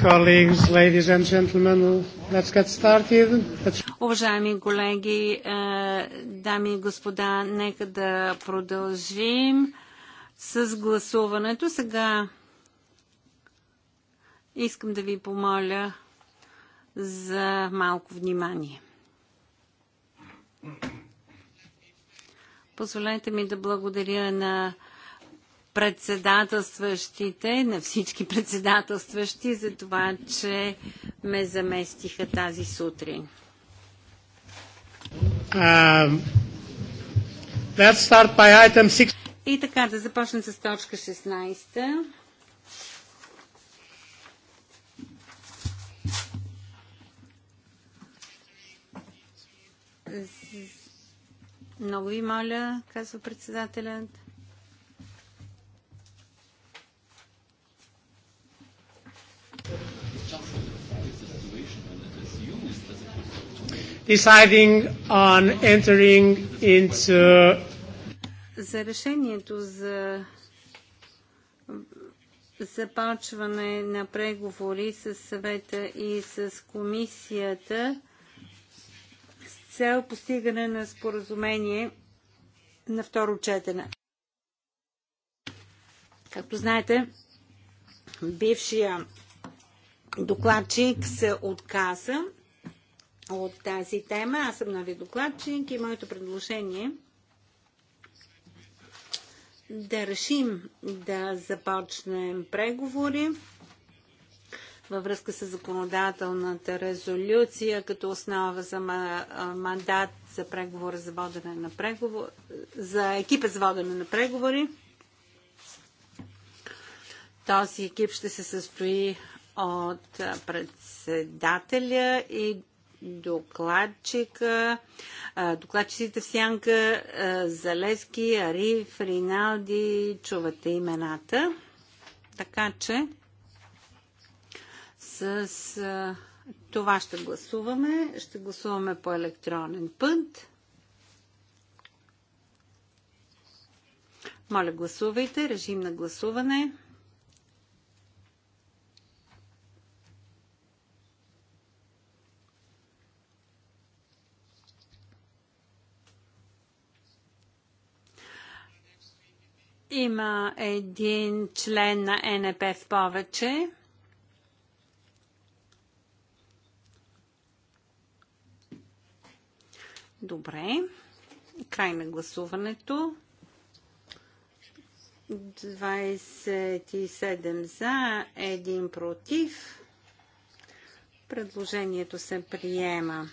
Colleagues, ladies and gentlemen, let's get started. Let's... Уважаеми колеги, е, дами и господа, нека да продължим с гласуването. Сега искам да ви помоля за малко внимание. Позволете ми да благодаря на председателстващите, на всички председателстващи за това, че ме заместиха тази сутрин. Um, И така, да започнем с точка 16. Много ви моля, казва председателят. deciding on entering into за решението за започване на преговори с съвета и с комисията с цел постигане на споразумение на второ четене. Както знаете, бившия докладчик се отказа от тази тема. Аз съм нови докладчик и моето предложение да решим да започнем преговори във връзка с законодателната резолюция като основа за мандат за преговори за водене на преговори, за екипа за водене на преговори. Този екип ще се състои от председателя и докладчика, докладчиците в сянка, Залески, Ариф, Риналди, чувате имената. Така че с това ще гласуваме. Ще гласуваме по електронен път. Моля, гласувайте. Режим на гласуване. Има един член на НП повече. Добре. Край на гласуването. 27 за, 1 против. Предложението се приема.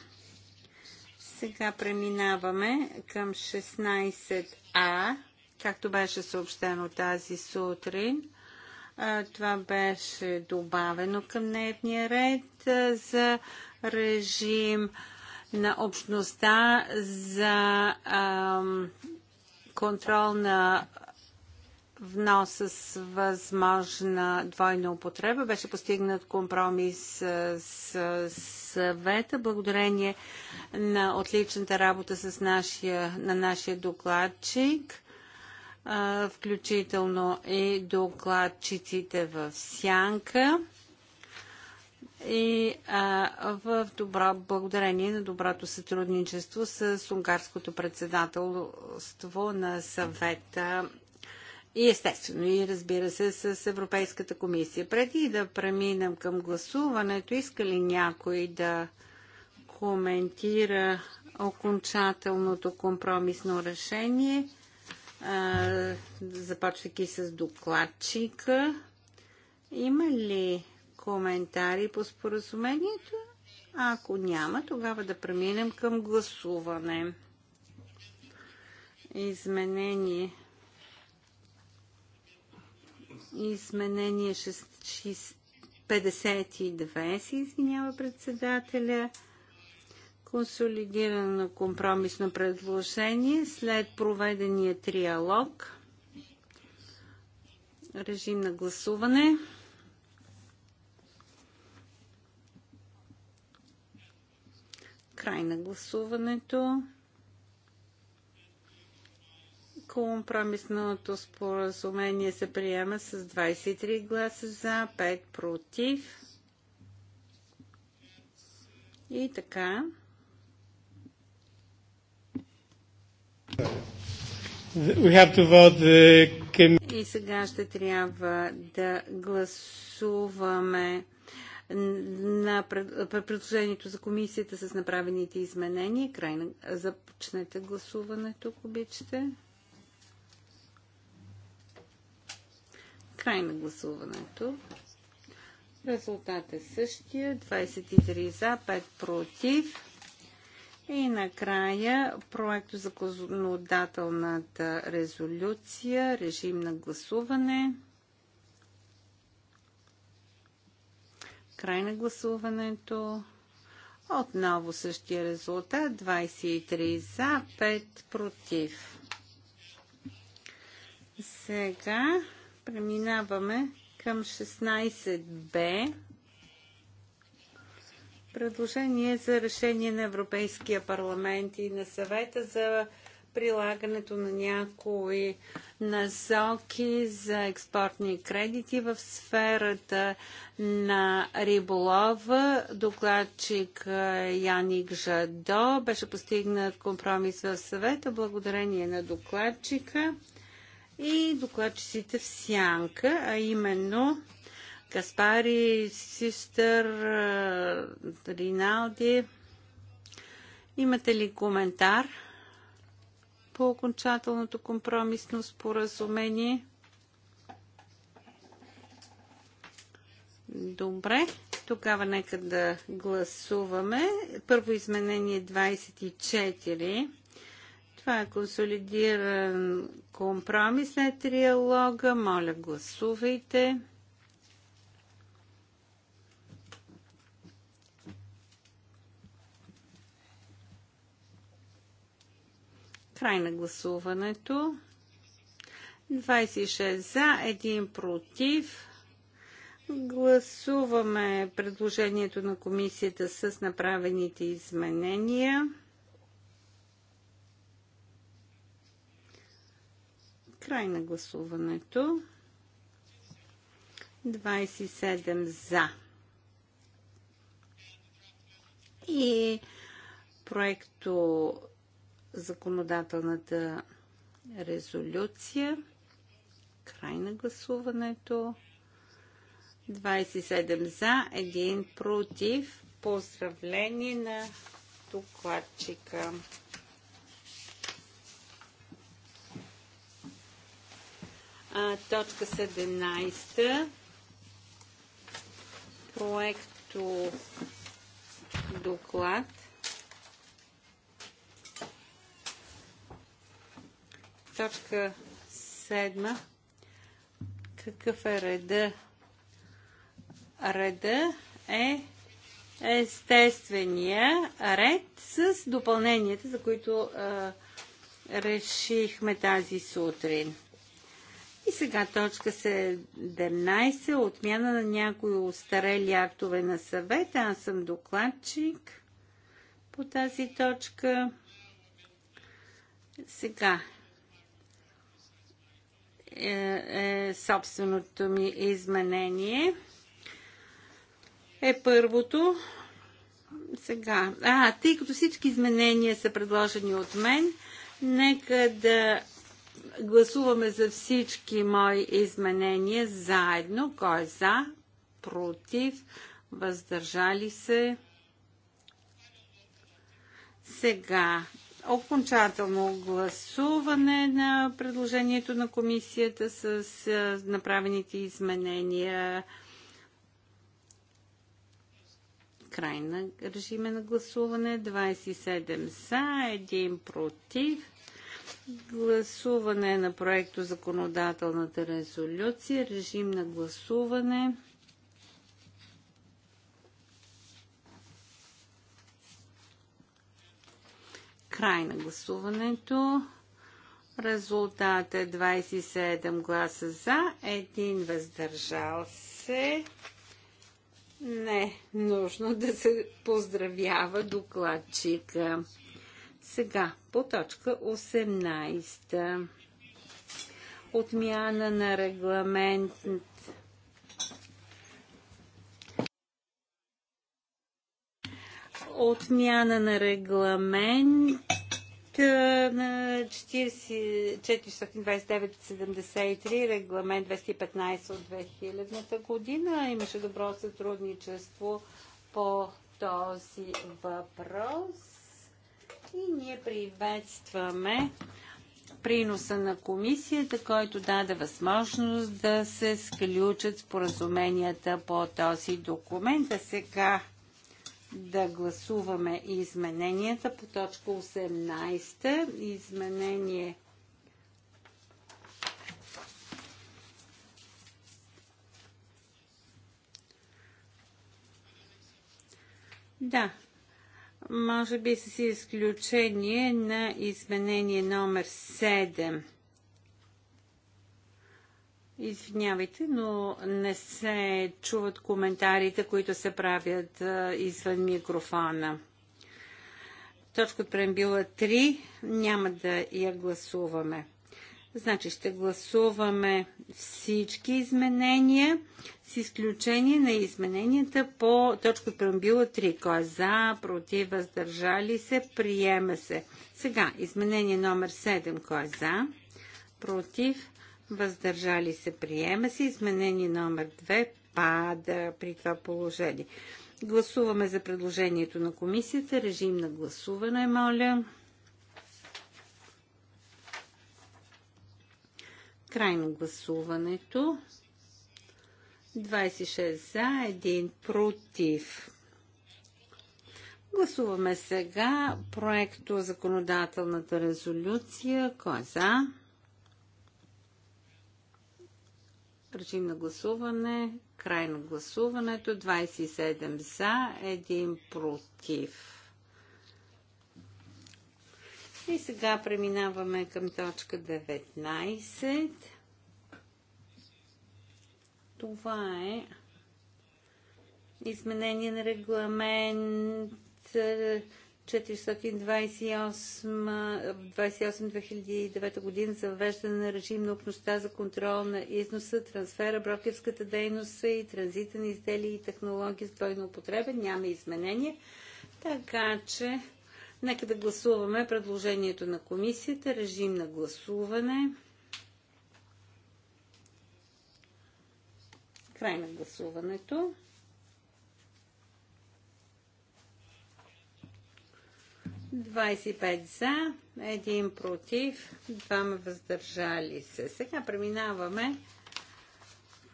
Сега преминаваме към 16А както беше съобщено тази сутрин. Това беше добавено към дневния ред за режим на общността за ам, контрол на вноса с възможна двойна употреба. Беше постигнат компромис с, съвета, благодарение на отличната работа с нашия, на нашия докладчик включително и докладчиците в Сянка и а, в добро, благодарение на доброто сътрудничество с унгарското председателство на съвета и естествено и разбира се с Европейската комисия. Преди да преминем към гласуването, иска ли някой да коментира окончателното компромисно решение – започвайки с докладчика. Има ли коментари по споразумението? Ако няма, тогава да преминем към гласуване. Изменение. Изменение 6, 6, 52 се извинява председателя консолидирано компромисно предложение след проведения триалог. Режим на гласуване. Край на гласуването. Компромисното споразумение се приема с 23 гласа за, 5 против. И така. We have to vote the... И сега ще трябва да гласуваме на предложението за комисията с направените изменения. Край на... Започнете гласуването, ако обичате. Край на гласуването. Резултат е същия. 23 за, 5 против. И накрая проекто законодателната резолюция, режим на гласуване. Край на гласуването. Отново същия резултат. 23 за, 5 против. Сега преминаваме към 16Б. Предложение за решение на Европейския парламент и на съвета за прилагането на някои насоки за експортни кредити в сферата на риболова. Докладчик е, Яник Жадо беше постигнат компромис в съвета благодарение на докладчика и докладчиците в сянка, а именно Каспари, Систър, Риналди. Имате ли коментар по окончателното компромисно споразумение? Добре, тогава нека да гласуваме. Първо изменение 24. Това е консолидиран компромис на е триалога. Моля, гласувайте. Край на гласуването. 26 за, 1 против. Гласуваме предложението на комисията с направените изменения. Край на гласуването. 27 за. И проекто законодателната резолюция. Край на гласуването. 27 за, 1 против. Поздравление на докладчика. А, точка 17. Проекто доклад Точка 7. Какъв е реда? Реда е естествения ред с допълненията, за които а, решихме тази сутрин. И сега точка 17. Е отмяна на някои устарели актове на съвета. Аз съм докладчик по тази точка. Сега е, е собственото ми изменение. Е първото. Сега. А, тъй като всички изменения са предложени от мен, нека да гласуваме за всички мои изменения заедно. Кой е за? Против? Въздържали се? Сега окончателно гласуване на предложението на комисията с направените изменения. Край на режима на гласуване. 27 са, 1 против. Гласуване на проекто законодателната резолюция. Режим на гласуване. Край на гласуването. Резултат е 27 гласа за, 1 въздържал се. Не, нужно да се поздравява докладчика. Сега, по точка 18. Отмяна на регламент отмяна на регламент на 429-73, регламент 215 от 2000 година. Имаше добро сътрудничество по този въпрос и ние приветстваме приноса на комисията, който даде възможност да се сключат споразуменията по този документ. А сега да гласуваме измененията по точка 18. Изменение Да. Може би с изключение на изменение номер 7. Извинявайте, но не се чуват коментарите, които се правят извън микрофона. Точка от преамбила 3 няма да я гласуваме. Значи ще гласуваме всички изменения с изключение на измененията по точка от преамбила 3. Кой е за, против, въздържали се, приема се. Сега изменение номер 7. Кой е за, против, въздържали се, приема се. Изменение номер 2 пада при това положение. Гласуваме за предложението на комисията. Режим на гласуване, моля. Крайно гласуването. 26 за, 1 против. Гласуваме сега проекто законодателната резолюция. Кой е за? режим на гласуване, край на гласуването, 27 за, 1 против. И сега преминаваме към точка 19. Това е изменение на регламент 428-2009 година за въвеждане на режим на общността за контрол на износа, трансфера, брокерската дейност и транзита на изделия и технологии с двойна употреба. Няма изменения. Така че, нека да гласуваме предложението на комисията. Режим на гласуване. Край на гласуването. 25 за, 1 против, 2 въздържали се. Сега преминаваме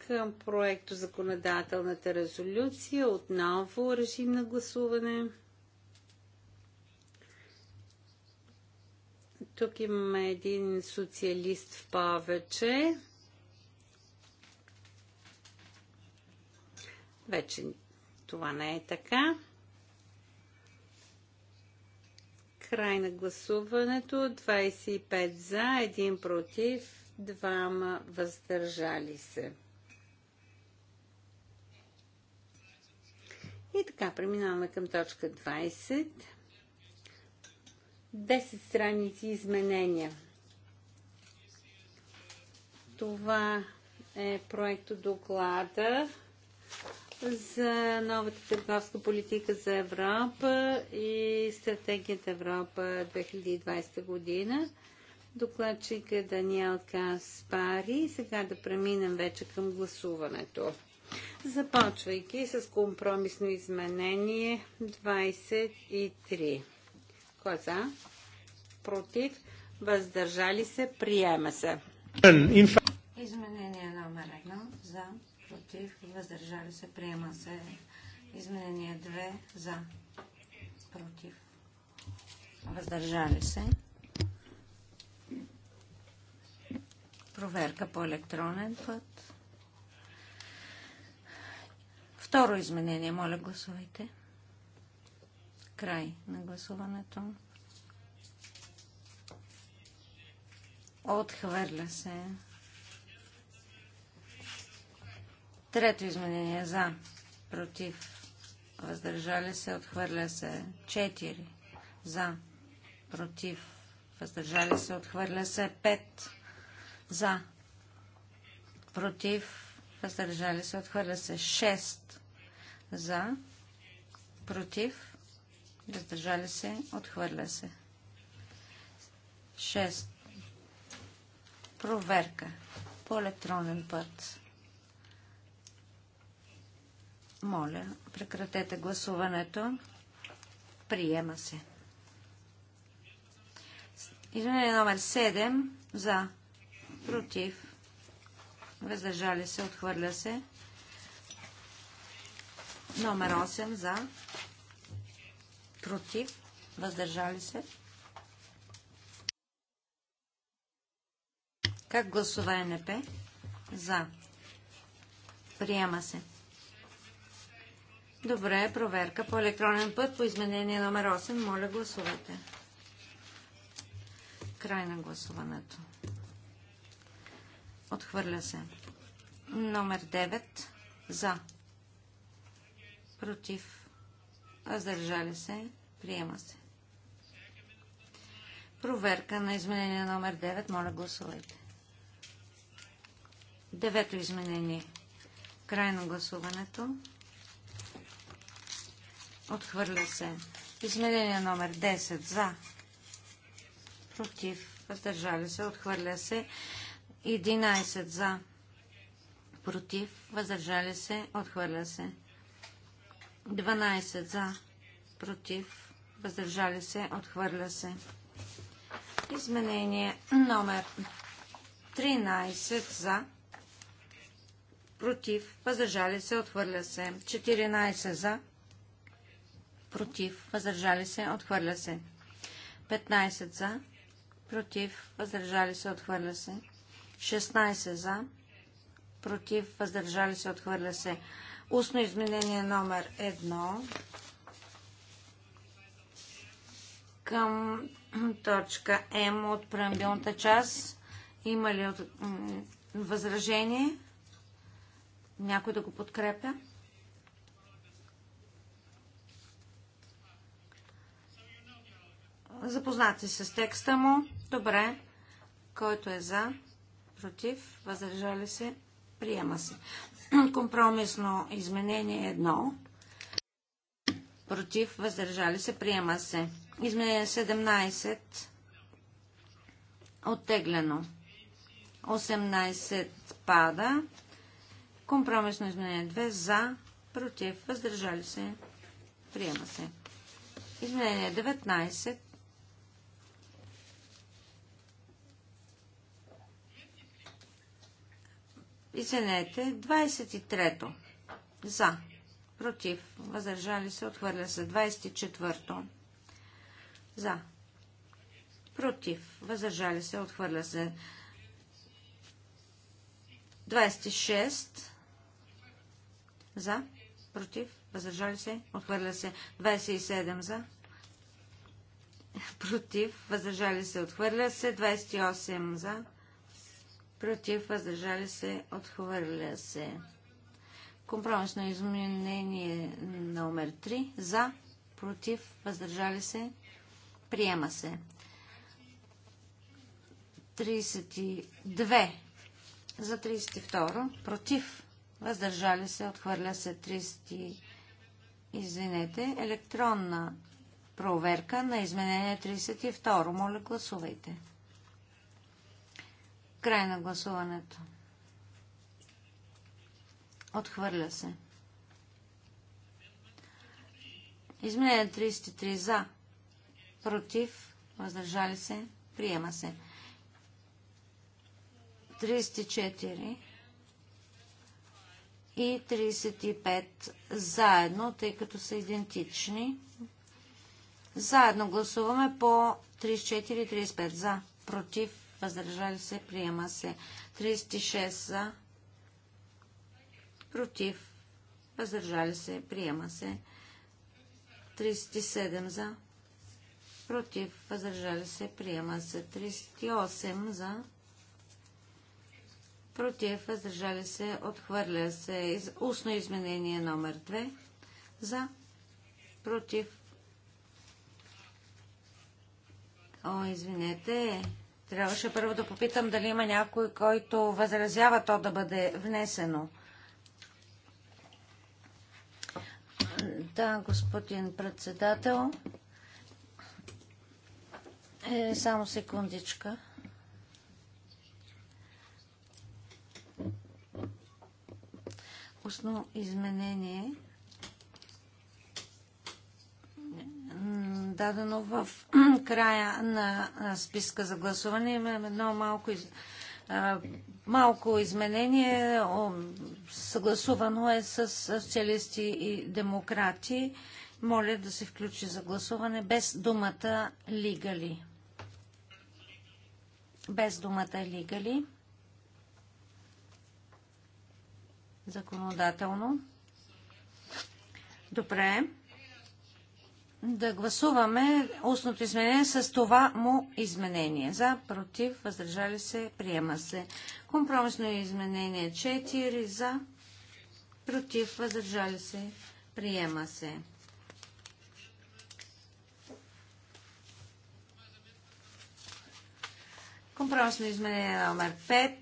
към проекто законодателната резолюция. Отново режим на гласуване. Тук имаме един социалист в повече. Вече това не е така. Край на гласуването. 25 за, 1 против, 2 въздържали се. И така, преминаваме към точка 20. 10 страници изменения. Това е проекто доклада за новата търговска политика за Европа и стратегията Европа 2020 година. Докладчик е Даниел Каспари. Сега да преминем вече към гласуването. Започвайки с компромисно изменение 23. Кой е за? Против? Въздържали се? Приема се. Изменение номер 1 за против и въздържали се, приема се. Изменение 2 за, против, въздържали се. Проверка по електронен път. Второ изменение, моля гласувайте. Край на гласуването. Отхвърля се. Трето изменение за, против, въздържали се, отхвърля се. 4 за, против, въздържали се, отхвърля се. 5 за, против, въздържали се, отхвърля се. 6 за, против, въздържали се, отхвърля се. 6. Проверка по електронен път. Моля, прекратете гласуването. Приема се. Изменение номер 7 за против. Въздържали се, отхвърля се. Номер 8 за против. Въздържали се. Как гласува НП? За. Приема се. Добре, проверка по електронен път по изменение номер 8. Моля, гласувате. Край на гласуването. Отхвърля се. Номер 9. За. Против. Въздържали се. Приема се. Проверка на изменение номер 9. Моля, гласувайте. Девето изменение. Край на гласуването. Отхвърля се. Изменение номер 10. За. Против. Въздържали се. Отхвърля се. 11. За. Против. Въздържали се. Отхвърля се. 12. За. Против. Въздържали се. Отхвърля се. Изменение номер 13. За. Против. Въздържали се. Отхвърля се. 14. За против, въздържали се, отхвърля се. 15 за, против, въздържали се, отхвърля се. 16 за, против, въздържали се, отхвърля се. Устно изменение номер 1 към точка М от преамбилната част. Има ли от... възражение? Някой да го подкрепя? Запознати с текста му. Добре. Който е за, против, въздържали се, приема се. Компромисно изменение едно. Против, въздържали се, приема се. Изменение 17. Оттеглено. 18 пада. Компромисно изменение 2. За, против, въздържали се, приема се. Изменение 19. Извинете, 23-то. За. Против. Въздържали се. Отхвърля се. 24-то. За. Против. Въздържали се. Отхвърля се. 26. За. Против. Въздържали се. Отхвърля се. 27 за. Против. Въздържали се. Отхвърля се. 28 за против, въздържали се, отхвърля се. Компромисно изменение номер 3 за, против, въздържали се, приема се. 32 за 32, против, въздържали се, отхвърля се 30, извинете, електронна проверка на изменение 32. Моля, гласувайте. Край на гласуването. Отхвърля се. Изменение 33 за. Против. Въздържали се. Приема се. 34 и 35 заедно, тъй като са идентични. Заедно гласуваме по 34 и 35 за. Против въздържали се, приема се. 36 за, против, въздържали се, приема се. 37 за, против, въздържали се, приема се. 38 за, против, въздържали се, отхвърля се. Устно изменение номер 2 за, против, О, извинете, Трябваше първо да попитам дали има някой, който възразява то да бъде внесено. Да, господин председател. Е, само секундичка. Устно изменение. дадено в края на списка за гласуване. Имам едно малко, из... малко изменение, съгласувано е с социалисти и демократи. Моля да се включи за гласуване без думата лигали. Без думата лигали. Законодателно. Добре да гласуваме устното изменение с това му изменение. За, против, въздържали се, приема се. Компромисно изменение 4. За, против, въздържали се, приема се. Компромисно изменение номер 5.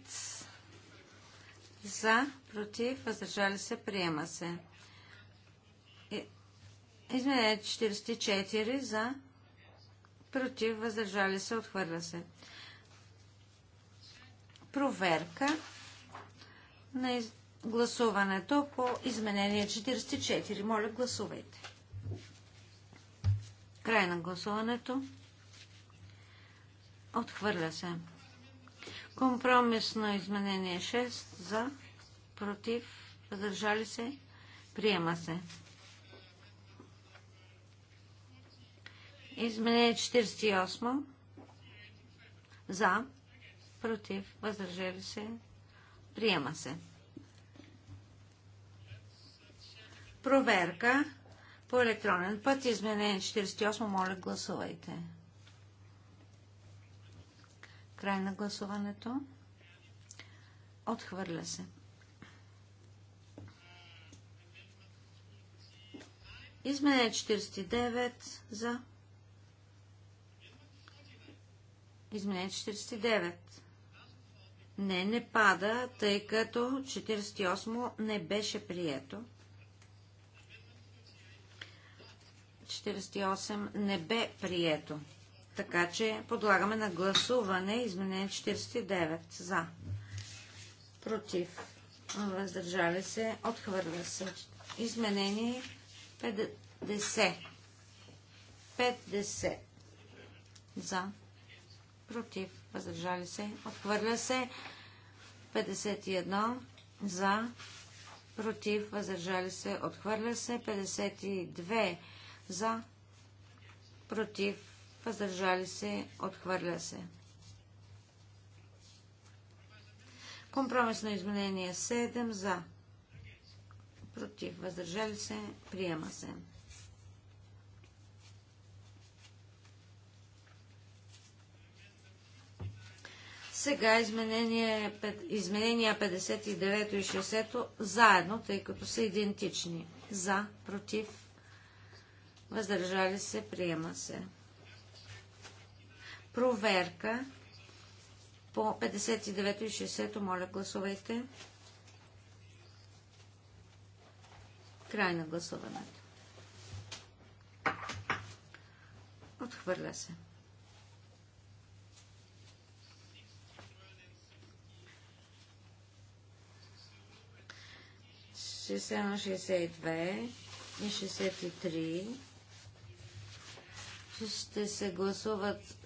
За, против, въздържали се, приема се. Изменение 44 за, против, въздържали се, отхвърля се. Проверка на из... гласуването по изменение 44. Моля, гласувайте. Край на гласуването. Отхвърля се. Компромисно изменение 6 за, против, въздържали се, приема се. Изменение 48. За. Против. Въздържали се. Приема се. Проверка по електронен път. Изменение 48. Моля, гласувайте. Край на гласуването. Отхвърля се. Изменение 49 за Изменение 49. Не, не пада, тъй като 48 не беше прието. 48 не бе прието. Така че подлагаме на гласуване изменение 49 за. Против. Въздържали се. Отхвърля се. Изменение 50. 50. За против, въздържали се, отхвърля се. 51 за, против, въздържали се, отхвърля се. 52 за, против, въздържали се, отхвърля се. Компромисно изменение 7 за, против, въздържали се, приема се. Сега изменения 59 и 60 заедно, тъй като са идентични. За, против, въздържали се, приема се. Проверка по 59 и 60, моля гласувайте. Край на гласуването. Отхвърля се. 62 и 63 ще се гласуват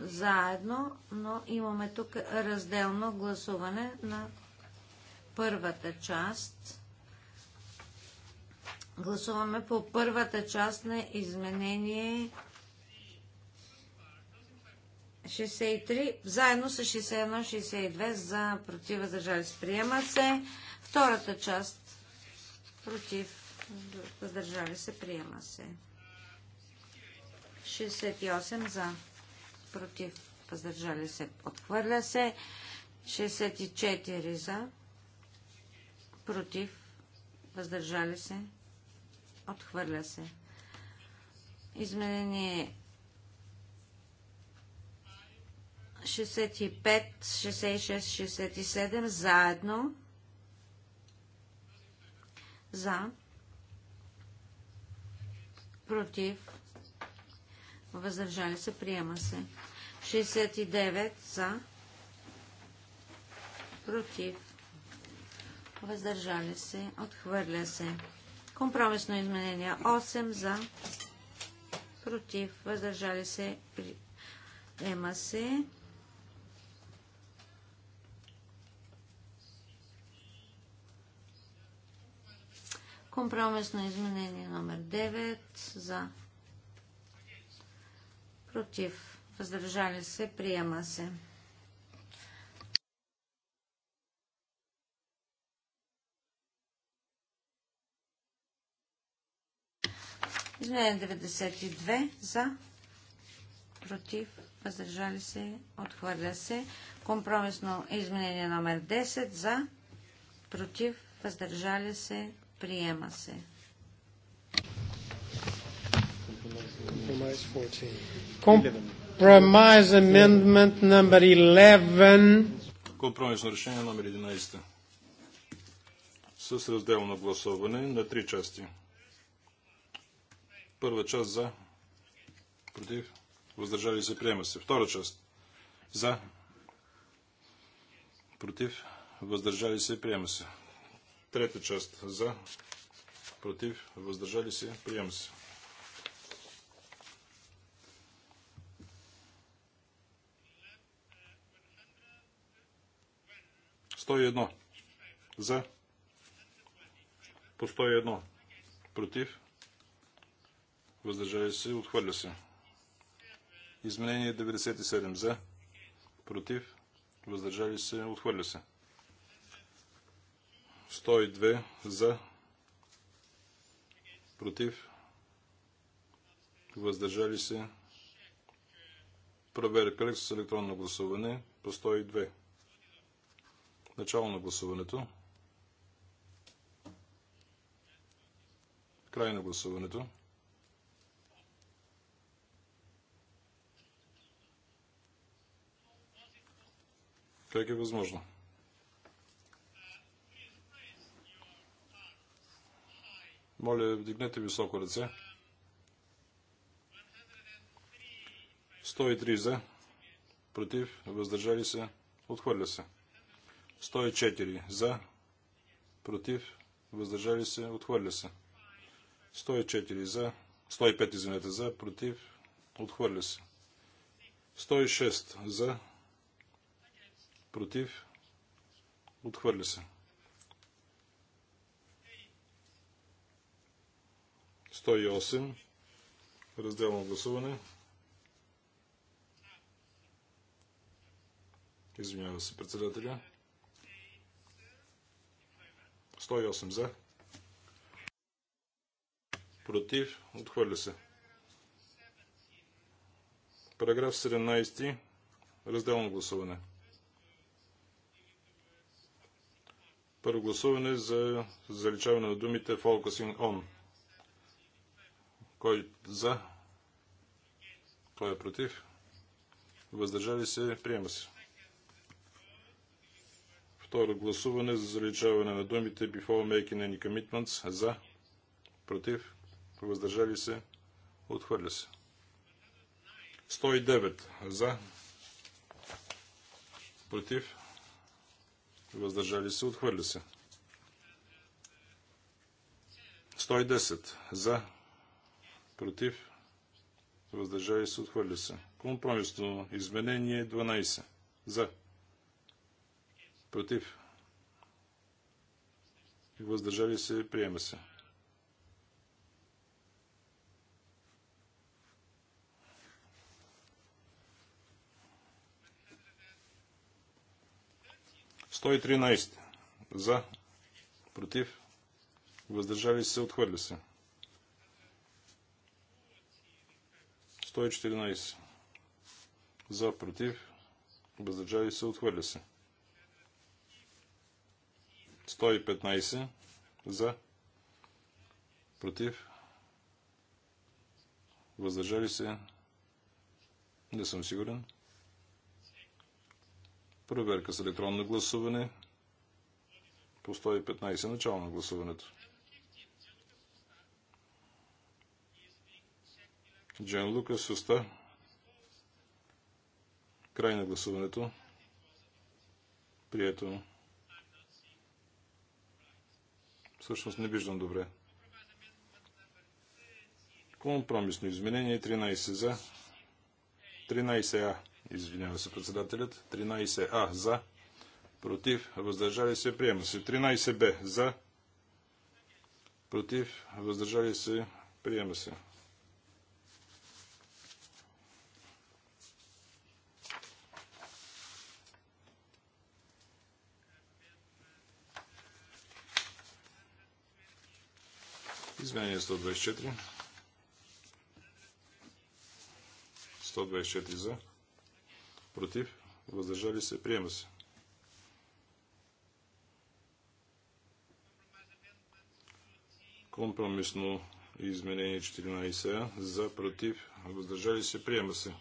заедно, но имаме тук разделно гласуване на първата част. Гласуваме по първата част на изменение 63, заедно с 61-62 за против въздържали се. се. Втората част против, въздържали се, приема се. 68 за, против, въздържали се, отхвърля се. 64 за, против, въздържали се, отхвърля се. Изменение 65, 66, 67 заедно за, против, въздържали се, приема се. 69 за, против, въздържали се, отхвърля се. Компромисно изменение 8 за, против, въздържали се, приема се. Компромисно изменение номер 9 за против. Въздържали се. Приема се. Изменение 92 за против. Въздържали се. Отхвърля се. Компромисно изменение номер 10 за против. Въздържали се. Приема се. amendment number 11. Компромисно решение номер 11. С разделно гласуване на три части. Първа част за, против, въздържали се, приема се. Втора част за, против, въздържали се, приема се. Трета част за, против, въздържали се, приема се. Сто едно. За. По 101. Против. Въздържали се. Отхвърля се. Изменение 97. За. Против. Въздържали се. Отхвърля се. 102 за, против, въздържали се. Проверка с електронно гласуване по 102. Начало на гласуването. Край на гласуването. Как е възможно? Моля, вдигнете високо ръце. 103 за, против, въздържали се, отхвърля се. 104 за, против, въздържали се, отхвърля се. 104 за, 105 извинете за, против, отхвърля се. 106 за, против, отхвърля се. 108. Разделно гласуване. Извинява се председателя. 108 за. Против. Отхвърля се. Параграф 17. Разделно гласуване. Първо гласуване за заличаване на думите Focusing On. Кой за? Кой е против? Въздържали се? Приема се. Второ гласуване за заличаване на думите before making any commitments. За? Против? Въздържали се? Отхвърля се. 109 за. Против? Въздържали се? Отхвърля се. 110 за против, въздържали се, отхвърля се. Компромисно изменение 12. За. Против. Въздържали се, приема се. Той 13. За. Против. Въздържали се, отхвърля се. 114. За, против, въздържали се, отхвърля се. 115. За, против, въздържали се, не съм сигурен. Проверка с електронно гласуване по 115. Начало на гласуването. Джан Лука уста. Край на гласуването. Прието. Всъщност не виждам добре. Компромисно изменение 13 за. 13А, извинява се председателят. 13А за. Против. Въздържали се. Приема се. 13Б за. Против. Въздържали се. Приема се. Изменение 124. 124 за. Против. Въздържали се. Приема се. Компромисно изменение 14 За. Против. Въздържали се. Приема се.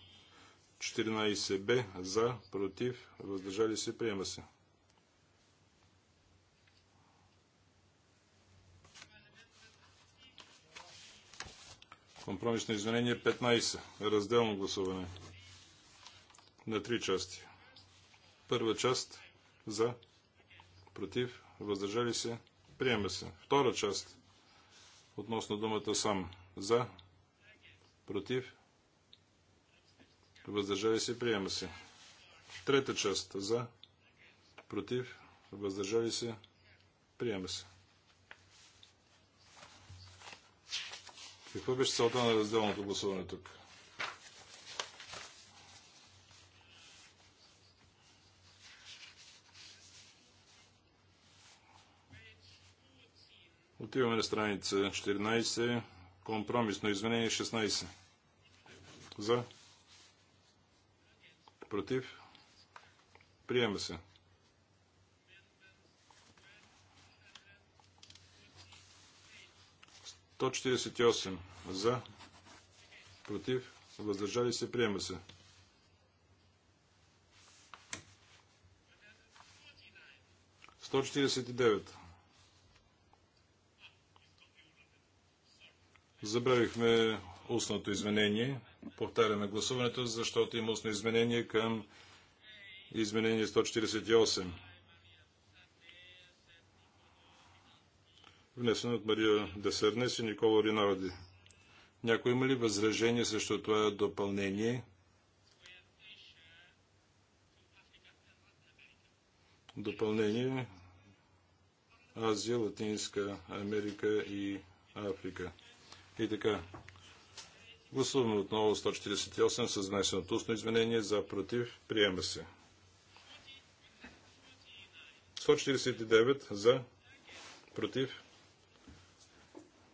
14б. За. Против. Въздържали се. Приема се. Компромисно изменение 15. Разделно гласуване. На три части. Първа част за, против, въздържали се, приема се. Втора част относно думата сам. За, против, въздържали се, приема се. Трета част за, против, въздържали се, приема се. Какво беше целта на разделното гласуване тук? Отиваме на страница 14, компромисно изменение 16. За? Против? Приема се. 148 за, против, въздържали се, приема се. 149. Забравихме устното изменение. Повтаряме гласуването, защото има устно изменение към изменение 148. внесен от Мария Десернес и Никола Ринарди. Някой има ли възражение срещу това допълнение? Допълнение Азия, Латинска Америка и Африка. И така. Гласуваме отново 148 с внесеното устно изменение за против. Приема се. 149 за против.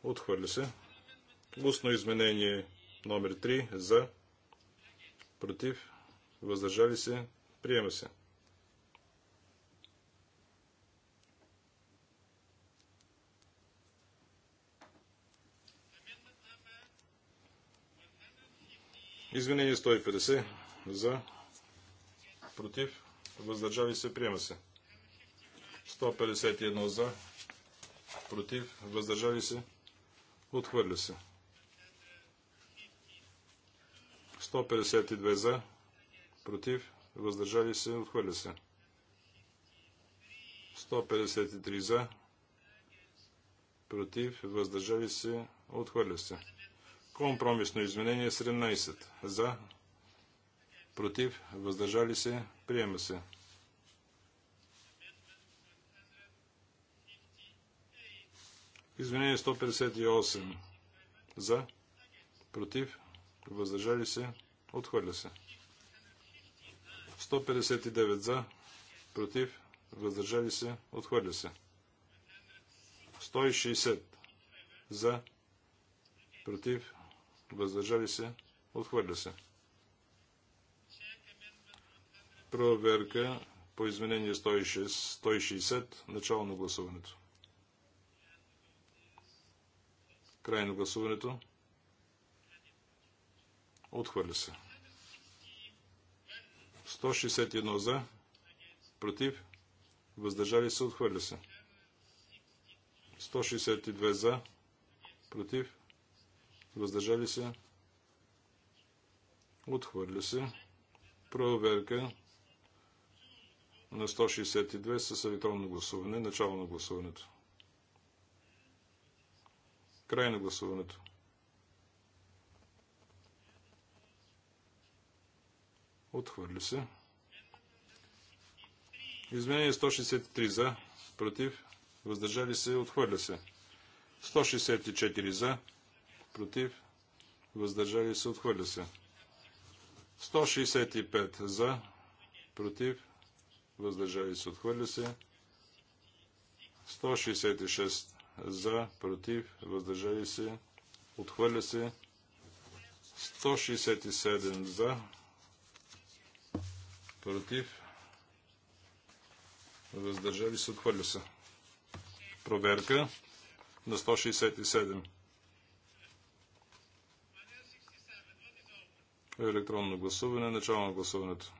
Отхвърля се. Устно изменение номер 3 за. Против. Въздържали се. Приема се. Изменение 150 за против въздържали се приема се. 151 за против въздържали се Отхвърля се. 152 за, против, въздържали се, отхвърля се. 153 за, против, въздържали се, отхвърля се. Компромисно изменение 17 за, против, въздържали се, приема се. Изменение 158. За. Против. Въздържали се. Отхвърля се. 159 за. Против. Въздържали се. Отхвърля се. 160 за. Против. Въздържали се. Отхвърля се. Проверка по изменение 160. Начало на гласуването. Край на гласуването. Отхвърля се. 161 за, против, въздържали се, отхвърля се. 162 за, против, въздържали се, отхвърля се. Проверка на 162 с електронно гласуване, начало на гласуването. Край на гласуването. Отхвърля се. Изменение 163 за, против, въздържали се, отхвърля се. 164 за, против, въздържали се, отхвърля се. 165 за, против, въздържали се, отхвърля се. 166 за, против, въздържали се, отхвърля се 167 за, против, въздържали се, отхвърля се. Проверка на 167. електронно гласуване, начало на гласуването.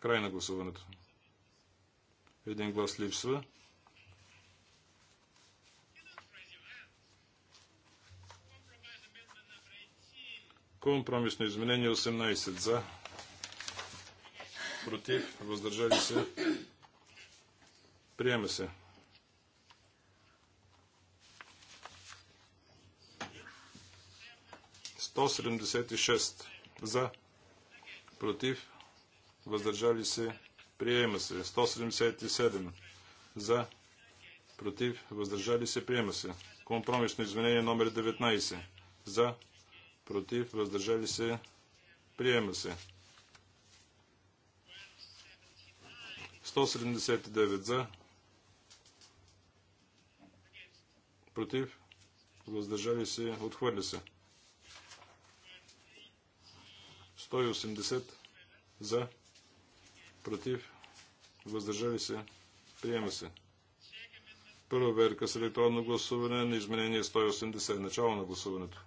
Край на гласуването. Един глас липсва. Компромисно изменение 18 за. Против. Въздържали се. Приема се. Сто седемдесет и шест за. Против. Въздържали се. Приема се. 177 за. Против. Въздържали се. Приема се. Компромисно изменение номер 19. За. Против. Въздържали се. Приема се. 179 за. Против. Въздържали се. Отхвърля се. 180 за против, въздържали се, приема се. Проверка с електронно гласуване на изменение 180. Начало на гласуването.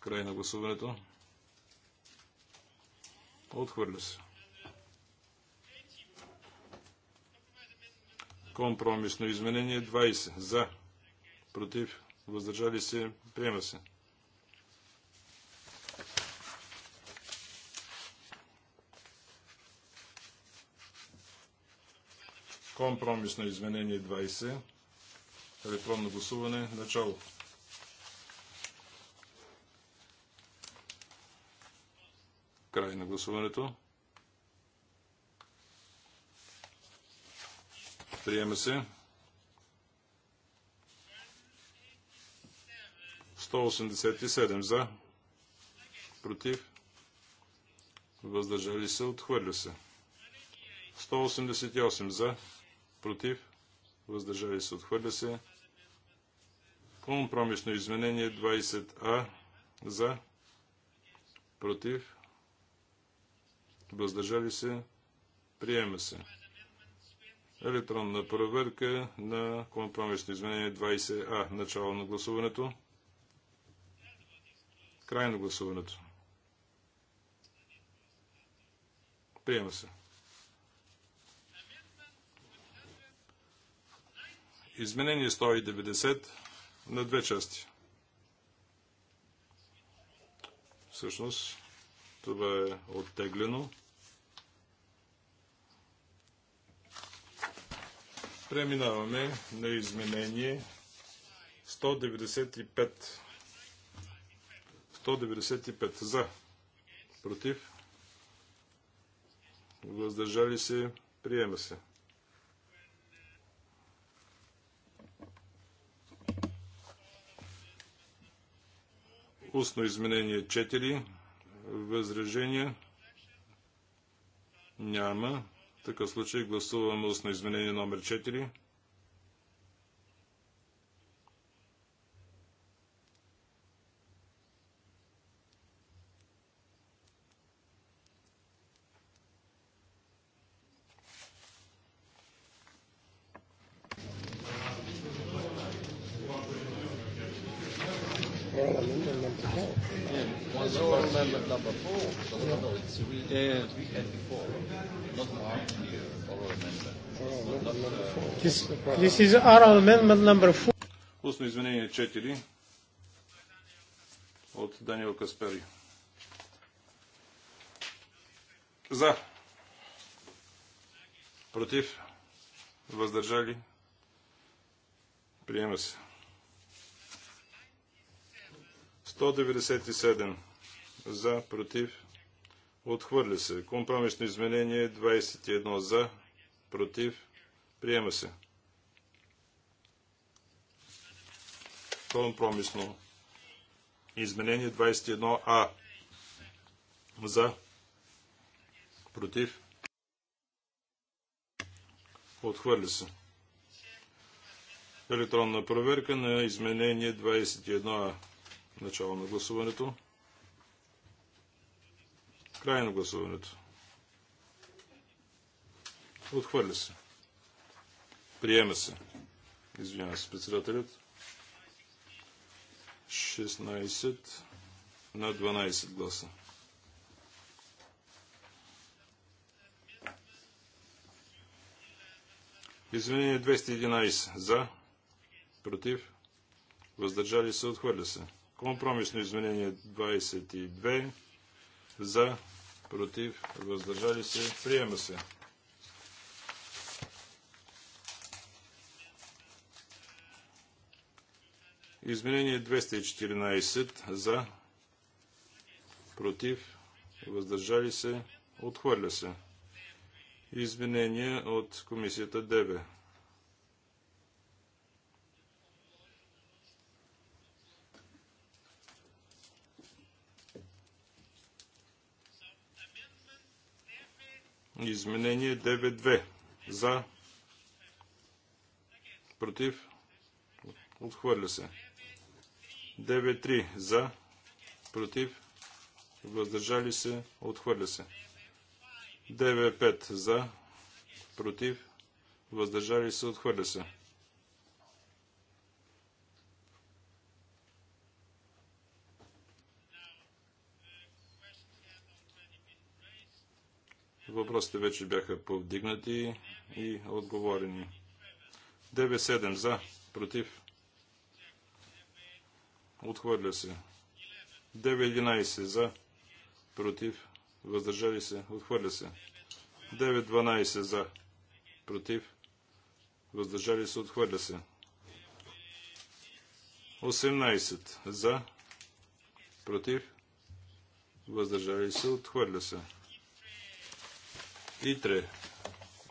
Край на гласуването. Отхвърля се. Компромисно изменение 20. За. Против. Въздържали се. Приема се. Компромис на изменение 20. Електронно гласуване. Начало. Край на гласуването. Приема се. 187 за. Против. Въздържали се. Отхвърля се. 188 за против, въздържали се, отхвърля се. Компромисно изменение 20А за, против, въздържали се, приема се. Електронна проверка на компромисно изменение 20А. Начало на гласуването. Край на гласуването. Приема се. Изменение 190 на две части. Всъщност, това е оттеглено. Преминаваме на изменение 195. 195 за. Против. Въздържали се. Приема се. Устно изменение 4. Възражения? Няма. В такъв случай гласуваме устно изменение номер 4. This is oral amendment number Устно изменение 4 от Даниел Каспери. За. Против. Въздържали. Приема се. 197. За. Против. Отхвърля се. Компромисно изменение 21 за. Против. Приема се. Компромисно. Изменение 21А. За. Против. Отхвърли се. Електронна проверка на изменение 21А. Начало на гласуването. Край на гласуването. Отхвърля се. Приема се. Извинявам се, председателят. 16 на 12 гласа. Извинение 211. За. Против. Въздържали се. Отхвърля се. Компромисно изменение 22. За. Против. Въздържали се. Приема се. Изменение 214 за, против, въздържали се, отхвърля се. Изменение от комисията ДБ. Изменение 9.2. За. Против. Отхвърля се. 9-3 за, против, въздържали се, отхвърля се. 9.5 за, против, въздържали се, отхвърля се. Въпросите вече бяха повдигнати и отговорени. 9-7 за, против, Отхвърля се. 9.11 за. Против. Въздържали се. Отхвърля се. 9.12 за. Против. Въздържали се. Отхвърля се. 18 за. Против. Въздържали се. Отхвърля се. Итре.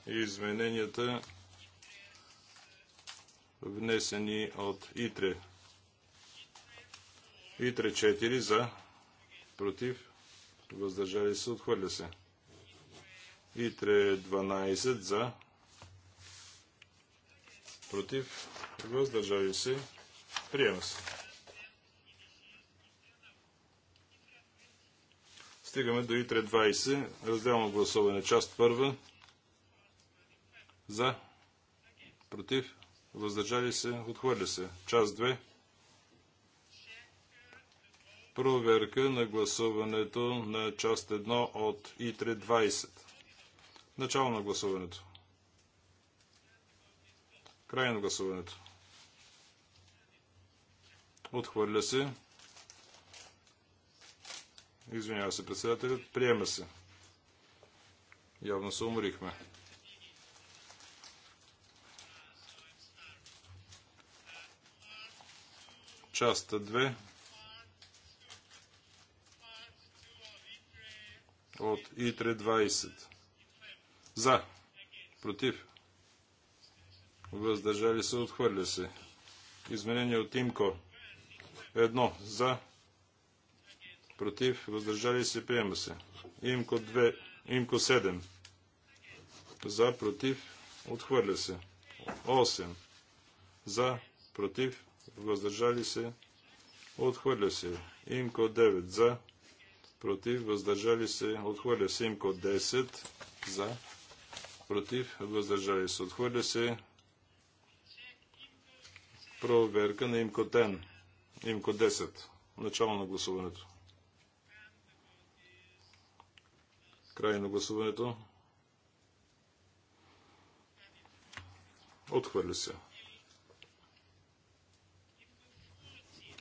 Измененията внесени от Итре. И 3-4 за, против, въздържали се, отхвърля се. И 3-12 за, против, въздържали се, приема се. Стигаме до ИТРЕ 20. Разделно гласуване. Част първа. За. Против. Въздържали се. Отхвърля се. Част 2 проверка на гласуването на част 1 от ИТРЕ 20. Начало на гласуването. Край на гласуването. Отхвърля се. Извинява се председателят. Приема се. Явно се уморихме. Част 2. от ИТРЕ 20. За. Против. Въздържали се. Отхвърля се. Изменение от ИМКО. Едно. За. Против. Въздържали се. Приема се. ИМКО 2. ИМКО 7. За. Против. Отхвърля се. 8. За. Против. Въздържали се. Отхвърля се. ИМКО 9. За против, въздържали се, отхвърля се. Имко 10 за, против, въздържали се, отхвърля се. Проверка на Имко 10. Имко 10. Начало на гласуването. Край на гласуването. Отхвърля се.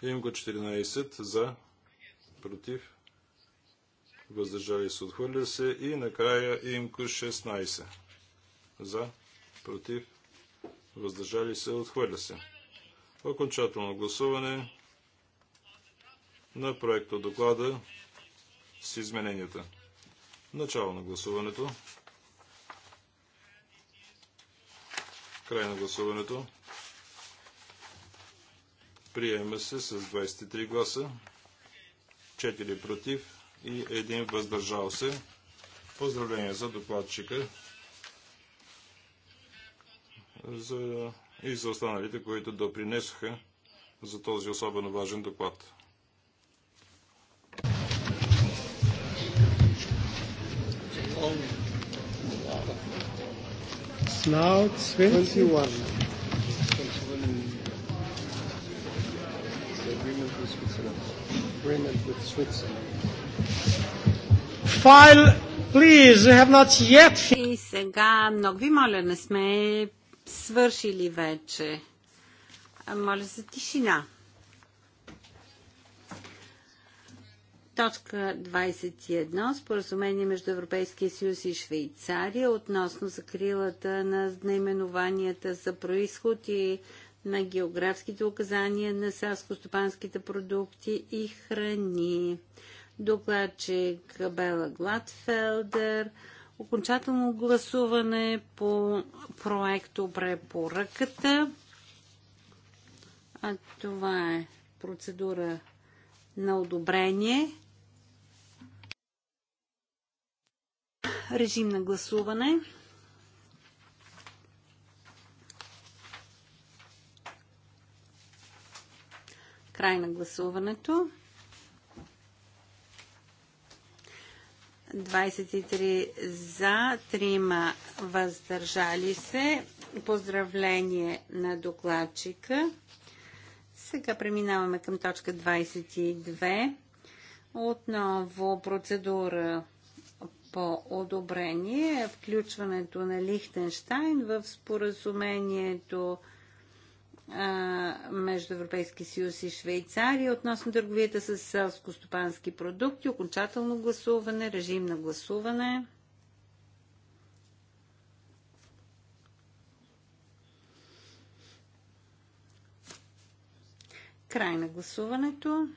Имко 14 за, против, въздържали се, отхвърля се. И накрая имко 16. За, против, въздържали се, отхвърля се. Окончателно гласуване на проекта доклада с измененията. Начало на гласуването. Край на гласуването. Приема се с 23 гласа, 4 против, и един въздържал се. Поздравление за докладчика за... и за останалите, които допринесоха за този особено важен доклад. Now 21. Agreement with Switzerland. Agreement with Switzerland file, please, we have not yet... И сега, много ви моля, не сме свършили вече. Моля за тишина. Точка 21. Споразумение между Европейския съюз и Швейцария относно закрилата на наименованията за происход и на географските указания на селско-стопанските продукти и храни докладчик Бела Гладфелдер. Окончателно гласуване по проекто препоръката. А това е процедура на одобрение. Режим на гласуване. Край на гласуването. 23 за, 3 въздържали се. Поздравление на докладчика. Сега преминаваме към точка 22. Отново процедура по одобрение, включването на Лихтенштайн в споразумението между Европейския съюз и Швейцария относно търговията с селско-стопански продукти, окончателно гласуване, режим на гласуване. Край на гласуването.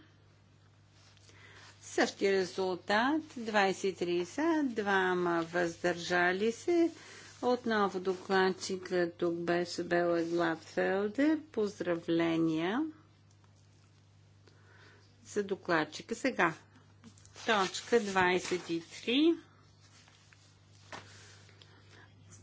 Същия резултат 23 са, Двама въздържали се. Отново докладчика тук беше Бела Гладфелде. Поздравления за докладчика. Сега, точка 23.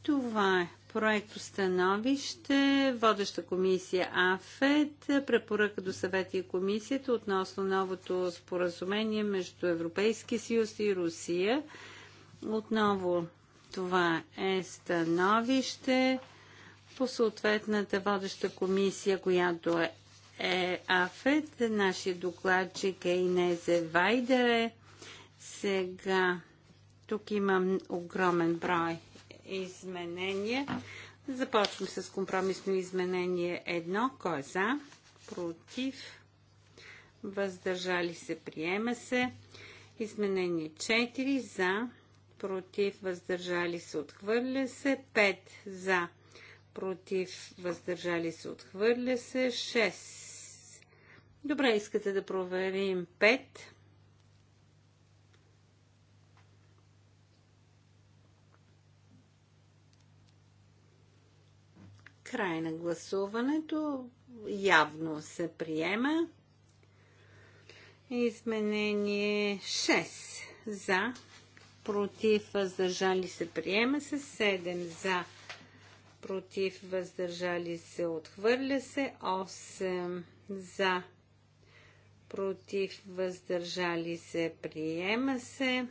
Това е проект установище водеща комисия АФЕД, препоръка до съвети и комисията относно новото споразумение между Европейския съюз и Русия. Отново това е становище по съответната водеща комисия, която е, е АФЕД. Нашия докладчик е Инезе Вайдере. Сега тук имам огромен брой изменения. Започвам с компромисно изменение едно. Кой е за? Против? Въздържали се? Приема се. Изменение 4. За? против, въздържали се, отхвърля се. 5 за, против, въздържали се, отхвърля се. 6. Добре, искате да проверим 5. Край на гласуването явно се приема. Изменение 6 за против, въздържали се, приема се. 7 за, против, въздържали се, отхвърля се. 8 за, против, въздържали се, приема се.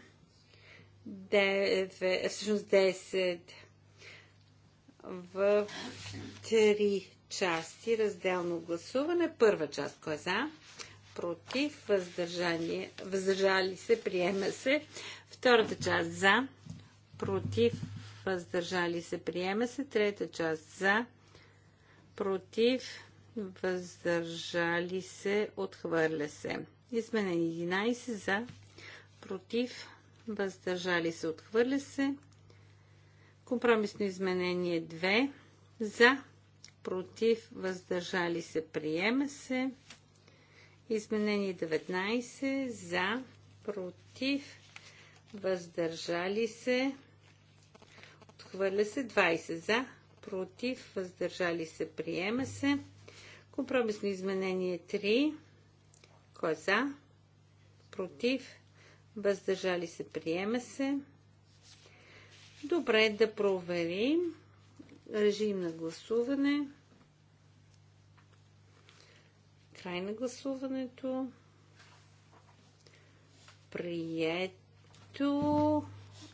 9, всъщност 10 в 3 части разделно гласуване. Първа част, кой е за? против, въздържали, въздържали се, приема се. Втората част за, против, въздържали се, приема се. Трета част за, против, въздържали се, отхвърля се. Изменени 11 за, против, въздържали се, отхвърля се. Компромисно изменение 2 за, против, въздържали се, приема се. Изменение 19 за, против, въздържали се, отхвърля се 20 за, против, въздържали се, приема се. Компромисно изменение 3. Кой е за? Против, въздържали се, приема се. Добре, да проверим. Режим на гласуване. Край на гласуването. Прието.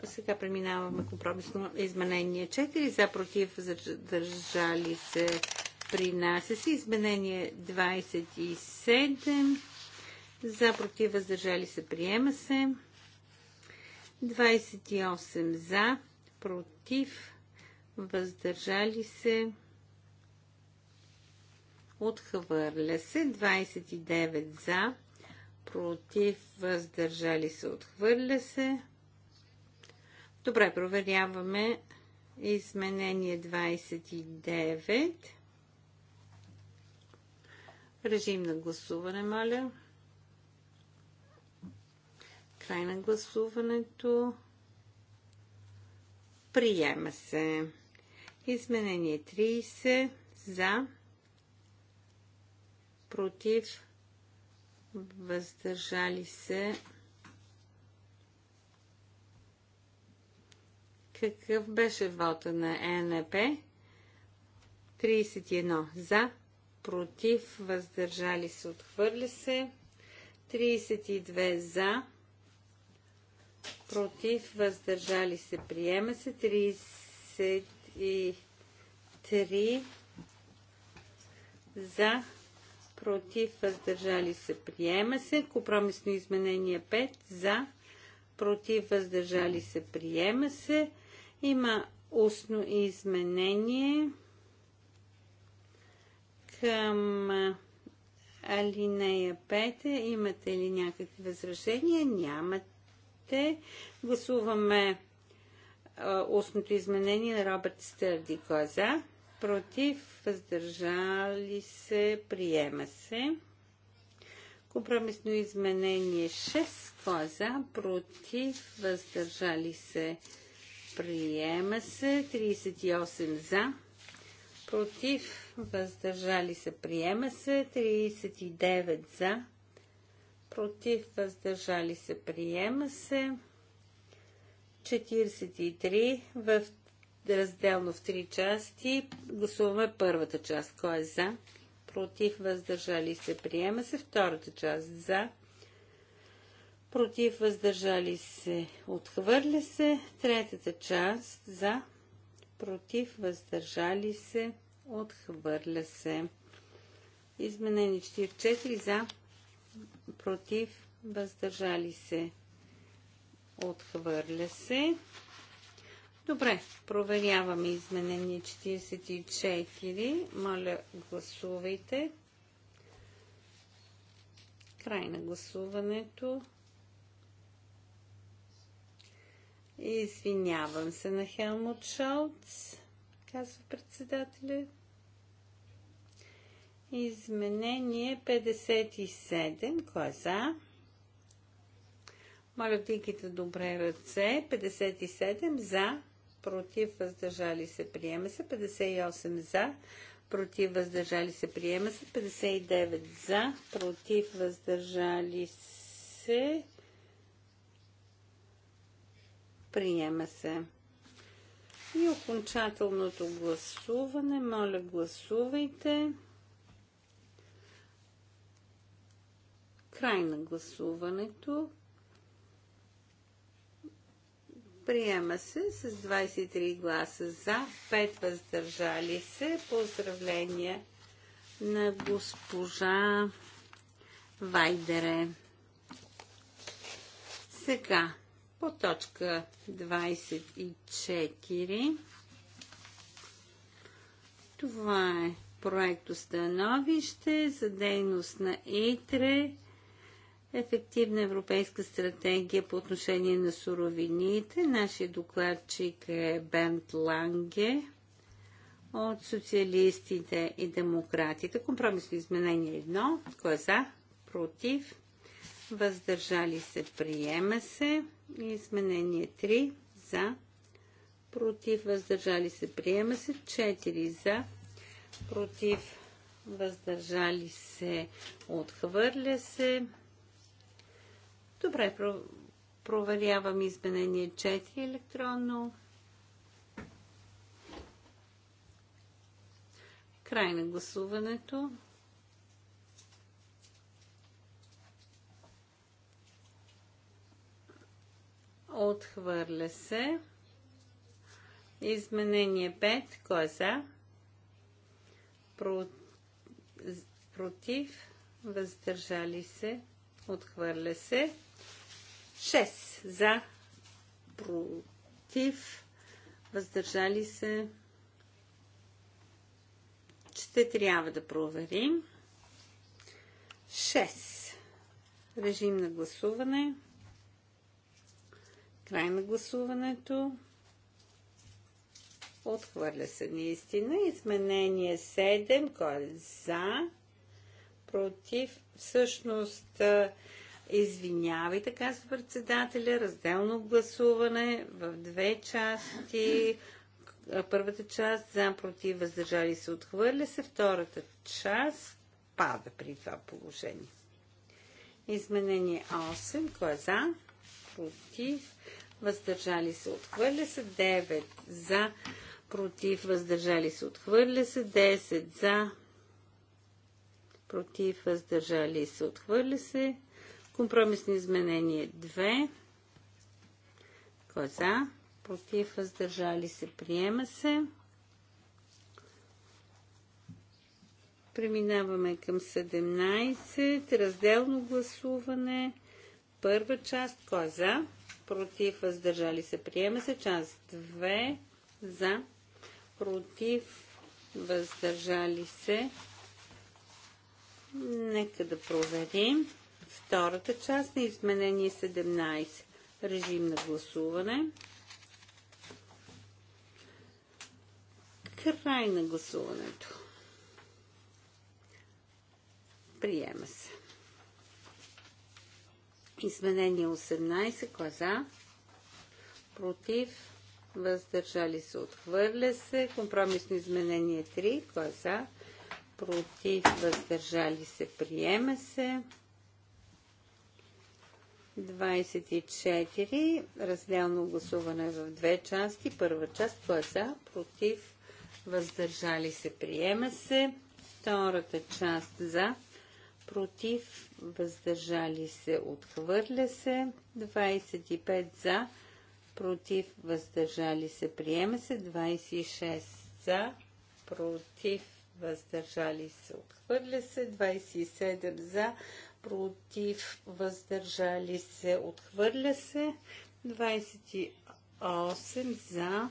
Сега преминаваме компромисно изменение 4. За против задържали се принася се. Изменение 27. За против въздържали се приема се. 28 за, против, въздържали се. Отхвърля се. 29 за. Против. Въздържали се. Отхвърля се. Добре, проверяваме изменение 29. Режим на гласуване, моля. Край на гласуването. Приема се. Изменение 30 за против, въздържали се. Какъв беше вота на ЕНП? 31 за, против, въздържали се, отхвърля се. 32 за, против, въздържали се, приема се. 33 за, против, въздържали се, приема се. Компромисно изменение 5 за, против, въздържали се, приема се. Има устно изменение към алинея 5. Имате ли някакви възражения? Нямате. Гласуваме устното изменение на Робърт Стърди. коза. Е против, въздържали се, приема се. Компромисно изменение 6, кой е за, против, въздържали се, приема се. 38 за, против, въздържали се, приема се. 39 за, против, въздържали се, приема се. 43 в разделно в три части. Гласуваме първата част. Кой е за? Против, въздържали се, приема се. Втората част за. Против, въздържали се, отхвърля се. Третата част за. Против, въздържали се, отхвърля се. Изменени 44 за. Против, въздържали се, отхвърля се. Добре, проверяваме изменение 44. Моля, гласувайте. Край на гласуването. Извинявам се на Хелмут Шолц, казва председателя. Изменение 57. Кой е за? Моля, вдигайте добре ръце. 57 за против, въздържали се, приема се. 58 за, против, въздържали се, приема се. 59 за, против, въздържали се, приема се. И окончателното гласуване, моля гласувайте. Край на гласуването. Приема се с 23 гласа за, 5 въздържали се. Поздравления на госпожа Вайдере. Сега по точка 24. Това е проекто становище за дейност на ИТРЕ ефективна европейска стратегия по отношение на суровините. Нашия докладчик е Бент Ланге от социалистите и демократите. Компромисно изменение едно. Кой е за? Против? Въздържали се? Приема се. Изменение 3 за. Против? Въздържали се? Приема се. 4 за. Против? Въздържали се? Отхвърля се. Добре, про... проверявам изменение 4 електронно. Край на гласуването. Отхвърля се. Изменение 5. Кой е за? Про... Против. Въздържали се. Отхвърля се. 6 за, против, въздържали се. Ще трябва да проверим. 6. Режим на гласуване. Край на гласуването. Отхвърля се наистина. Изменение 7. Кой е за? Против. Всъщност Извинявайте, казва председателя, разделно гласуване в две части. Първата част за против въздържали се отхвърля се, втората част пада при това положение. Изменение 8, кой е за, против, въздържали се, отхвърля се, 9 за, против, въздържали се, отхвърля се, 10 за, против, въздържали се, отхвърля се, Компромисно изменение 2. Кой е за? Против, въздържали се, приема се. Преминаваме към 17. Разделно гласуване. Първа част. Кой е за? Против, въздържали се, приема се. Част 2. За. Против, въздържали се. Нека да проверим втората част на изменение 17. Режим на гласуване. Край на гласуването. Приема се. Изменение 18. Коза. Е Против. Въздържали се. Отхвърля се. Компромисно изменение 3. Коза. Е Против. Въздържали се. Приема се. 24. Разделно гласуване в две части. Първа част, кой е за, против, въздържали се, приема се. Втората част за, против, въздържали се, отхвърля се. 25 за, против, въздържали се, приема се. 26 за, против, въздържали се, отхвърля се. 27 за, против, въздържали се, отхвърля се. 28 за,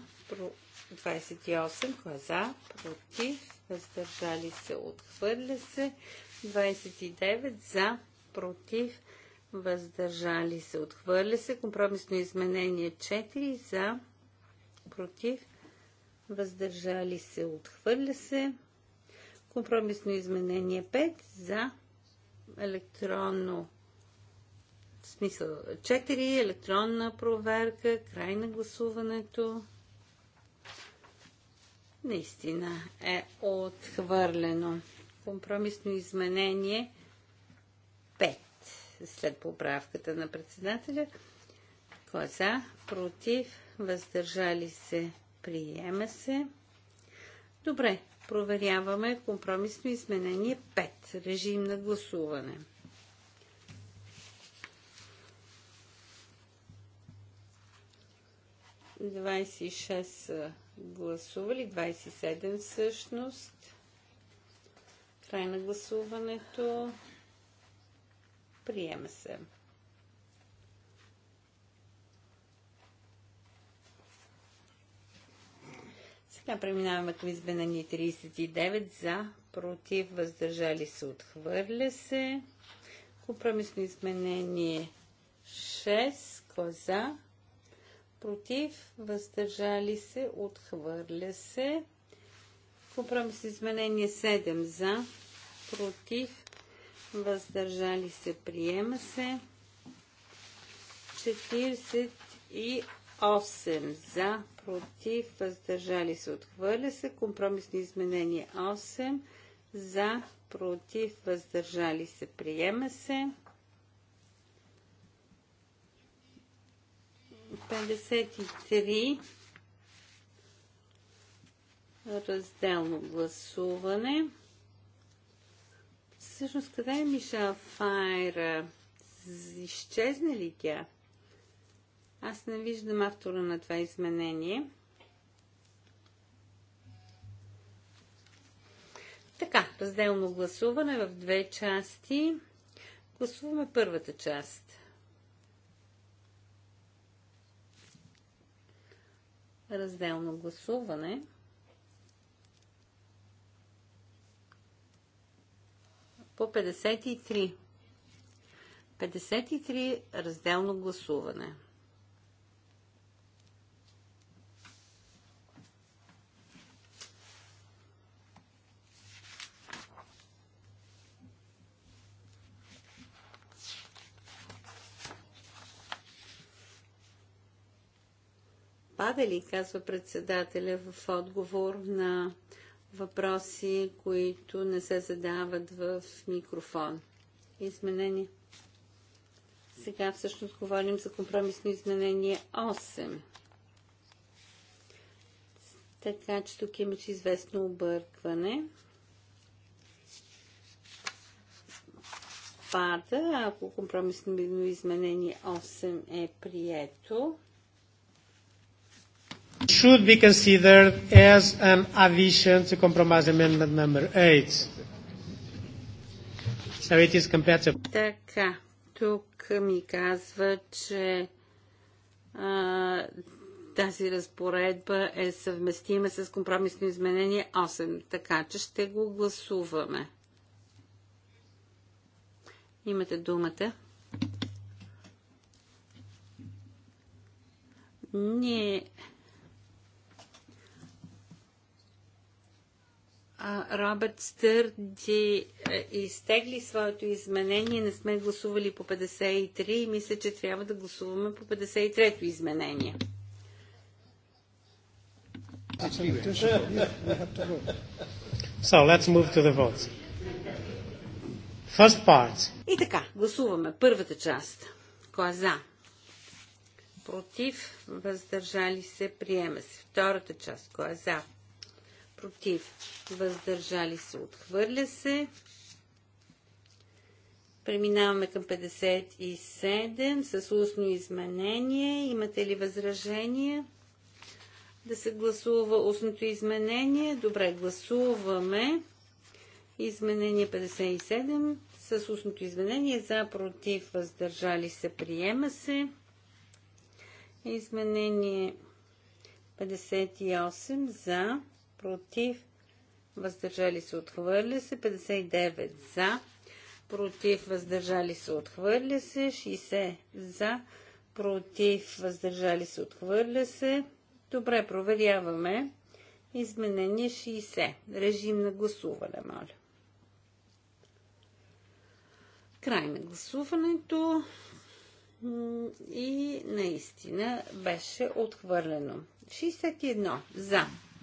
28, кой е за, против, въздържали се, отхвърля се. 29 за, против, въздържали се, отхвърля се. Компромисно изменение 4 за, против, въздържали се, отхвърля се. Компромисно изменение 5 за, електронно в смисъл 4, електронна проверка, край на гласуването. Наистина е отхвърлено. Компромисно изменение 5 след поправката на председателя. Коза е за? Против? Въздържали се? Приема се? Добре, Проверяваме компромисно изменение 5. Режим на гласуване. Двадесет и шест гласували, 27 всъщност. Край на гласуването. Приема се. Сега преминаваме към изменение 39 за, против, въздържали се, отхвърля се. Компромисно изменение 6, коза, е против, въздържали се, отхвърля се. Компромисно изменение 7 за, против, въздържали се, приема се. 48 за, против, въздържали се, отхвърля се. Компромисни изменения 8 за, против, въздържали се, приема се. 53 разделно гласуване. Всъщност, къде е Мишел Файра? Изчезна ли тя? Аз не виждам автора на това изменение. Така, разделно гласуване в две части. Гласуваме първата част. Разделно гласуване. По 53. 53 разделно гласуване. забавили, казва председателя в отговор на въпроси, които не се задават в микрофон. Изменение. Сега всъщност говорим за компромисно изменение 8. Така че тук имаше известно объркване. Пада, ако компромисно изменение 8 е прието should be considered as an addition to compromise amendment number 8. So it is compatible. Така, тук ми казва, че а, тази разпоредба е съвместима с компромисно изменение 8, така че ще го гласуваме. Имате думата. Ние Робърт Стърди е, изтегли своето изменение. Не сме гласували по 53 и мисля, че трябва да гласуваме по 53-то изменение. So, let's move to the votes. First part. И така, гласуваме първата част. Кой е за? Против, въздържали се, приема се. Втората част. Кой е за? против, въздържали се, отхвърля се. Преминаваме към 57 с устно изменение. Имате ли възражение? Да се гласува устното изменение. Добре, гласуваме. Изменение 57 с устното изменение. За, против, въздържали се, приема се. Изменение 58 за, против, въздържали се, отхвърля се, 59 за, против, въздържали се, отхвърля се, 60 за, против, въздържали се, отхвърля се. Добре, проверяваме. Изменение 60. Режим на гласуване, моля. Край на гласуването и наистина беше отхвърлено. 61 за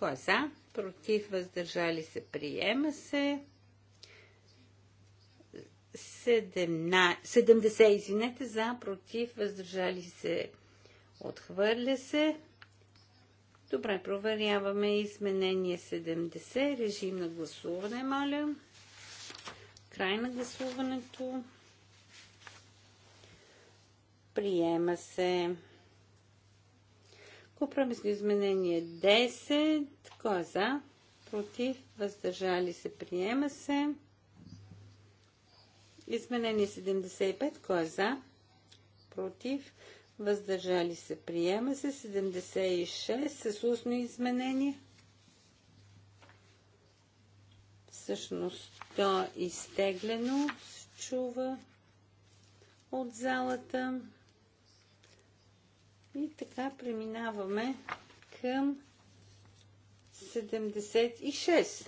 кой е за? Против, въздържали се, приема се. 70, извинете, за, против, въздържали се, отхвърля се. Добре, проверяваме изменение 70. Режим на гласуване, моля. Край на гласуването. Приема се. Компромисно изменение 10. Кой е за? Против. Въздържали се. Приема се. Изменение 75. Кой е за? Против. Въздържали се. Приема се. 76. С устно изменение. Всъщност то е изтеглено. Се чува от залата. И така преминаваме към 76.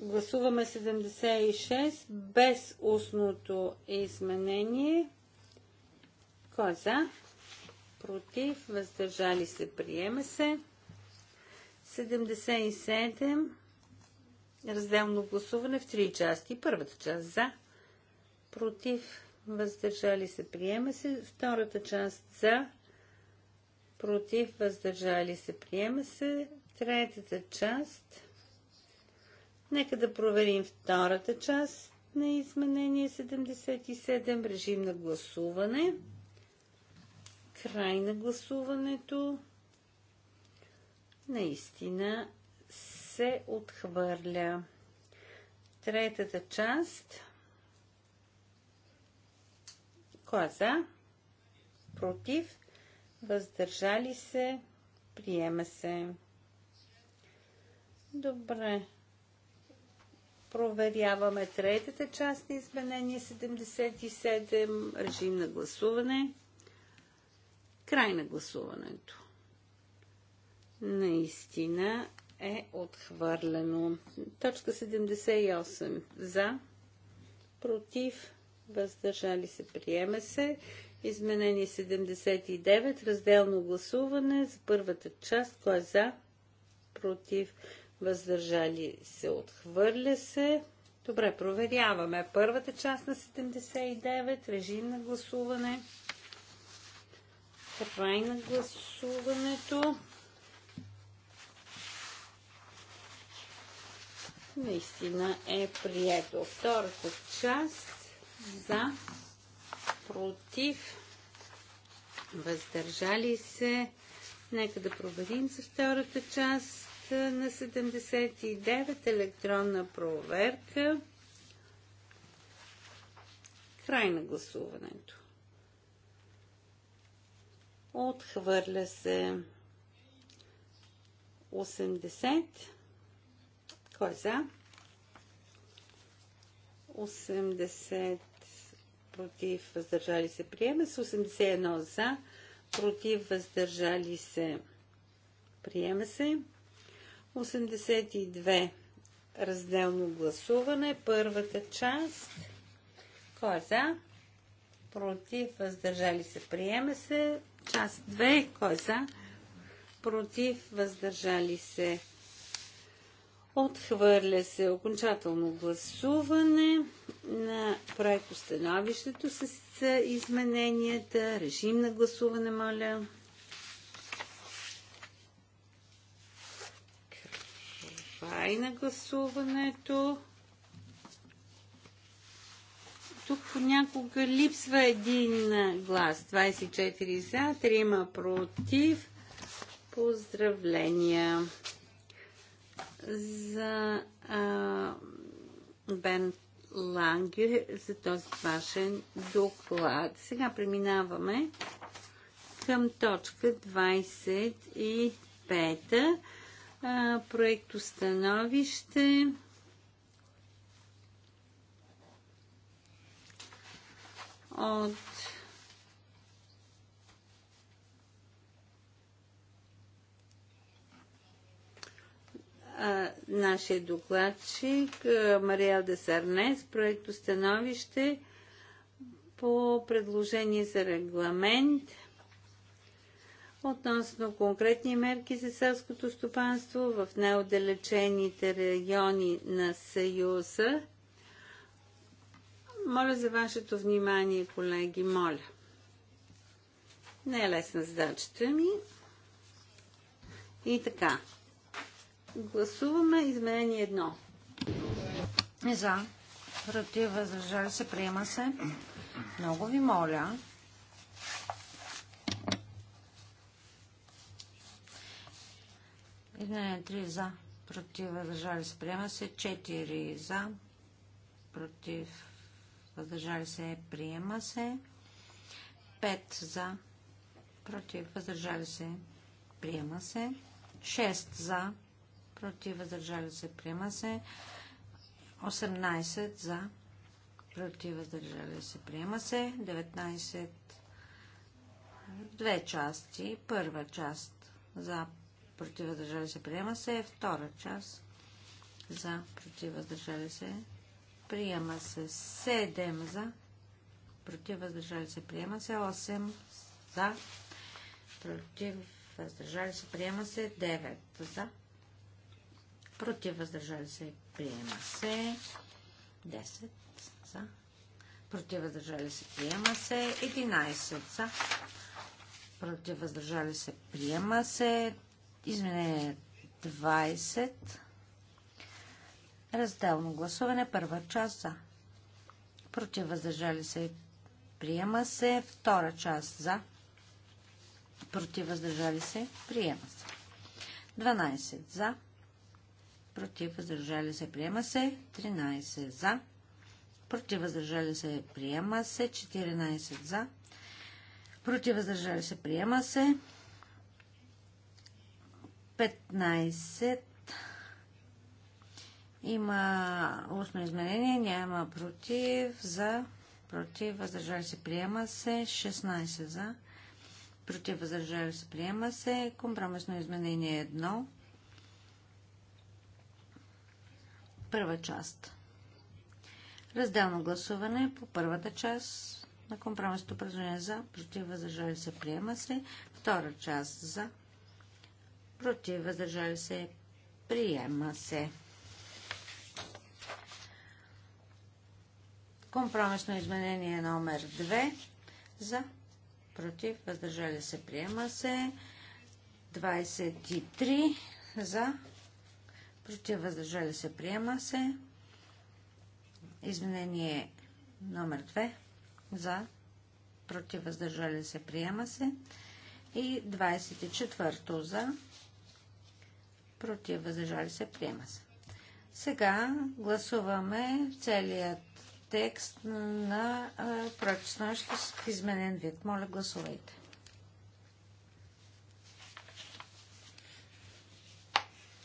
Гласуваме 76 без устното изменение. Кой е за? Против? Въздържали се? Приема се. 77. Разделно гласуване в три части. Първата част за. Против? въздържали се, приема се. Втората част за, против, въздържали се, приема се. Третата част. Нека да проверим втората част на изменение 77, режим на гласуване. Край на гласуването. Наистина се отхвърля. Третата част кой е за? Против? Въздържали се? Приема се. Добре. Проверяваме третата част на изменение 77. Режим на гласуване. Край на гласуването. Наистина е отхвърлено. Точка 78. За. Против въздържали се, приема се. Изменение 79, разделно гласуване за първата част, кой е за, против, въздържали се, отхвърля се. Добре, проверяваме първата част на 79, режим на гласуване, край на гласуването. Наистина е прието. Втората част за, против, въздържали се. Нека да проверим за втората част на 79 електронна проверка. Край на гласуването. Отхвърля се 80. Кой е за? 80 против, въздържали се, приема се. 81 за, против, въздържали се, приема се. 82 разделно гласуване, първата част. Кой е за? Против, въздържали се, приема се. Част 2. Кой е за? Против, въздържали се, Отхвърля се окончателно гласуване на проектостановището с измененията. Режим на гласуване, моля. Край на гласуването. Тук понякога липсва един глас. 24 за, 3 против. Поздравления! за а, Бен Ланге за този вашен доклад. Сега преминаваме към точка 25. А, проектостановище. от нашия докладчик Мариел Десарнес, проекто становище по предложение за регламент относно конкретни мерки за селското стопанство в неотдалечените райони на Съюза. Моля за вашето внимание, колеги, моля. Не е лесна задачата ми. И така. Гласуваме изменение 1. За. Против. възражали се. Приема се. Много ви моля. Изменение 3 за. Против. Въздържали се. Приема се. 4 за. Против. Въздържали се. Приема се. 5 за. Против. Въздържали се. Приема се. 6 за против, въздържали се, приема се. 18 за, против, въздържали се, приема се. 19 две части. Първа част за, против, въздържали се, приема се. Втора част за, против, въздържали се, приема се. 7 за, против, въздържали се, приема се. 8 за, против, въздържали се, приема се. 9 за, против, въздържали се, приема се. 10 за, против, въздържали се, приема се. 11 за, против, въздържали се, приема се. Изменение 20. Разделно гласуване, първа част за. Против, въздържали се, приема се. Втора част за. Против, въздържали се, приема се. 12 за против, въздържали се, приема се. 13 за, против, въздържали се, приема се. 14 за, против, въздържали се, приема се. 15 има устно изменение, няма против, за, против, въздържали се, приема се, 16 за, против, въздържали се, приема се, компромисно изменение 1, Първа част. Разделно гласуване по първата част на компромисното предложение за, против, въздържали се, приема се. Втора част за, против, въздържали се, приема се. Компромисно изменение номер 2 за, против, въздържали се, приема се. 23 за, против въздържали се, приема се. Изменение номер 2 за против въздържали се, приема се. И 24 за против въздържали се, приема се. Сега гласуваме целият текст на прочесноща с изменен вид. Моля, гласувайте.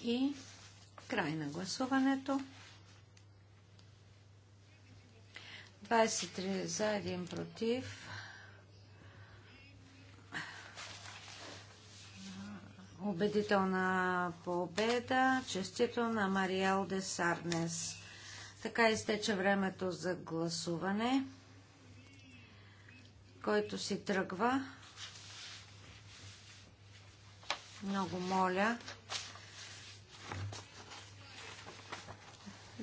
И Край на гласуването. 23 за, 1 против. Убедителна победа. Честито на Мариел де Сарнес. Така изтече времето за гласуване, който си тръгва. Много моля.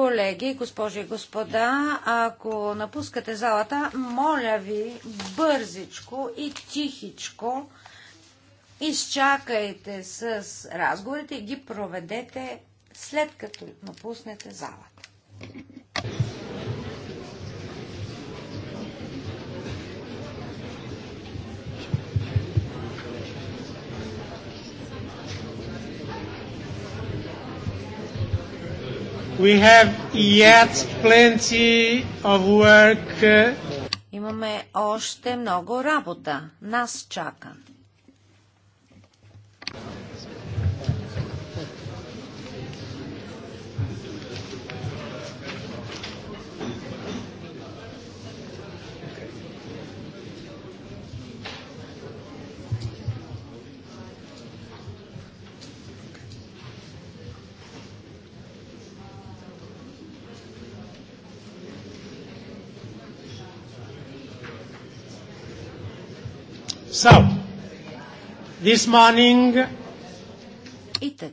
Колеги, госпожи и господа, ако напускате залата, моля ви бързичко и тихичко изчакайте с разговорите и ги проведете след като напуснете залата. We have yet plenty of work. Имаме още много работа. Нас чака. So, this morning... Итак.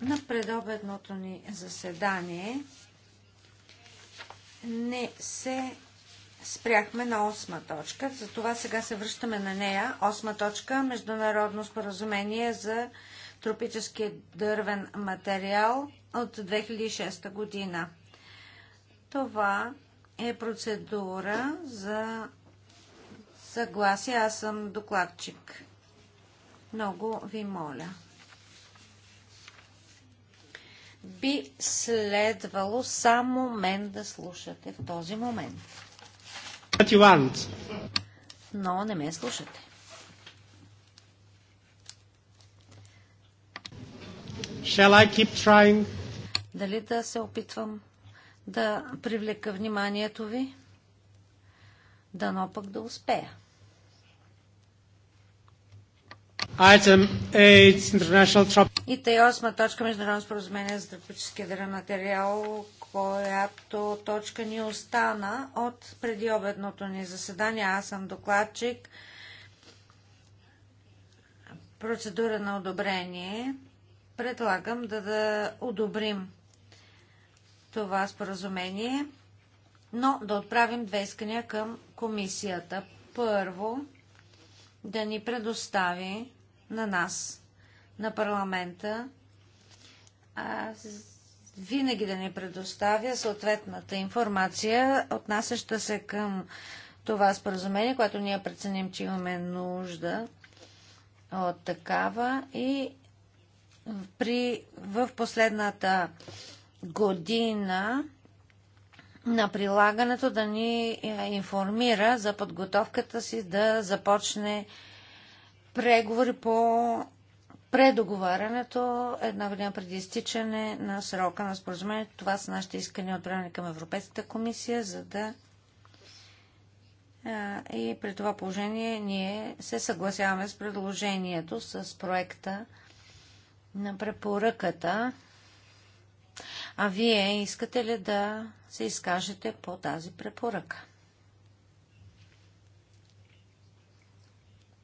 На предобедното ни заседание не се спряхме на осма точка, затова сега се връщаме на нея. Осма точка – Международно споразумение за тропически дървен материал от 2006 година. Това е процедура за съгласие. Аз съм докладчик. Много ви моля. Би следвало само мен да слушате в този момент. Но не ме слушате. Shall I keep trying? Дали да се опитвам? да привлека вниманието ви. Дано пък да успея. Item 8, international И тъй осма точка Международно споразумение за тропически дарен материал, която точка ни остана от преди обедното ни заседание. Аз съм докладчик. Процедура на одобрение. Предлагам да, да одобрим това споразумение, но да отправим две искания към комисията. Първо, да ни предостави на нас, на парламента, а, винаги да ни предоставя съответната информация, отнасяща се към това споразумение, което ние преценим, че имаме нужда от такава и при, в последната година на прилагането да ни е, информира за подготовката си да започне преговори по предоговарянето една година преди изтичане на срока на споразумението. Това са нашите искания отправени към Европейската комисия, за да е, и при това положение ние се съгласяваме с предложението, с проекта на препоръката а вие искате ли да се изкажете по тази препоръка?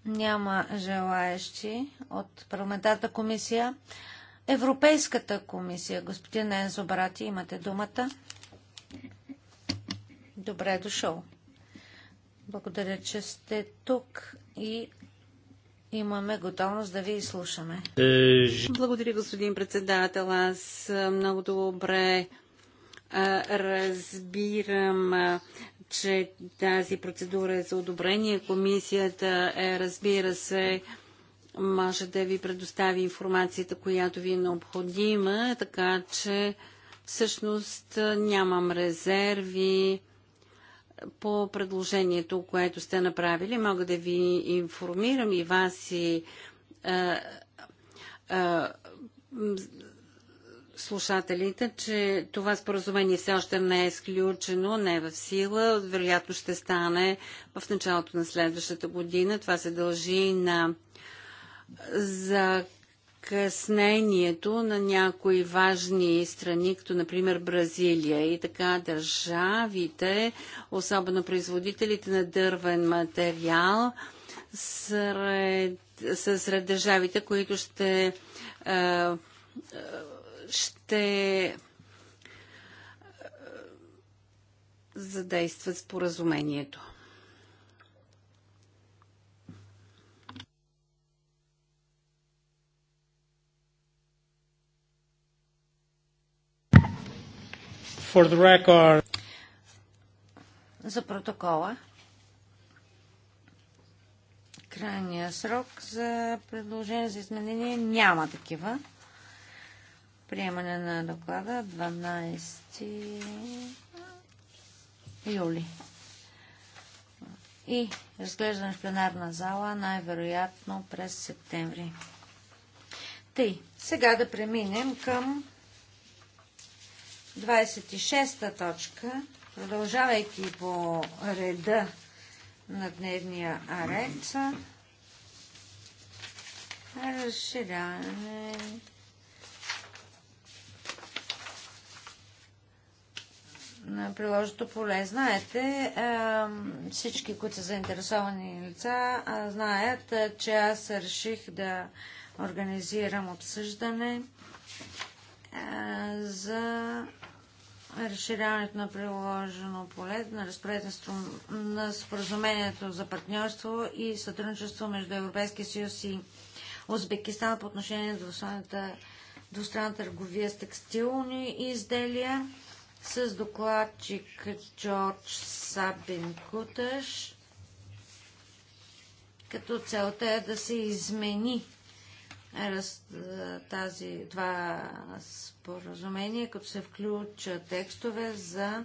Няма желаещи от парламентарната комисия. Европейската комисия, господин Ензо Брати, имате думата. Добре е дошъл. Благодаря, че сте тук и Имаме готовност да ви изслушаме. Е, Благодаря, господин председател. Аз е, много добре е, разбирам, че тази процедура е за одобрение. Комисията е, разбира се, може да ви предостави информацията, която ви е необходима, така че всъщност нямам резерви по предложението, което сте направили. Мога да ви информирам и вас и а, а, слушателите, че това споразумение все още не е сключено, не е в сила. Вероятно ще стане в началото на следващата година. Това се дължи на за закъснението на някои важни страни, като например Бразилия и така държавите, особено производителите на дървен материал, сред, са сред държавите, които ще, е, ще е, задействат споразумението. for the record. За протокола. Крайния срок за предложение за изменение няма такива. Приемане на доклада 12 юли. И разглеждане в пленарна зала най-вероятно през септември. Тъй, сега да преминем към 26-та точка, продължавайки по реда на дневния ред, разширяваме. на приложното поле. Знаете, всички, които са заинтересовани лица, знаят, че аз реших да организирам обсъждане за разширяването на приложено поле на разпоредна на споразумението за партньорство и сътрудничество между Европейския съюз и Узбекистан по отношение на двустранната, двустранната търговия с текстилни изделия с докладчик Джордж Сабин Куташ. Като целта е да се измени тази, това споразумение, като се включа текстове за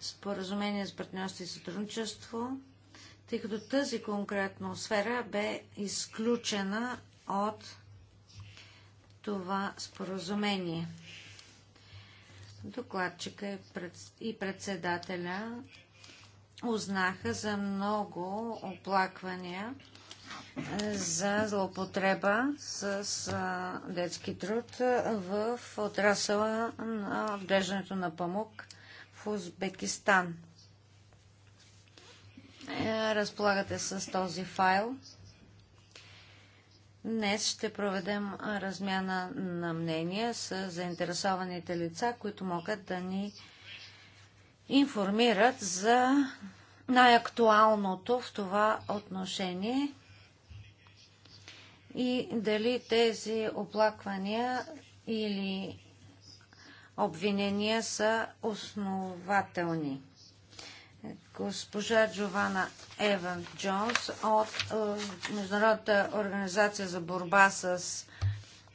споразумение за партньорство и сътрудничество, тъй като тази конкретно сфера бе изключена от това споразумение. Докладчика е и председателя узнаха за много оплаквания за злоупотреба с детски труд в отрасъла на отглеждането на памук в Узбекистан. Е, разполагате с този файл. Днес ще проведем размяна на мнения с заинтересованите лица, които могат да ни информират за най-актуалното в това отношение и дали тези оплаквания или обвинения са основателни. Госпожа Джована Еван Джонс от е, Международната организация за борба с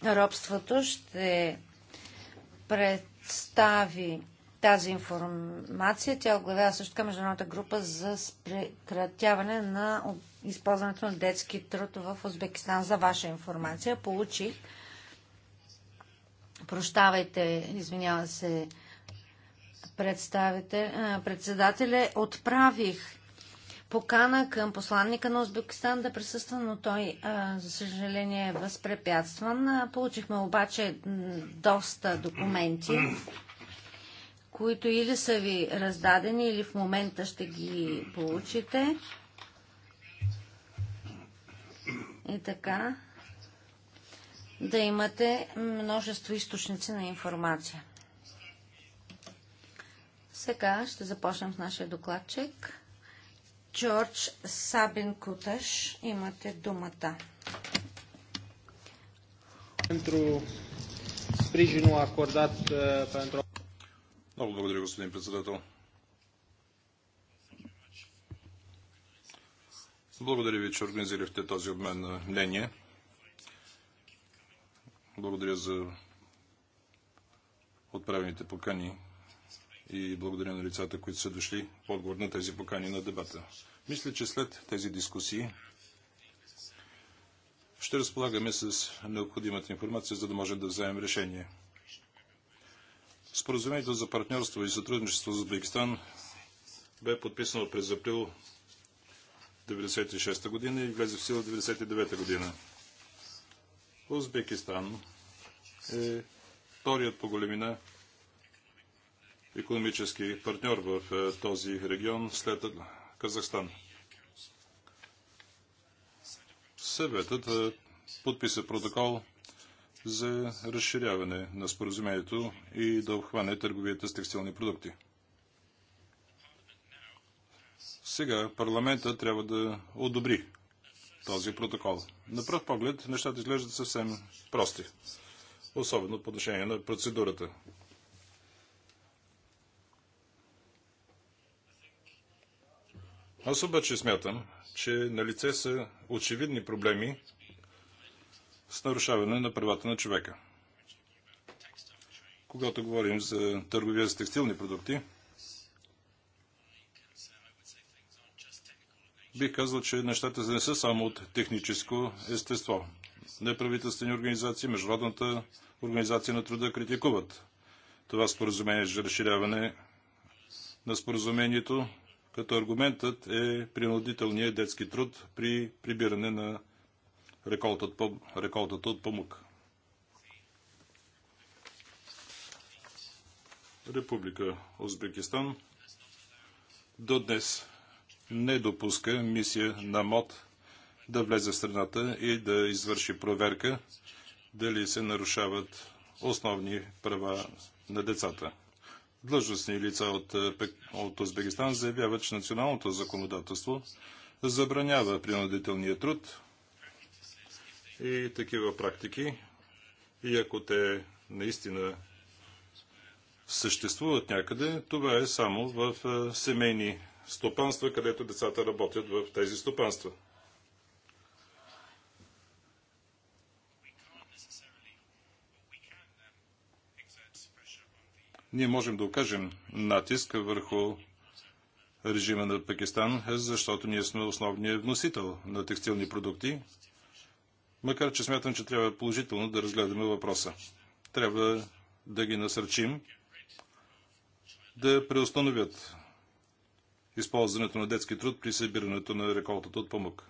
робството ще представи тази информация. Тя оглавява също така международната група за прекратяване на използването на детски труд в Узбекистан. За ваша информация получих прощавайте, извинява се, председателя, отправих покана към посланника на Узбекистан да присъства, но той, за съжаление, е възпрепятстван. Получихме обаче доста документи които или са ви раздадени, или в момента ще ги получите. И така, да имате множество източници на информация. Сега ще започнем с нашия докладчик. Джордж Сабин Куташ, имате думата. Pentru sprijinul acordat uh, pentru много благодаря, господин председател. Благодаря ви, че организирахте този обмен на мнение. Благодаря за отправените покани и благодаря на лицата, които са дошли в отговор на тези покани на дебата. Мисля, че след тези дискусии ще разполагаме с необходимата информация, за да можем да вземем решение. Споразумението за партньорство и сътрудничество с Узбекистан бе подписано през април 1996 година и влезе в сила 1999 година. Узбекистан е вторият по големина економически партньор в е, този регион след Казахстан. Съветът е, подписа протокол за разширяване на споразумението и да обхване търговията с текстилни продукти. Сега парламента трябва да одобри този протокол. На пръв поглед нещата изглеждат съвсем прости, особено по отношение на процедурата. Аз обаче смятам, че на лице са очевидни проблеми с нарушаване на правата на човека. Когато говорим за търговия с текстилни продукти, бих казал, че нещата не са само от техническо естество. Неправителствени организации, Международната организация на труда критикуват това споразумение за разширяване на споразумението, като аргументът е принудителният детски труд при прибиране на реколтата, реколтата от памук. Република Узбекистан до днес не допуска мисия на МОД да влезе в страната и да извърши проверка дали се нарушават основни права на децата. Длъжностни лица от, е, от Узбекистан заявяват, че националното законодателство забранява принудителния труд, и такива практики. И ако те наистина съществуват някъде, това е само в семейни стопанства, където децата работят в тези стопанства. Ние можем да окажем натиск върху режима на Пакистан, защото ние сме основният вносител на текстилни продукти Макар, че смятам, че трябва положително да разгледаме въпроса. Трябва да ги насърчим да преустановят използването на детски труд при събирането на реколтата от помък.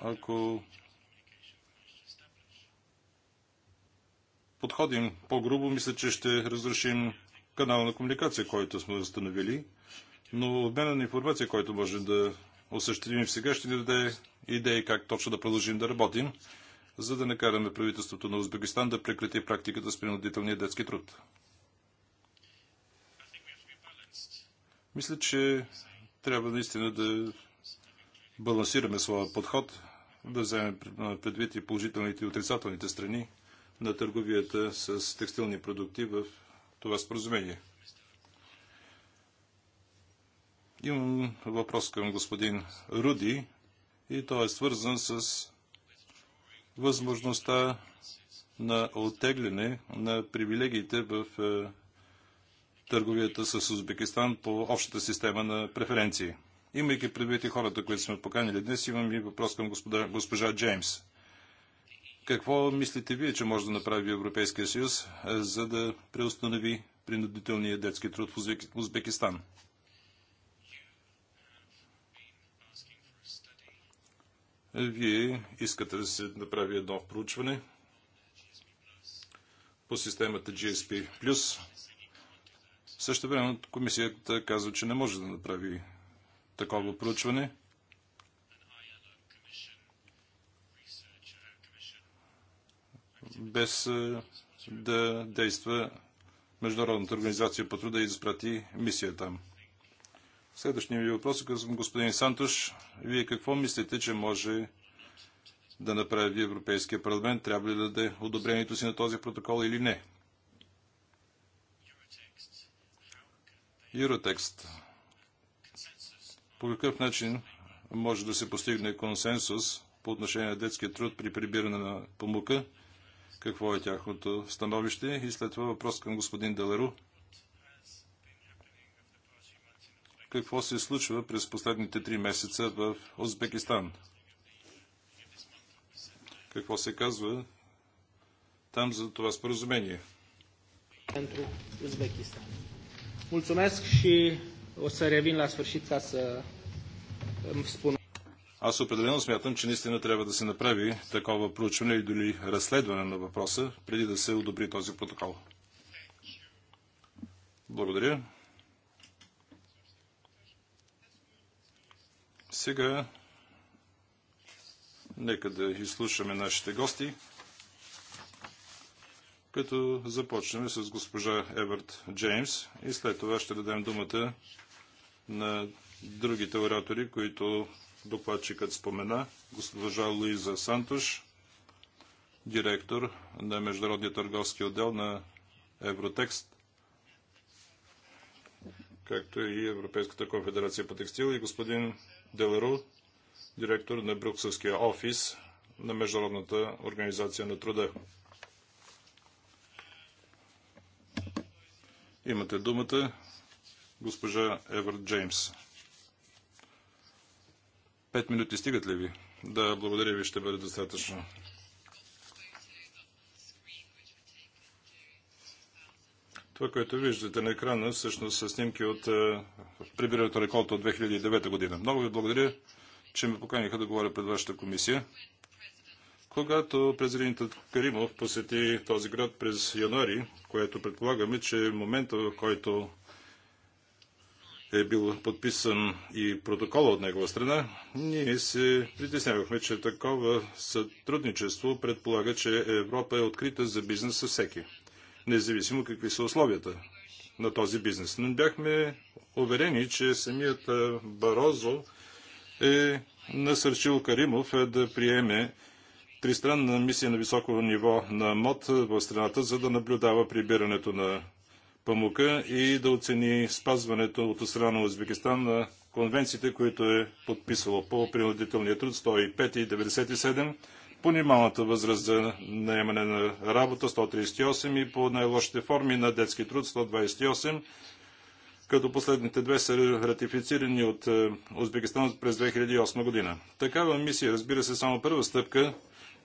Ако подходим по-грубо, мисля, че ще разрушим канала на комуникация, който сме установили, но обмена на информация, който можем да осъществим сега, ще ни даде идеи как точно да продължим да работим, за да не караме правителството на Узбекистан да прекрати практиката с принудителния детски труд. Мисля, че трябва наистина да балансираме своя подход, да вземем предвид и положителните и отрицателните страни на търговията с текстилни продукти в това споразумение. Имам въпрос към господин Руди и той е свързан с възможността на оттегляне на привилегиите в е, търговията с Узбекистан по общата система на преференции. Имайки предвид и хората, които сме поканили днес, имам и въпрос към господа, госпожа Джеймс. Какво мислите вие, че може да направи Европейския съюз, е, за да преустанови принудителния детски труд в Узбекистан? Вие искате да се направи едно проучване по системата GSP+. Също време комисията казва, че не може да направи такова проучване. без да действа Международната организация по труда и изпрати мисия там. Следващия ми въпрос е към господин Сантош. Вие какво мислите, че може да направи Европейския парламент? Трябва ли да даде одобрението си на този протокол или не? Юротекст. По какъв начин може да се постигне консенсус по отношение на детския труд при прибиране на помука? Какво е тяхното становище? И след това въпрос към господин Делеру какво се случва през последните три месеца в Узбекистан. Какво се казва там за това споразумение? Аз определено смятам, че наистина трябва да се направи такова проучване или разследване на въпроса, преди да се одобри този протокол. Благодаря. Сега нека да изслушаме нашите гости, като започнем с госпожа Еверт Джеймс и след това ще дадем думата на другите оратори, които докладчикът спомена, госпожа Луиза Сантош, директор на Международния търговски отдел на Евротекст, както и Европейската конфедерация по текстил и господин Делару, директор на Брюкселския офис на Международната организация на труда. Имате думата госпожа Евард Джеймс. Пет минути стигат ли ви? Да, благодаря ви, ще бъде достатъчно. Това, което виждате на екрана, всъщност са снимки от е, прибирането на реколта от 2009 година. Много ви благодаря, че ме поканиха да говоря пред вашата комисия. Когато президентът Каримов посети този град през януари, което предполагаме, че е момента, в който е бил подписан и протокола от негова страна, ние се притеснявахме, че такова сътрудничество предполага, че Европа е открита за бизнес със всеки независимо какви са условията на този бизнес. Но бяхме уверени, че самият Барозо е насърчил Каримов е, да приеме тристранна мисия на високо ниво на МОД в страната, за да наблюдава прибирането на памука и да оцени спазването от страна на Узбекистан на конвенциите, които е подписало по принудителния труд 105 и 97 по минималната възраст за наемане на работа 138 и по най-лошите форми на детски труд 128, като последните две са ратифицирани от е, Узбекистан през 2008 година. Такава мисия, разбира се, само първа стъпка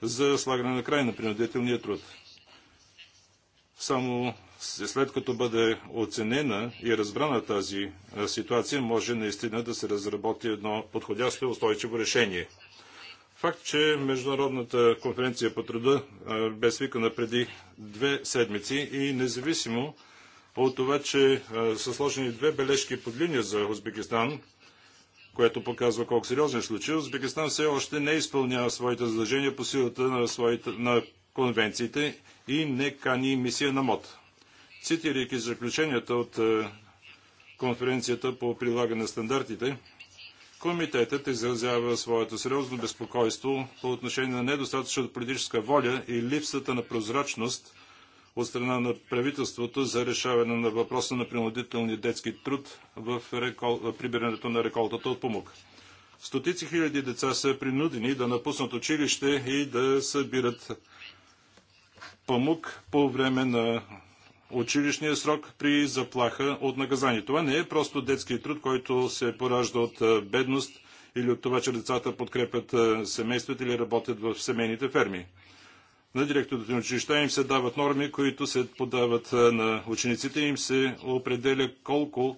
за слагане на край на принудителния труд. Само след като бъде оценена и разбрана тази е, ситуация, може наистина да се разработи едно подходящо устойчиво решение – Факт, че Международната конференция по труда бе свикана преди две седмици и независимо от това, че са сложени две бележки под линия за Узбекистан, което показва колко сериозен е случай, Узбекистан все още не изпълнява своите задължения по силата на, своите, на конвенциите и не кани мисия на МОД. Цитирайки заключенията от конференцията по прилагане на стандартите, Комитетът изразява своето сериозно безпокойство по отношение на недостатъчната политическа воля и липсата на прозрачност от страна на правителството за решаване на въпроса на принудителни детски труд в рекол... прибирането на реколтата от помук. Стотици хиляди деца са принудени да напуснат училище и да събират памук по време на училищния срок при заплаха от наказание. Това не е просто детски труд, който се поражда от бедност или от това, че децата подкрепят семействата или работят в семейните ферми. На директорите на училища им се дават норми, които се подават на учениците и им се определя колко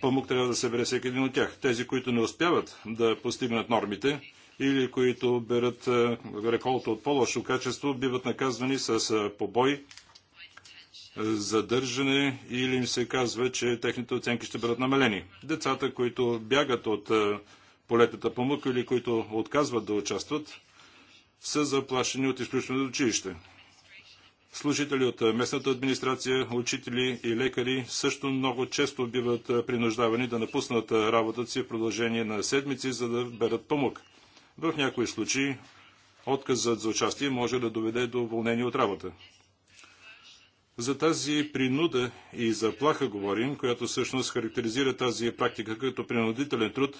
памук трябва да се бере всеки един от тях. Тези, които не успяват да постигнат нормите или които берат реколта от по-лошо качество, биват наказвани с побой, задържане или им се казва, че техните оценки ще бъдат намалени. Децата, които бягат от е, полетата по мука или които отказват да участват, са заплашени от изключване от училище. Служители от е, местната администрация, учители и лекари също много често биват е, принуждавани да напуснат работата си в продължение на седмици, за да берат помък. В някои случаи отказът за участие може да доведе до уволнение от работа. За тази принуда и заплаха говорим, която всъщност характеризира тази практика като принудителен труд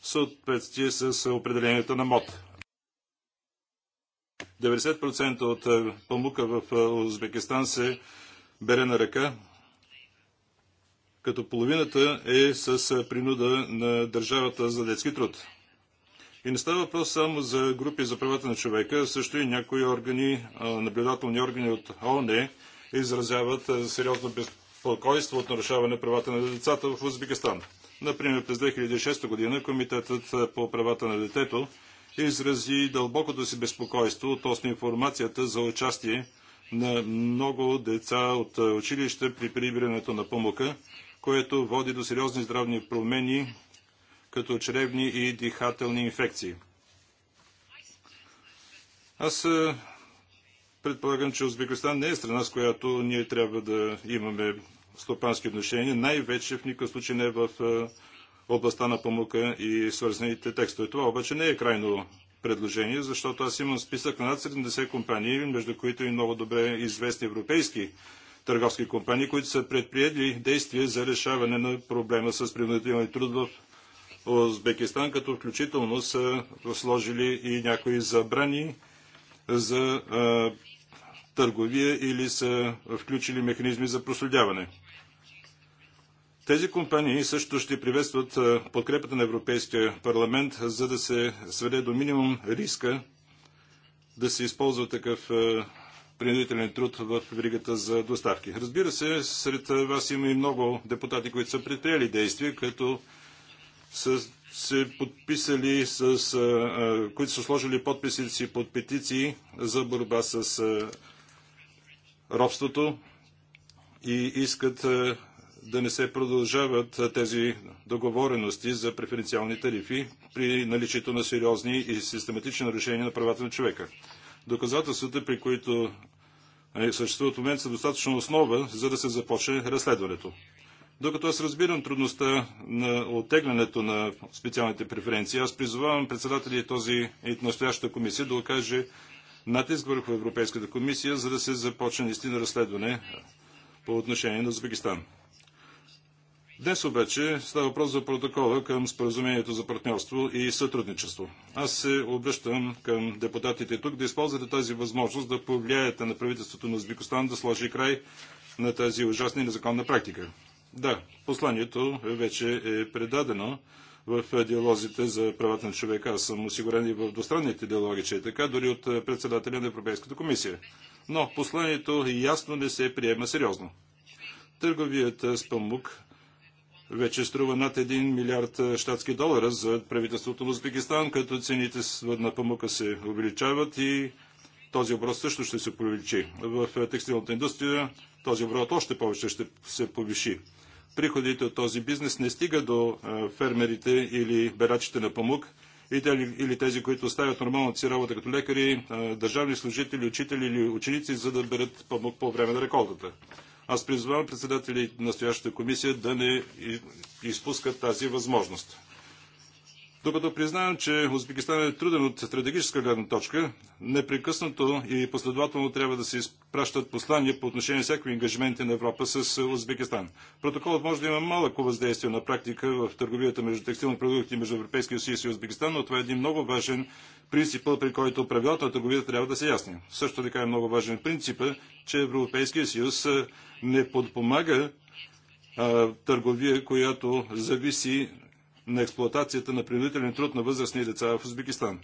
в съответствие с определението на МОД. 90% от памука в Узбекистан се бере на ръка, като половината е с принуда на държавата за детски труд. И не става въпрос само за групи за правата на човека, също и някои органи, наблюдателни органи от ООН, изразяват е, сериозно безпокойство от нарушаване правата на децата в Узбекистан. Например, през 2006 година Комитетът е, по правата на детето изрази дълбокото си безпокойство относно информацията за участие на много деца от е, училище при прибирането на помока, което води до сериозни здравни промени, като чревни и дихателни инфекции. Аз Предполагам, че Узбекистан не е страна, с която ние трябва да имаме стопански отношения, най-вече в никакъв случай не в е, областта на помока и свързаните текстове. Това обаче не е крайно предложение, защото аз имам списък на над 70 компании, между които и много добре известни европейски търговски компании, които са предприели действия за решаване на проблема с принудителния труд в Узбекистан, като включително са сложили и някои забрани за а, е, търговия или са включили механизми за проследяване. Тези компании също ще приветстват подкрепата на Европейския парламент, за да се сведе до минимум риска да се използва такъв принудителен труд в веригата за доставки. Разбира се, сред вас има и много депутати, които са предприели действия, като са се подписали с, които са сложили подписите си под петиции за борба с робството и искат е, да не се продължават е, тези договорености за преференциални тарифи при наличието на сериозни и систематични нарушения на правата на човека. Доказателствата, при които е, съществуват в момента, са достатъчно основа, за да се започне разследването. Докато аз разбирам трудността на оттеглянето на специалните преференции, аз призовавам председателя и този и настоящата комисия да окаже натиск върху Европейската комисия, за да се започне наистина разследване по отношение на Узбекистан. Днес обаче става въпрос за протокола към споразумението за партньорство и сътрудничество. Аз се обръщам към депутатите тук да използвате тази възможност да повлияете на правителството на Узбекистан да сложи край на тази ужасна и незаконна практика. Да, посланието вече е предадено в диалозите за правата на човека. Аз съм осигурен и в двустранните диалоги, че е така, дори от е, председателя на Европейската комисия. Но посланието ясно не се приема сериозно. Търговият е, с памук вече струва над 1 милиард е, щатски долара за правителството на Узбекистан, като цените на памука се увеличават и този оборот също ще се повеличи. В текстилната индустрия този оборот още повече ще се повиши приходите от този бизнес не стига до фермерите или берачите на памук, или тези, които оставят нормалната си работа като лекари, държавни служители, учители или ученици, за да берат памук по време на реколтата. Аз призвавам председатели на настоящата комисия да не изпускат тази възможност. Докато признавам, че Узбекистан е труден от стратегическа гледна точка, непрекъснато и последователно трябва да се изпращат послания по отношение на всякакви ангажименти на Европа с е, Узбекистан. Протоколът може да има малко въздействие на практика в търговията между текстилни продукти между Европейския съюз и Узбекистан, но това е един много важен принцип, при който правилата на търговията трябва да се ясни. Също така е много важен принцип, че Европейския съюз е, не подпомага търговия, която зависи на експлоатацията на принудителен труд на възрастни деца в Узбекистан.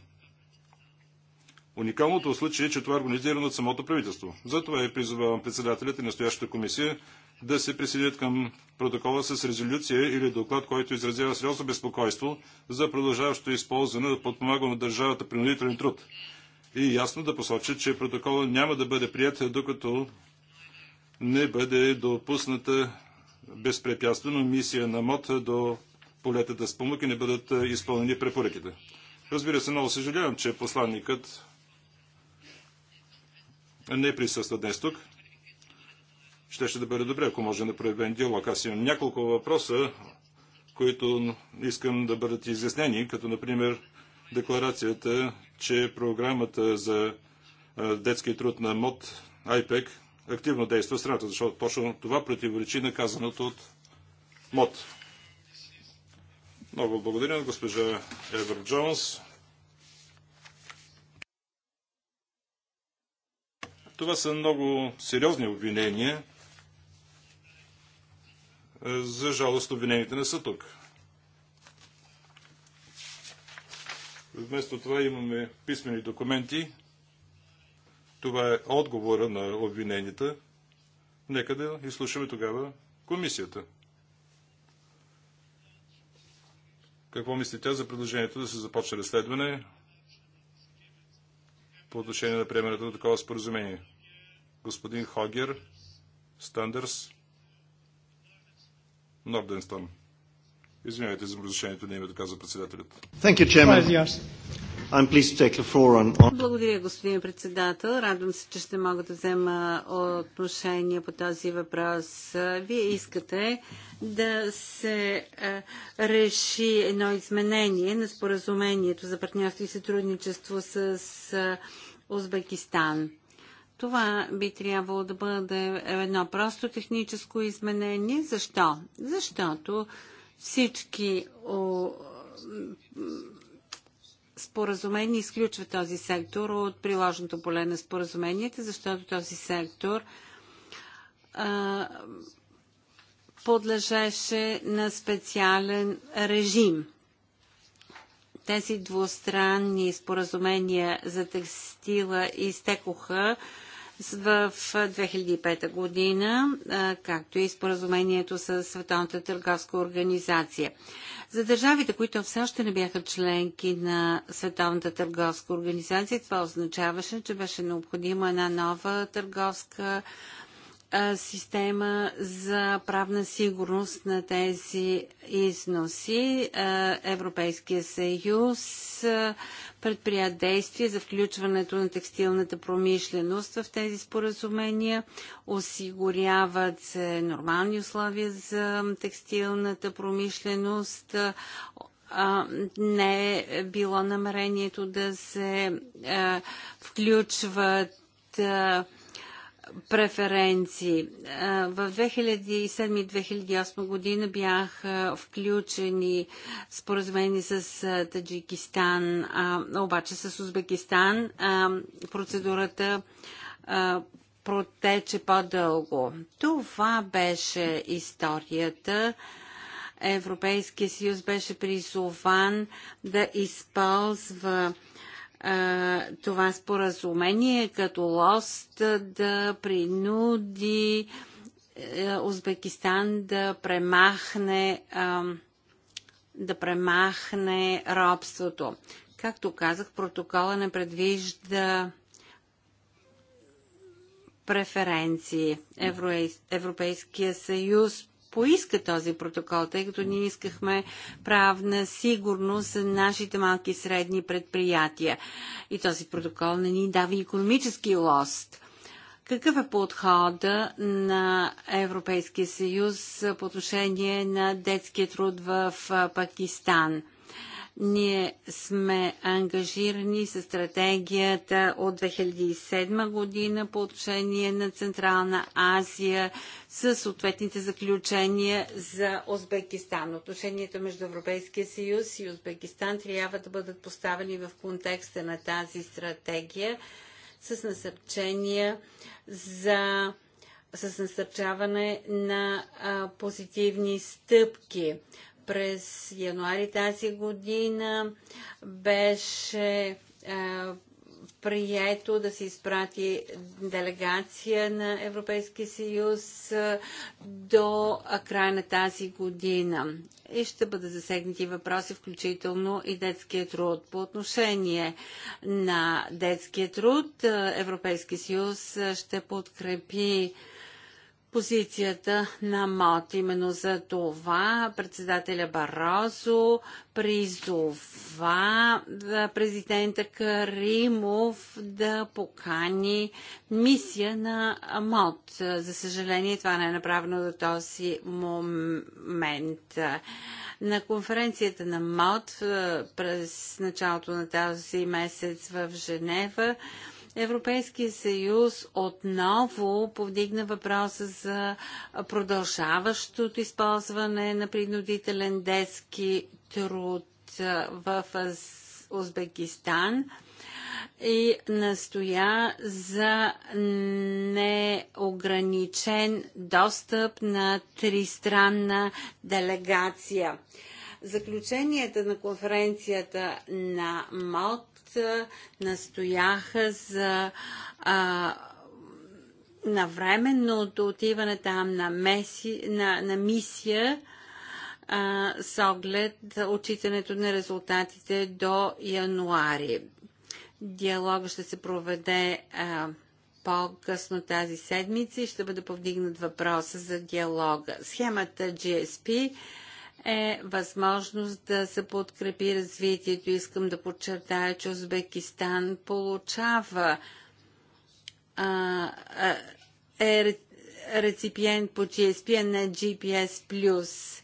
Уникалното в случая е, че това е организирано от самото правителство. Затова и призовавам председателят и настоящата комисия да се присъединят към протокола с резолюция или доклад, който изразява сериозно безпокойство за продължаващо използване да подпомага на държавата принудителен труд. И ясно да посочат, че протокола няма да бъде прият, докато не бъде допусната безпрепятствено мисия на МОД до полетата с памук и не бъдат изпълнени препоръките. Разбира се, много съжалявам, че посланникът не присъства днес тук. Ще ще да бъде добре, ако може да проявим диалог. Аз имам няколко въпроса, които искам да бъдат изяснени, като например декларацията, че програмата за детски труд на МОД, IPEC, активно действа в страната, защото точно това противоречи на казаното от МОД. Много благодаря на госпожа Евер Джонс. Това са много сериозни обвинения. За жалост обвинените не са тук. Вместо това имаме писмени документи. Това е отговора на обвиненията. Нека да изслушаме тогава комисията. Какво мислите за предложението да се започне разследване по отношение на приемането на такова споразумение? Господин Хогер, Стандърс, Норденстон. Извинявайте за разрешението на името, каза председателят. Thank you, благодаря, господин председател. Радвам се, че ще мога да взема отношение по този въпрос. Вие искате да се е, реши едно изменение на споразумението за партньорство и сътрудничество с е, Узбекистан. Това би трябвало да бъде едно просто техническо изменение. Защо? Защото всички споразумение изключва този сектор от приложното поле на споразуменията, защото този сектор а, подлежеше на специален режим. Тези двустранни споразумения за текстила изтекоха в 2005 година, както и споразумението с Световната търговска организация. За държавите, които все още не бяха членки на Световната търговска организация, това означаваше, че беше необходима една нова търговска система за правна сигурност на тези износи. Европейския съюз предприя действия за включването на текстилната промишленост в тези споразумения. Осигуряват се нормални условия за текстилната промишленост. Не е било намерението да се включват преференции. В 2007-2008 година бяха включени споразумени с Таджикистан, обаче с Узбекистан. Процедурата протече по-дълго. Това беше историята. Европейския съюз беше призован да използва това споразумение, като лост да принуди е, Узбекистан да премахне, да премахне робството. Както казах, протокола не предвижда преференции. Европейския съюз поиска този протокол, тъй като ние искахме правна сигурност за нашите малки и средни предприятия. И този протокол не ни дава економически лост. Какъв е подхода на Европейския съюз по отношение на детския труд в Пакистан? Ние сме ангажирани с стратегията от 2007 година по отношение на Централна Азия с съответните заключения за Узбекистан. Отношенията между Европейския съюз и Узбекистан трябва да бъдат поставени в контекста на тази стратегия с насърчения за с насърчаване на а, позитивни стъпки. През януари тази година беше е, прието да се изпрати делегация на Европейския съюз е, до края на тази година. И ще бъдат засегнати въпроси, включително и детския труд. По отношение на детския труд, е, Европейския съюз ще подкрепи позицията на МОД. Именно за това председателя Барозо призова президента Каримов да покани мисия на МОД. За съжаление, това не е направено до този момент. На конференцията на МОД през началото на този месец в Женева Европейския съюз отново повдигна въпроса за продължаващото използване на принудителен детски труд в Узбекистан и настоя за неограничен достъп на тристранна делегация. Заключенията на конференцията на МОК настояха за а, навременното отиване там на, меси, на, на мисия а, с оглед отчитането на резултатите до януари. Диалога ще се проведе а, по-късно тази седмица и ще бъде повдигнат въпроса за диалога. Схемата GSP е възможност да се подкрепи развитието. Искам да подчертая, че Узбекистан получава а, а, е реципиент по GSP, на GPS+.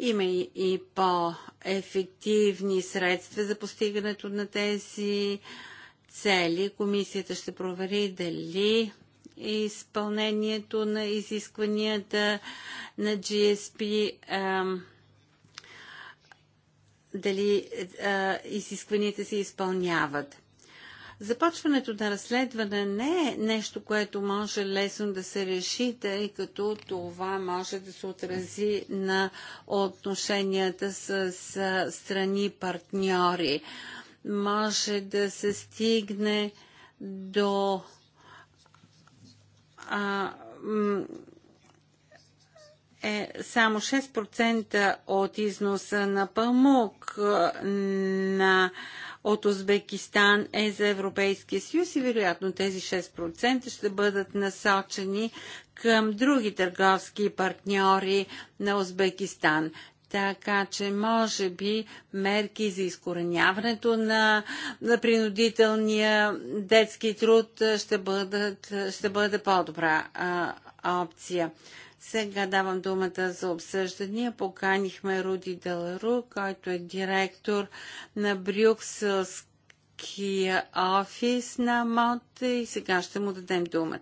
Има и, и по-ефективни средства за постигането на тези цели. Комисията ще провери дали изпълнението на изискванията на GSP. дали изискванията се изпълняват. Започването на разследване не е нещо, което може лесно да се реши, тъй като това може да се отрази на отношенията с страни партньори. Може да се стигне до а, е само 6% от износа на памук на, от Узбекистан е за Европейския съюз и вероятно тези 6% ще бъдат насочени към други търговски партньори на Узбекистан. Така че, може би, мерки за изкореняването на, на принудителния детски труд ще, бъдат, ще бъде по-добра опция. Сега давам думата за обсъждания. Поканихме Руди Делару, който е директор на Брюкселския офис на МОД и сега ще му дадем думата.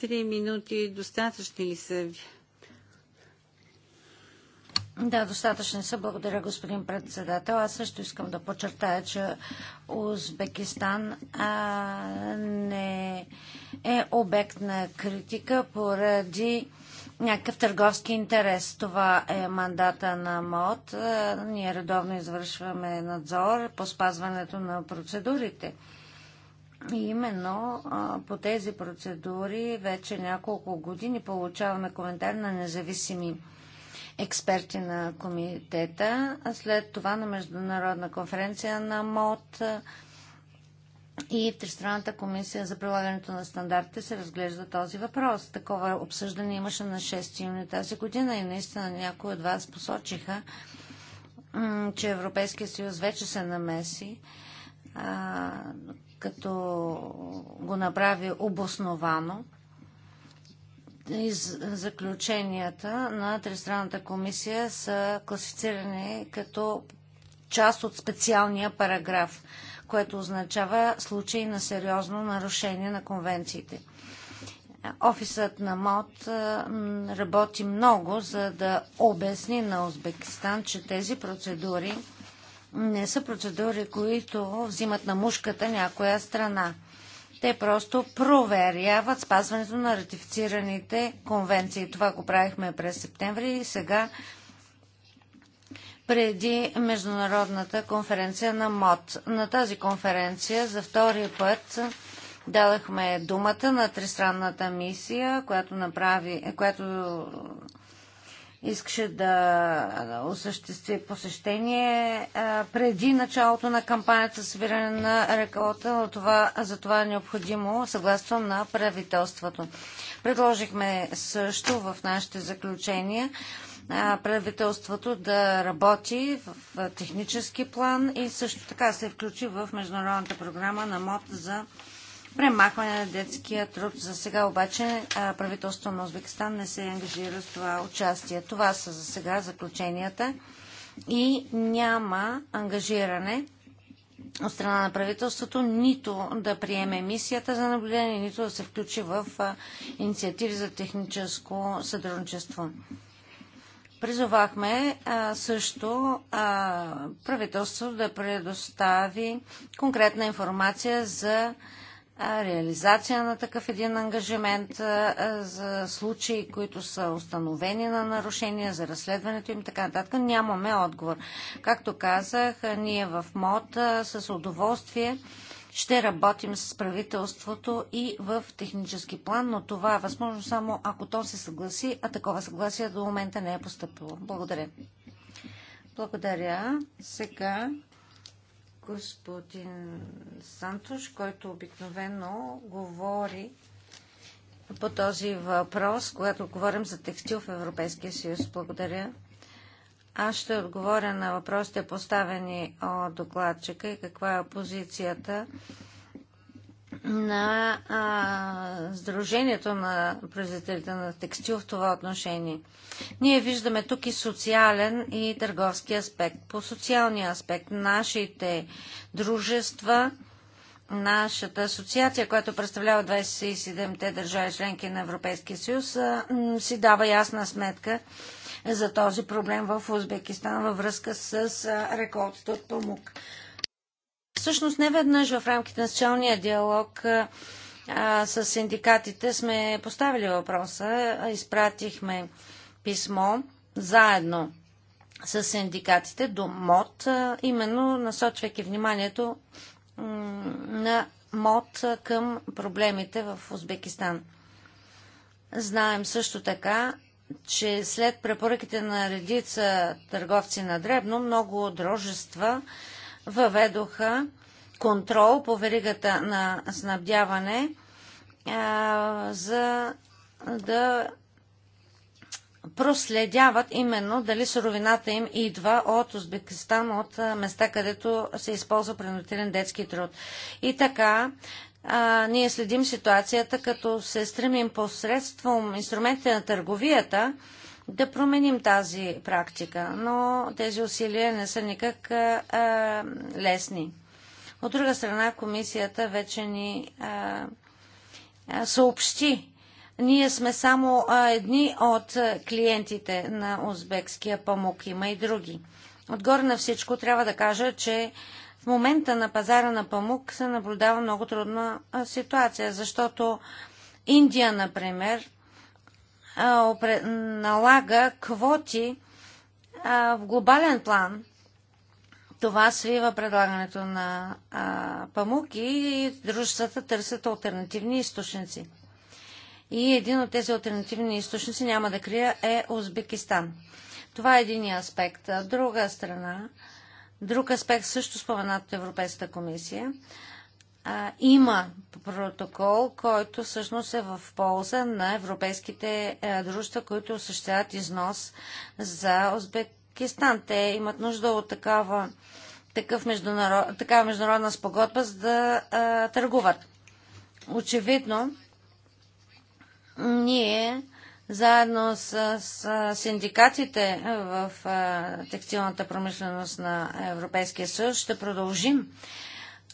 Три минути достатъчни ли са ви? Да, достатъчно са. Благодаря, господин председател. Аз също искам да подчертая, че Узбекистан а, не е обект на критика поради някакъв търговски интерес. Това е мандата на МОД. Ние редовно извършваме надзор по спазването на процедурите. И именно а, по тези процедури вече няколко години получаваме коментар на независими експерти на комитета, а след това на Международна конференция на МОД и Тристранната комисия за прилагането на стандартите се разглежда този въпрос. Такова обсъждане имаше на 6 юни тази година и наистина някои от вас посочиха, че Европейския съюз вече се намеси, като го направи обосновано и заключенията на Тристранната комисия са класифицирани като част от специалния параграф, което означава случай на сериозно нарушение на конвенциите. Офисът на МОД работи много, за да обясни на Узбекистан, че тези процедури не са процедури, които взимат на мушката някоя страна. Те просто проверяват спазването на ратифицираните конвенции. Това го правихме през септември и сега преди Международната конференция на МОД. На тази конференция за втори път дадахме думата на тристранната мисия, която, направи, която искаше да осъществи посещение преди началото на кампанията събиране на реколта. Това, за това е необходимо съгласно на правителството. Предложихме също в нашите заключения правителството да работи в технически план и също така се включи в международната програма на МОД за премахване на детския труд. За сега обаче правителството на Узбекистан не се ангажира с това участие. Това са за сега заключенията и няма ангажиране от страна на правителството нито да приеме мисията за наблюдение, нито да се включи в инициативи за техническо сътрудничество. Призовахме а, също а, правителството да предостави конкретна информация за реализация на такъв един ангажимент за случаи, които са установени на нарушения, за разследването им, така нататък, нямаме отговор. Както казах, ние в МОД с удоволствие ще работим с правителството и в технически план, но това е възможно само ако то се съгласи, а такова съгласие до момента не е поступило. Благодаря. Благодаря. Сега господин Сантуш, който обикновено говори по този въпрос, когато говорим за текстил в Европейския съюз. Благодаря. Аз ще отговоря на въпросите поставени от докладчика и каква е позицията на а, Сдружението на производителите на текстил в това отношение. Ние виждаме тук и социален и търговски аспект. По социалния аспект нашите дружества, нашата асоциация, която представлява 27-те държави членки на Европейския съюз, а, си дава ясна сметка за този проблем в Узбекистан във връзка с реколтата от памук. Всъщност не веднъж в рамките на социалния диалог а, с синдикатите сме поставили въпроса, изпратихме писмо заедно с синдикатите до МОД, именно насочвайки вниманието на МОД към проблемите в Узбекистан. Знаем също така, че след препоръките на редица търговци на дребно, много дружества въведоха контрол по веригата на снабдяване, за да проследяват именно дали суровината им идва от Узбекистан, от места, където се използва принудителен детски труд. И така, ние следим ситуацията, като се стремим посредством инструментите на търговията, да променим тази практика, но тези усилия не са никак а, лесни. От друга страна, комисията вече ни а, а, съобщи. Ние сме само а, едни от клиентите на узбекския памук. Има и други. Отгоре на всичко трябва да кажа, че в момента на пазара на памук се наблюдава много трудна ситуация, защото Индия, например, налага квоти в глобален план. Това свива предлагането на Памуки памук и дружествата търсят альтернативни източници. И един от тези альтернативни източници, няма да крия, е Узбекистан. Това е един аспект. Друга страна, друг аспект също споменат от Европейската комисия, а, има протокол, който всъщност е в полза на европейските а, е, дружества, които осъществяват износ за Узбекистан. Те имат нужда от такава, такъв международ, такава международна спогодба, за да а, търгуват. Очевидно, ние заедно с, с синдикатите в а, текстилната промишленост на Европейския съюз ще продължим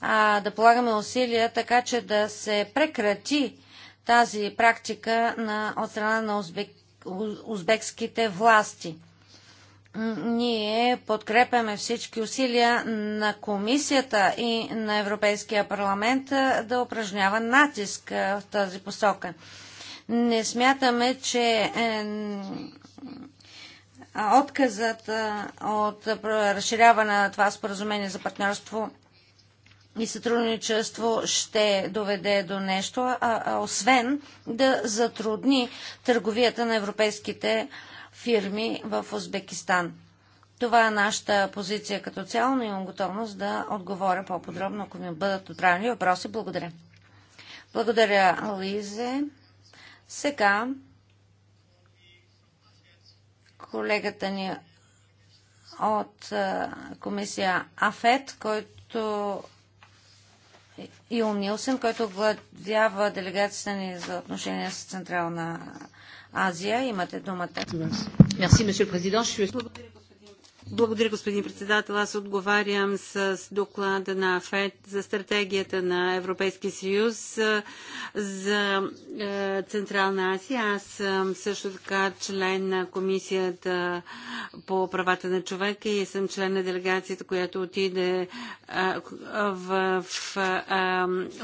а, да полагаме усилия така, че да се прекрати тази практика на, от страна на узбек, узбекските власти. Ние подкрепяме всички усилия на комисията и на Европейския парламент да упражнява натиск в тази посока. Не смятаме, че е, отказът от разширяване на това споразумение за партньорство и сътрудничество ще доведе до нещо, а, а освен да затрудни търговията на европейските фирми в Узбекистан. Това е нашата позиция като цяло, но имам готовност да отговоря по-подробно, ако ми бъдат отправени въпроси. Благодаря. Благодаря, Лизе. Сега колегата ни от комисия АФЕТ, който Ил Нилсен, който гладява делегацията ни за отношения с Централна Азия. Имате думата. Merci, monsieur президент. président. Благодаря, господин председател. Аз отговарям с доклада на ФЕД за стратегията на Европейския съюз за Централна Азия. Аз съм също така член на Комисията по правата на човека и съм член на делегацията, която отиде в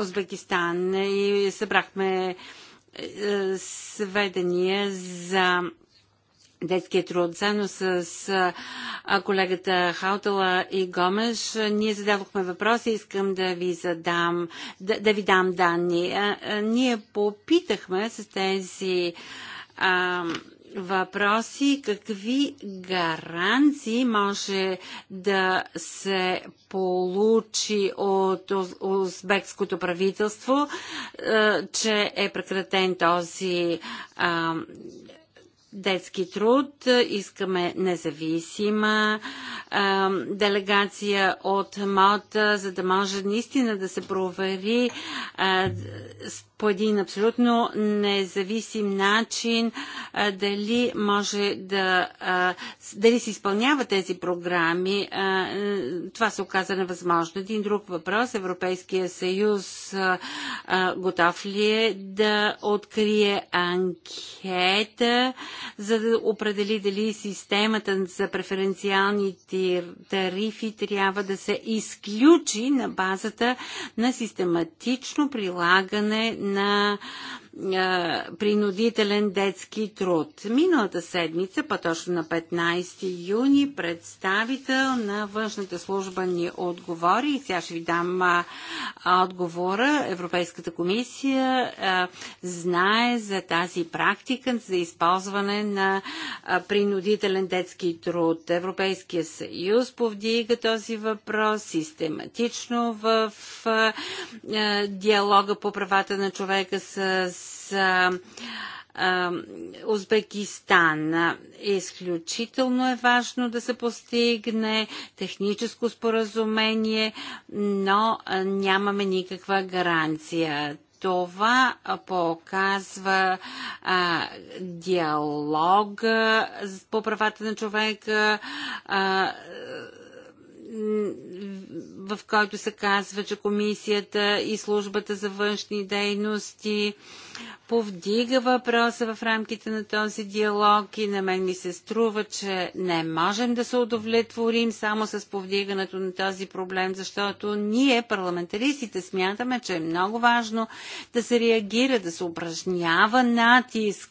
Узбекистан и събрахме сведения за детския труд. Заедно с колегата Хаутала и Гомеш ние зададохме въпроси. Искам да ви задам, да, да ви дам данни. Ние попитахме с тези а, въпроси какви гаранции може да се получи от узбекското правителство, че е прекратен този детски труд, искаме независима а, делегация от Малта, за да може наистина да се провери а, по един абсолютно независим начин дали може да дали се изпълнява тези програми. Това се оказа невъзможно. Един друг въпрос. Европейския съюз готов ли е да открие анкета, за да определи дали системата за преференциални тарифи трябва да се изключи на базата на систематично прилагане на на принудителен детски труд. Миналата седмица, по точно на 15 юни, представител на външната служба ни отговори и сега ще ви дам а, отговора. Европейската комисия а, знае за тази практика за използване на а, принудителен детски труд. Европейския съюз повдига този въпрос систематично в диалога по правата на човека с а, а, Узбекистан. Изключително е важно да се постигне техническо споразумение, но нямаме никаква гаранция това показва а, диалога по правата на човека, а, в който се казва, че комисията и службата за външни дейности а, повдига въпроса в рамките на този диалог и на мен ми се струва, че не можем да се удовлетворим само с повдигането на този проблем, защото ние, парламентаристите, смятаме, че е много важно да се реагира, да се упражнява натиск.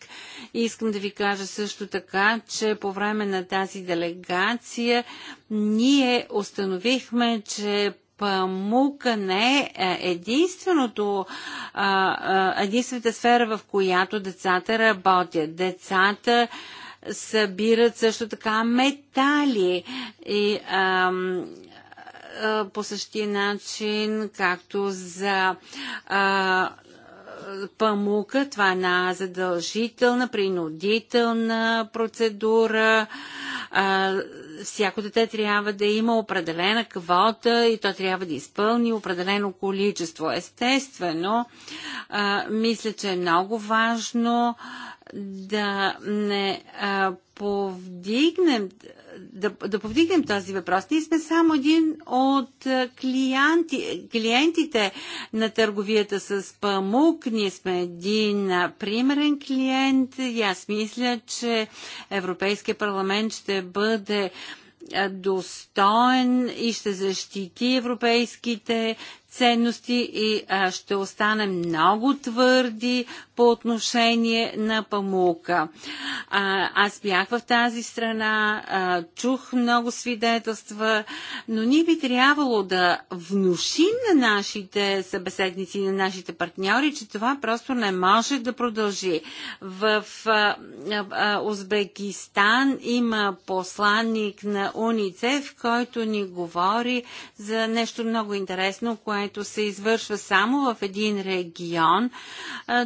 И искам да ви кажа също така, че по време на тази делегация ние установихме, че памука не е, е единственото, единствената сфера, в която децата работят. Децата събират също така метали и ам, по същия начин, както за а, памука. Това е една задължителна, принудителна процедура. А, всяко дете трябва да има определена квота и то трябва да изпълни определено количество. Естествено, а, мисля, че е много важно а, да не а, повдигнем, да, да повдигнем този въпрос. Ние сме само един от клиенти, клиентите на търговията с памук. Ние сме един примерен клиент и аз мисля, че Европейския парламент ще бъде достоен и ще защити европейските ценности и а, ще остане много твърди по отношение на памука. А, аз бях в тази страна, а, чух много свидетелства, но ни би трябвало да внушим на нашите събеседници, на нашите партньори, че това просто не може да продължи. В а, а, Узбекистан има посланник на УНИЦЕФ, който ни говори за нещо много интересно, което което се извършва само в един регион.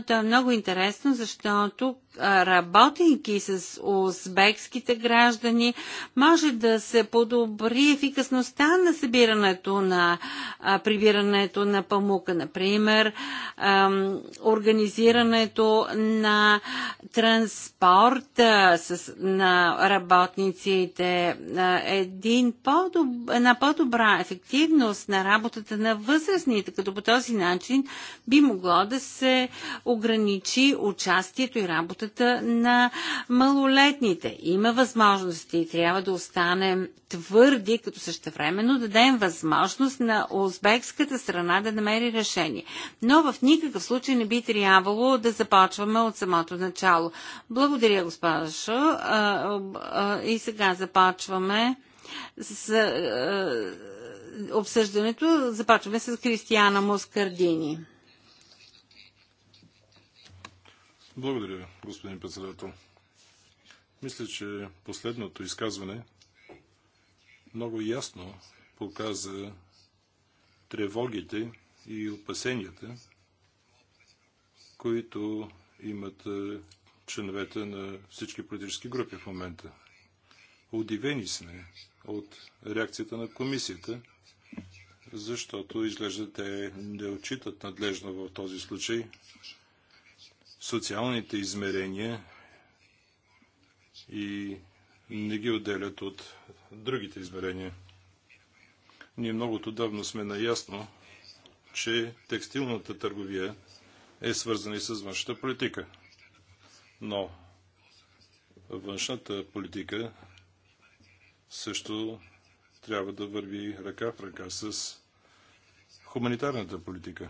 То е много интересно, защото работейки с узбекските граждани, може да се подобри ефикасността на събирането на прибирането на памука, например, организирането на транспорт на работниците, един по една по-добра ефективност на работата на възраст възрастните, като по този начин би могло да се ограничи участието и работата на малолетните. Има възможности и трябва да останем твърди, като същевременно дадем възможност на узбекската страна да намери решение. Но в никакъв случай не би трябвало да започваме от самото начало. Благодаря, госпожо. И сега започваме с обсъждането. Започваме с Кристиана Москардини. Благодаря, господин председател. Мисля, че последното изказване много ясно показа тревогите и опасенията, които имат е, членовете на всички политически групи в момента. Удивени сме от реакцията на комисията защото изглежда те не отчитат надлежно в този случай социалните измерения и не ги отделят от другите измерения. Ние много отдавна сме наясно, че текстилната търговия е свързана и с външната политика. Но външната политика също трябва да върви ръка в ръка с хуманитарната политика.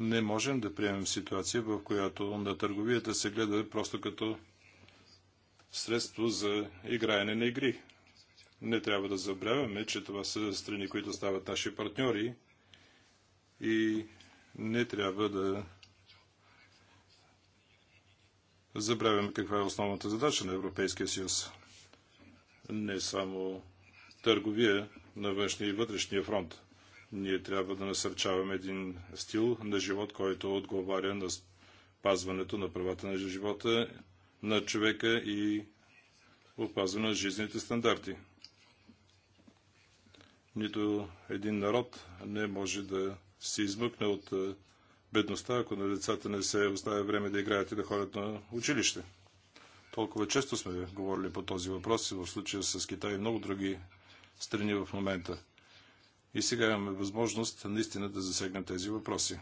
Не можем да приемем ситуация, в която на търговията се гледа просто като средство за играене на игри. Не трябва да забравяме, че това са страни, които стават наши партньори и не трябва да забравяме каква е основната задача на Европейския съюз. Не само търговия на външния и вътрешния фронт. Ние трябва да насърчаваме един стил на живот, който отговаря на пазването на правата на живота на човека и опазване на жизнените стандарти. Нито един народ не може да се измъкне от бедността, ако на децата не се оставя време да играят и да ходят на училище. Толкова често сме говорили по този въпрос и в случая с Китай и много други страни в момента. И сега имаме възможност наистина да засегнем тези въпроси.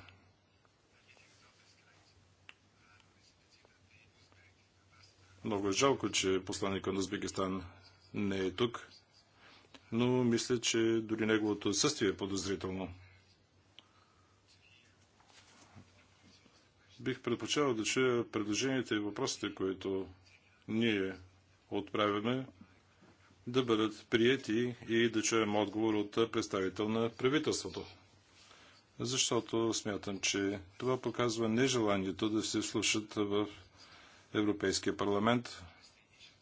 Много е жалко, че посланника на Узбекистан не е тук, но мисля, че дори неговото отсъствие е подозрително. Бих предпочел да чуя предложенията и въпросите, които ние отправяме да бъдат прияти и да чуем отговор от представител на правителството. Защото смятам, че това показва нежеланието да се слушат в Европейския парламент,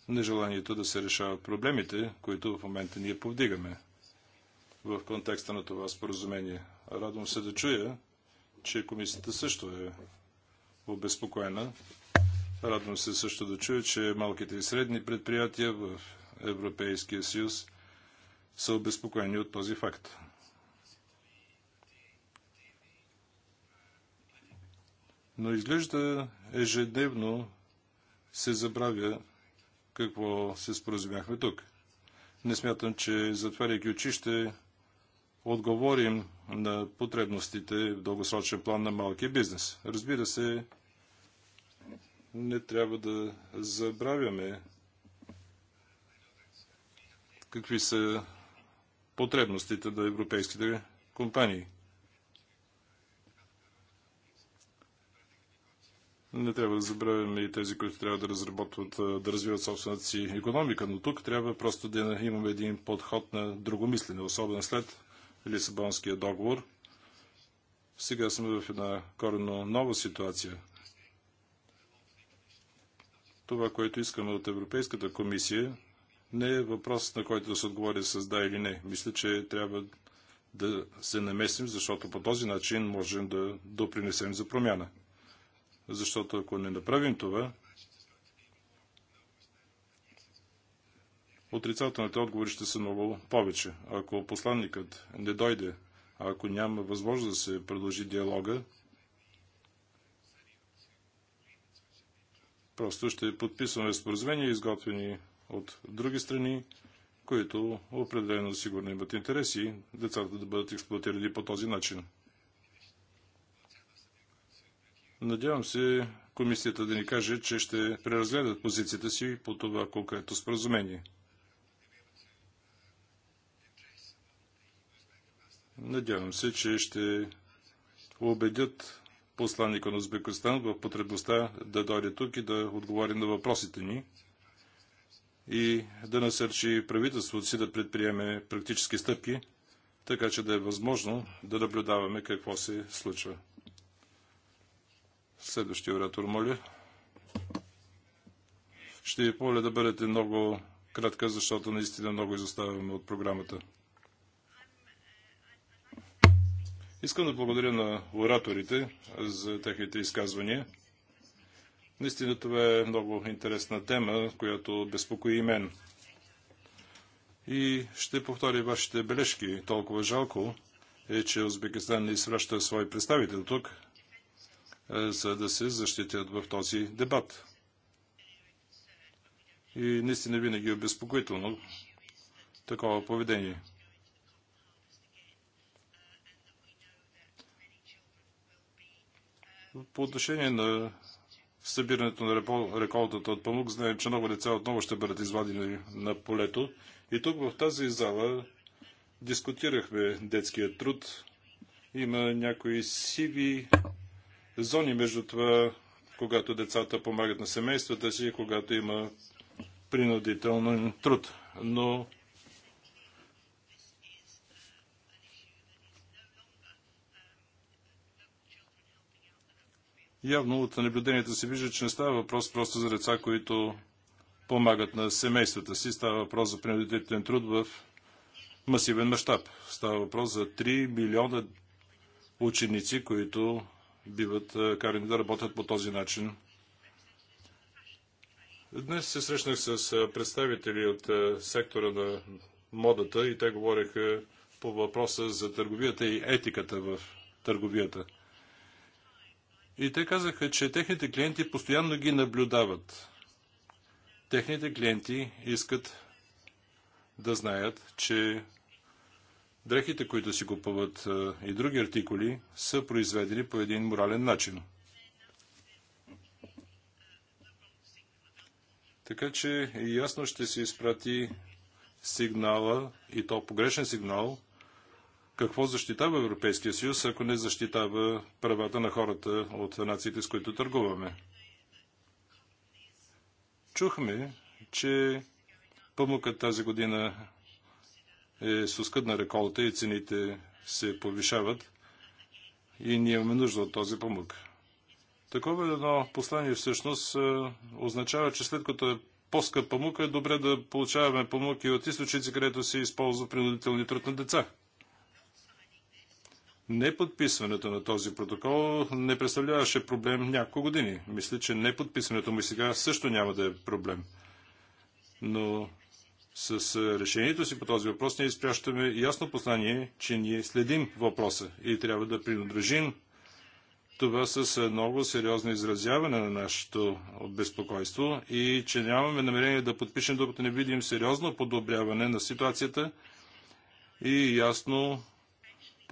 нежеланието да се решават проблемите, които в момента ние повдигаме в контекста на това споразумение. Радвам се да чуя, че комисията също е обезпокоена. Радвам се също да чуя, че малките и средни предприятия в Европейския съюз са обезпокоени от този факт. Но изглежда ежедневно се забравя какво се споразумяхме тук. Не смятам, че затваряйки очи ще отговорим на потребностите в дългосрочен план на малкия бизнес. Разбира се, не трябва да забравяме какви са потребностите на европейските компании. Не трябва да забравяме и тези, които трябва да разработват, да развиват собствената си економика, но тук трябва просто да имаме един подход на друго мислене, особено след Лисабонския договор. Сега сме в една коренно нова ситуация. Това, което искаме от Европейската комисия, не е въпрос, на който да се отговори с да или не. Мисля, че трябва да се намесим, защото по този начин можем да допринесем за промяна. Защото ако не направим това, отрицателните отговори ще са много повече. Ако посланникът не дойде, ако няма възможност да се продължи диалога, просто ще подписваме споразумения, изготвени от други страни, които определено сигурно имат интереси децата да бъдат експлуатирани по този начин. Надявам се комисията да ни каже, че ще преразгледат позицията си по това конкретно споразумение. Надявам се, че ще убедят посланника на Узбекистан в потребността да дойде тук и да отговори на въпросите ни и да насърчи правителството си да предприеме практически стъпки, така че да е възможно да наблюдаваме какво се случва. Следващия оратор, моля. Ще ви помоля да бъдете много кратка, защото наистина много изоставяме от програмата. Искам да благодаря на ораторите за техните изказвания. Наистина това е много интересна тема, която безпокои мен. И ще повтори вашите бележки. Толкова жалко е, че Узбекистан не изпраща свой представител тук, за да се защитят в този дебат. И наистина винаги е обезпокоително такова поведение. По отношение на в събирането на реколтата от памук. Знаем, че много деца отново ще бъдат извадени на полето. И тук в тази зала дискутирахме детския труд. Има някои сиви зони между това, когато децата помагат на семействата си и когато има принудителен труд. Но Явно от наблюденията се вижда, че не става въпрос просто за деца, които помагат на семействата си. Става въпрос за принудителен труд в масивен мащаб. Става въпрос за 3 милиона ученици, които биват карани да работят по този начин. Днес се срещнах с представители от сектора на модата и те говореха по въпроса за търговията и етиката в търговията. И те казаха, че техните клиенти постоянно ги наблюдават. Техните клиенти искат да знаят, че дрехите, които си купуват и други артикули, са произведени по един морален начин. Така че ясно ще се изпрати сигнала, и то погрешен сигнал, какво защитава Европейския съюз, ако не защитава правата на хората от нациите, с които търгуваме? Чухме, че памукът тази година е с оскъдна реколта и цените се повишават и ние имаме нужда от този памук. Такова едно послание всъщност означава, че след като е по-скъп памук, е добре да получаваме памук и от източници, където се използва принудителни труд на деца. Неподписването на този протокол не представляваше проблем няколко години. Мисля, че неподписването му и сега също няма да е проблем. Но с е, решението си по този въпрос ние изпращаме ясно послание, че ние следим въпроса и трябва да принадлежим това с е, много сериозно изразяване на нашето безпокойство и че нямаме намерение да подпишем, докато не видим сериозно подобряване на ситуацията и ясно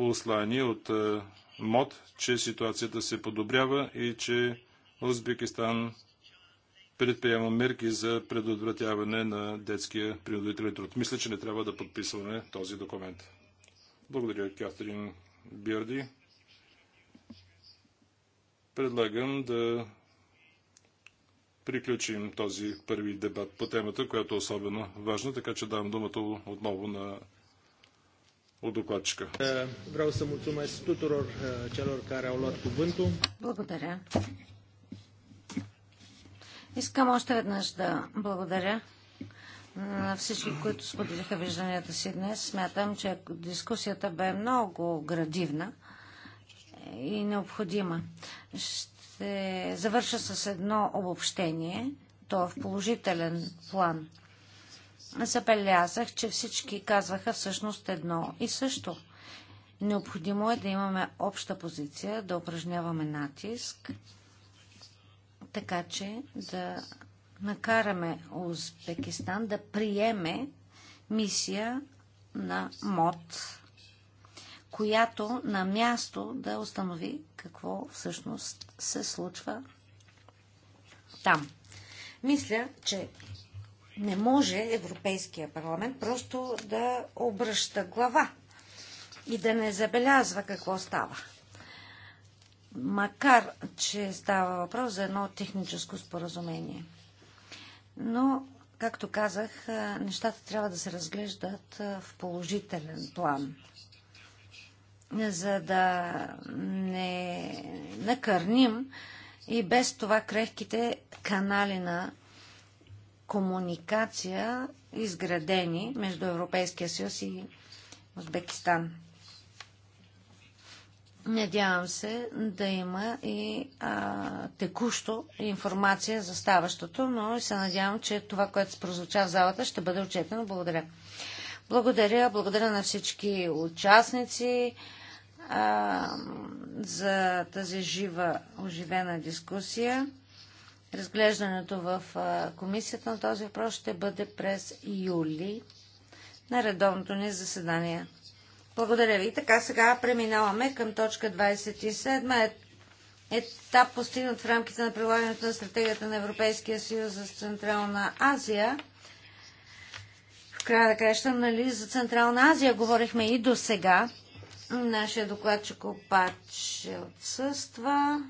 послание от е, МОД, че ситуацията се подобрява и че Узбекистан предприема мерки за предотвратяване на детския принудителен труд. Мисля, че не трябва да подписваме този документ. Благодаря, Катерин Бирди. Предлагам да приключим този първи дебат по темата, която е особено важна, така че давам думата отново на от докладчика. Е, Vreau să mulțumesc tuturor е, celor care au luat cuvântul. Благодаря. Искам още веднъж да благодаря на всички, които споделиха вижданията си днес. Смятам, че дискусията бе много градивна и необходима. Ще завърша с едно обобщение. То е в положителен план – забелязах, че всички казваха всъщност едно и също. Необходимо е да имаме обща позиция, да упражняваме натиск, така че да накараме Узбекистан да приеме мисия на МОД, която на място да установи какво всъщност се случва там. Мисля, че не може Европейския парламент просто да обръща глава и да не забелязва какво става. Макар, че става въпрос за едно техническо споразумение. Но, както казах, нещата трябва да се разглеждат в положителен план, за да не накърним и без това крехките канали на комуникация изградени между Европейския съюз и Узбекистан. Надявам се да има и а, текущо информация за ставащото, но се надявам, че това, което се прозвуча в залата, ще бъде отчетено. Благодаря. Благодаря, благодаря на всички участници а, за тази жива, оживена дискусия. Разглеждането в комисията на този въпрос ще бъде през юли на редовното ни заседание. Благодаря ви. така сега преминаваме към точка 27. Е, етап постигнат в рамките на прилагането на стратегията на Европейския съюз за Централна Азия. В края да краща, нали, за Централна Азия говорихме и до сега. Нашия докладчик обаче отсъства.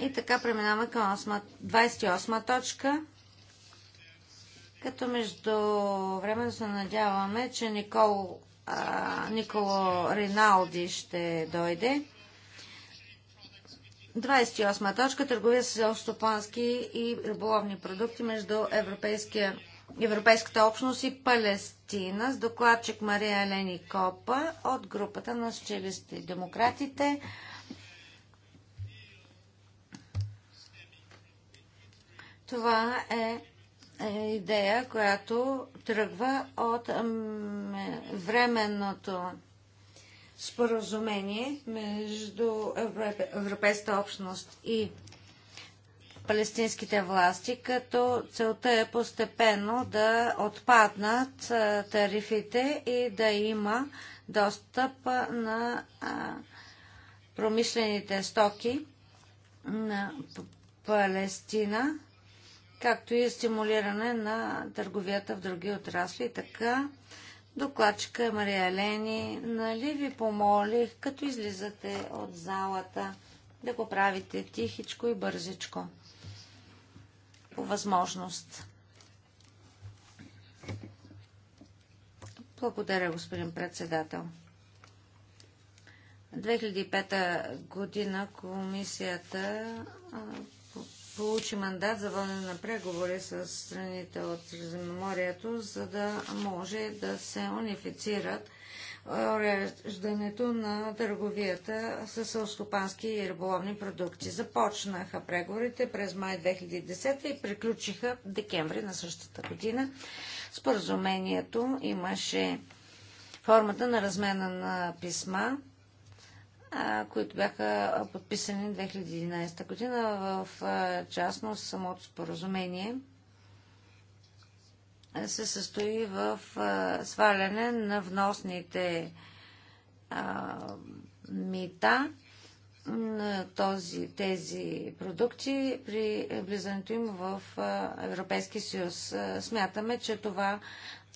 И така преминаваме към 28 точка. Като между времено се надяваме, че Никол, а, Николо Риналди ще дойде. 28 точка. Търговия с селстопански и риболовни продукти между Европейския, Европейската общност и Палестина с докладчик Мария Елени Копа от групата на Счелисти и демократите. Това е, е идея, която тръгва от временното споразумение между Европейската общност и палестинските власти, като целта е постепенно да отпаднат тарифите и да има достъп на промишлените стоки на Палестина както и стимулиране на търговията в други отрасли. Така, докладчика Мария Лени, нали ви помолих, като излизате от залата, да го правите тихичко и бързичко, по възможност. Благодаря, господин председател. 2005 година комисията получи мандат за водене на преговори с страните от Средиземноморието, за да може да се унифицират уреждането на търговията с селскопански и риболовни продукти. Започнаха преговорите през май 2010 и приключиха декември на същата година. Споразумението имаше формата на размена на писма които бяха подписани 2011 година, в частност самото споразумение се състои в сваляне на вносните мита на този, тези продукти при влизането им в Европейски съюз. Смятаме, че това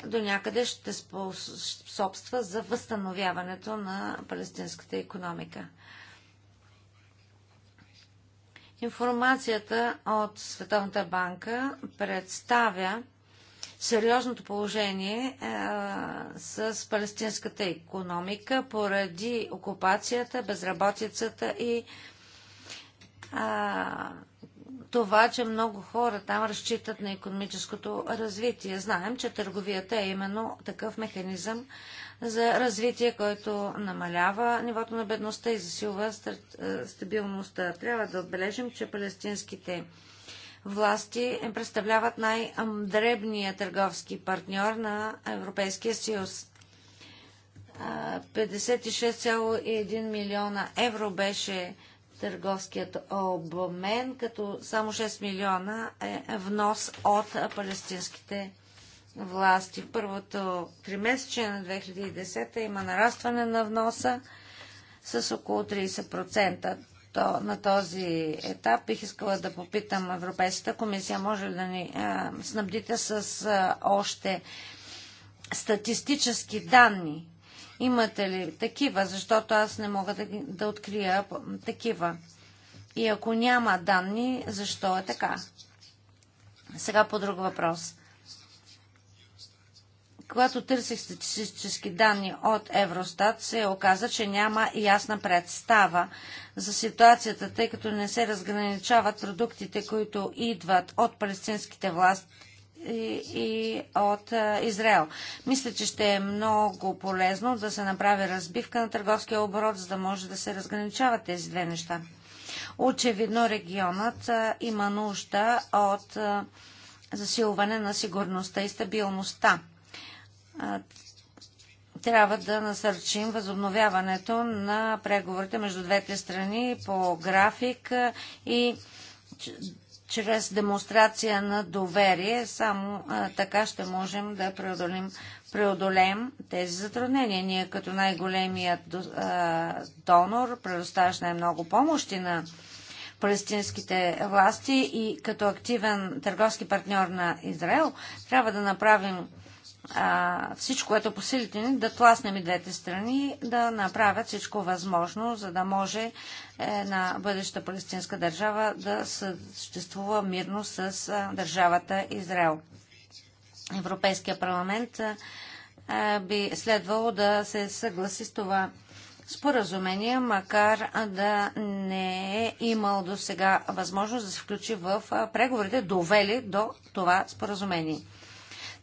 до някъде ще способства за възстановяването на палестинската економика. Информацията от Световната банка представя сериозното положение е, с палестинската економика поради окупацията, безработицата и това, че много хора там разчитат на економическото развитие. Знаем, че търговията е именно такъв механизъм за развитие, който намалява нивото на бедността и засилва е, стабилността. Трябва да отбележим, че палестинските власти представляват най-дребния търговски партньор на Европейския съюз. 56,1 е, милиона евро беше търговският обмен, като само 6 милиона е внос от палестинските власти. В първото тримесечие на 2010 има нарастване на вноса с около 30%. То, на този етап бих искала да попитам Европейската комисия, може ли да ни а, снабдите с а, още статистически данни Имате ли такива? Защото аз не мога да, да открия такива. И ако няма данни, защо е така? Сега по друг въпрос. Когато търсих статистически данни от Евростат, се оказа, че няма ясна представа за ситуацията, тъй като не се разграничават продуктите, които идват от палестинските власти и, от Израел. Мисля, че ще е много полезно да се направи разбивка на търговския оборот, за да може да се разграничават тези две неща. Очевидно регионът има нужда от засилване на сигурността и стабилността. Трябва да насърчим възобновяването на преговорите между двете страни по график и чрез демонстрация на доверие. Само а, така ще можем да преодолим, преодолеем тези затруднения. Ние като най-големият донор предоставяш най-много помощи на палестинските власти и като активен търговски партньор на Израел трябва да направим а, всичко, което по силите ни, да тласнем и двете страни, да направят всичко възможно, за да може една бъдеща палестинска държава да съществува мирно с а, държавата Израел. Европейския парламент а, е, би следвало да се съгласи с това споразумение, макар да не е имал до сега възможност да се включи в преговорите, довели до това споразумение.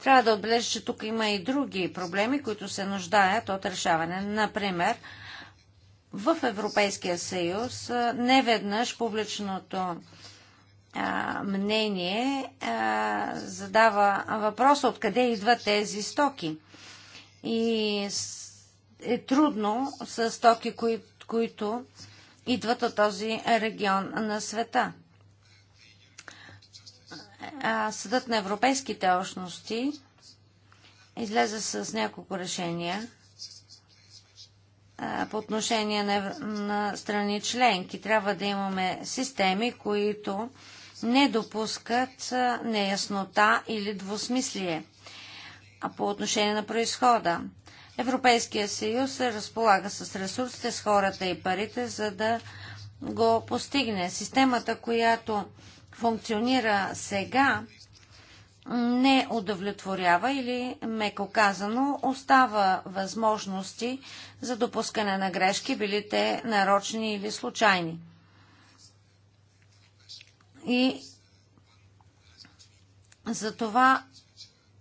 Трябва да отбележа, че тук има и други проблеми, които се нуждаят от решаване. Например, в Европейския съюз неведнъж публичното мнение задава въпроса откъде идват тези стоки. И е трудно с стоки, които идват от този регион на света. Съдът на европейските общности излезе с няколко решения по отношение на, страни членки. Трябва да имаме системи, които не допускат неяснота или двусмислие по отношение на происхода. Европейския съюз се разполага с ресурсите, с хората и парите, за да го постигне. Системата, която функционира сега, не удовлетворява или, меко казано, остава възможности за допускане на грешки, били те нарочни или случайни. И за това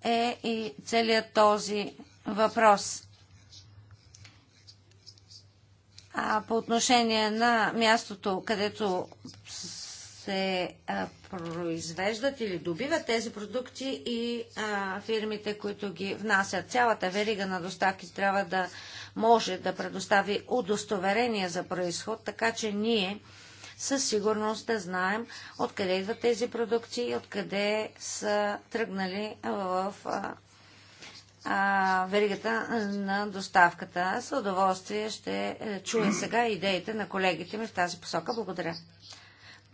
е и целият този въпрос. А по отношение на мястото, където се а, произвеждат или добиват тези продукти и а, фирмите, които ги внасят. Цялата верига на доставки трябва да може да предостави удостоверение за происход, така че ние със сигурност да знаем откъде идват тези продукти и откъде са тръгнали в а, а, веригата на доставката. С удоволствие ще е, чуя сега идеите на колегите ми в тази посока. Благодаря.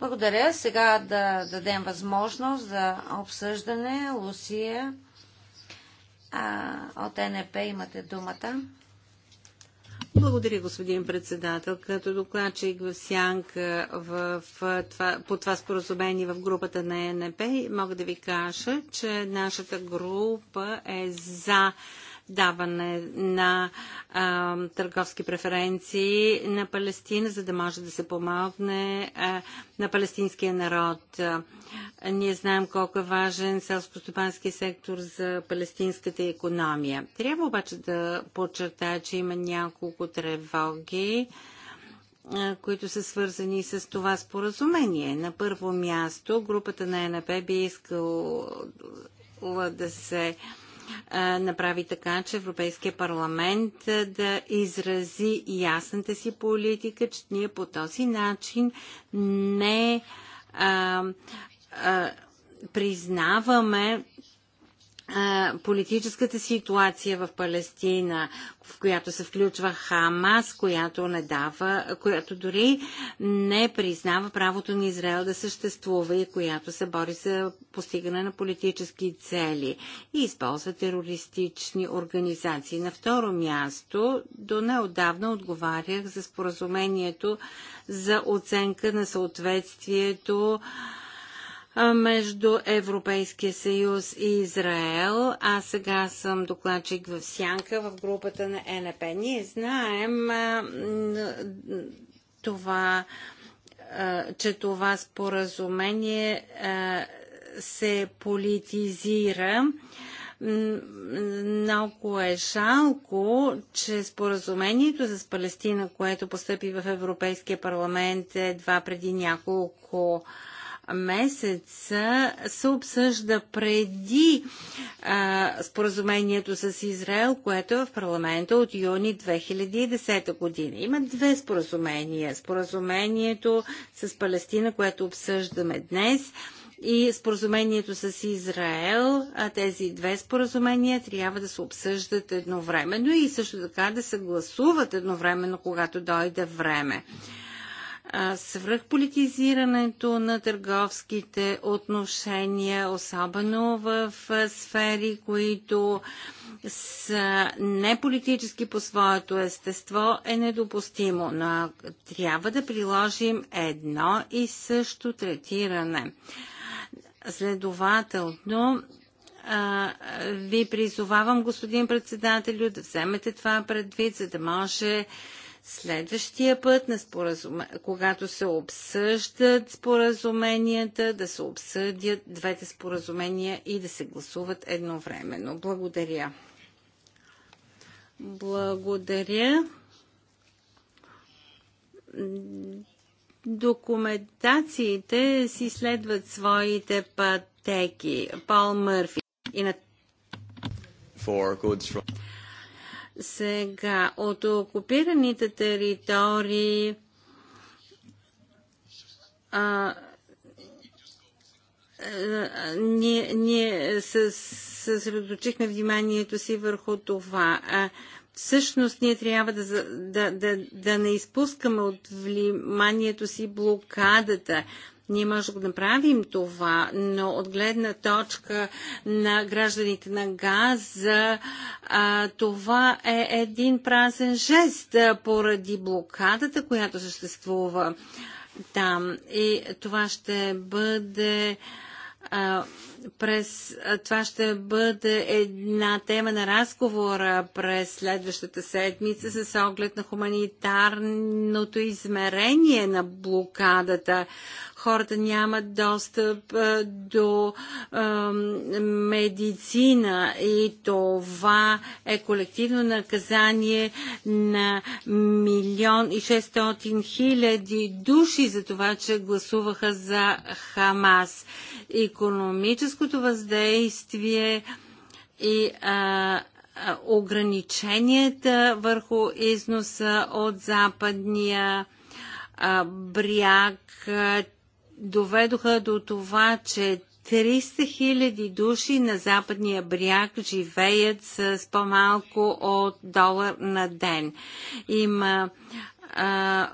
Благодаря. Сега да дадем възможност за обсъждане. Лусия а, от НП имате думата. Благодаря, господин председател. Като докладчик в Сянка в, в, това, по това споразумение в групата на НП, мога да ви кажа, че нашата група е за даване на а, търговски преференции на Палестина, за да може да се помогне а, на палестинския народ. ние знаем колко е важен селско-стопански сектор за палестинската економия. Трябва обаче да подчертая, че има няколко тревоги които са свързани с това споразумение. На първо място групата на НП би искала да се а, направи така, че Европейския парламент да изрази ясната си политика, че ние по този начин не признаваме политическата ситуация в Палестина, в която се включва Хамас, която не дава, която дори не признава правото на Израел да съществува и която се бори за постигане на политически цели и използва терористични организации. На второ място, до неодавна отговарях за споразумението за оценка на съответствието между Европейския съюз и Израел, а сега съм докладчик в Сянка в групата на НП. Е. Ние знаем това, че това споразумение се политизира. Много е жалко, че споразумението с Палестина, което постъпи в Европейския парламент едва преди няколко месеца се обсъжда преди а, споразумението с Израел, което е в парламента от юни 2010 година. Има две споразумения. Споразумението с Палестина, което обсъждаме днес, и споразумението с Израел, а тези две споразумения трябва да се обсъждат едновременно и също така да се гласуват едновременно, когато дойде време свръхполитизирането на търговските отношения, особено в сфери, които са неполитически по своето естество, е недопустимо, но трябва да приложим едно и също третиране. Следователно, ви призовавам, господин председателю, да вземете това предвид, за да може следващия път, на споразуме... когато се обсъждат споразуменията, да се обсъдят двете споразумения и да се гласуват едновременно. Благодаря. Благодаря. Документациите си следват своите пътеки. Пол Мърфи. Сега, от окупираните територии а, ние, ние съсредоточихме вниманието си върху това. А, всъщност ние трябва да, да, да, да не изпускаме от вниманието си блокадата. Ние можем да го направим това, но от гледна точка на гражданите на Газа, а, това е един празен жест поради блокадата, която съществува там. И това ще бъде а, през, това ще бъде една тема на разговора през следващата седмица с оглед на хуманитарното измерение на блокадата. Хората нямат достъп до е, медицина и това е колективно наказание на милион и 600 хиляди души за това, че гласуваха за Хамас. Економическо физическото въздействие и а, ограниченията върху износа от западния а, бряг а, доведоха до това, че 300 хиляди души на западния бряг живеят с по-малко от долар на ден. Има а,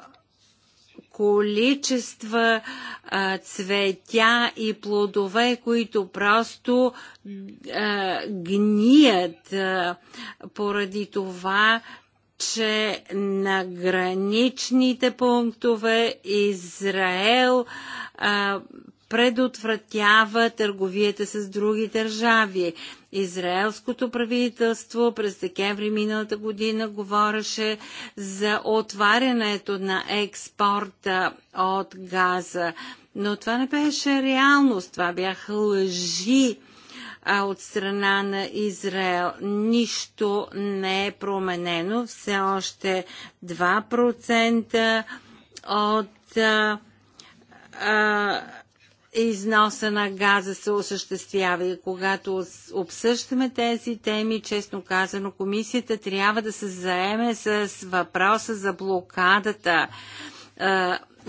количества а, цветя и плодове, които просто а, гният а, поради това, че на граничните пунктове Израел а, предотвратява търговията с други държави. Израелското правителство през декември миналата година говореше за отварянето на експорта от газа. Но това не беше реалност, това бяха лъжи а от страна на Израел нищо не е променено. Все още 2% от а, а, износа на газа се осъществява и когато обсъждаме тези теми, честно казано, комисията трябва да се заеме с въпроса за блокадата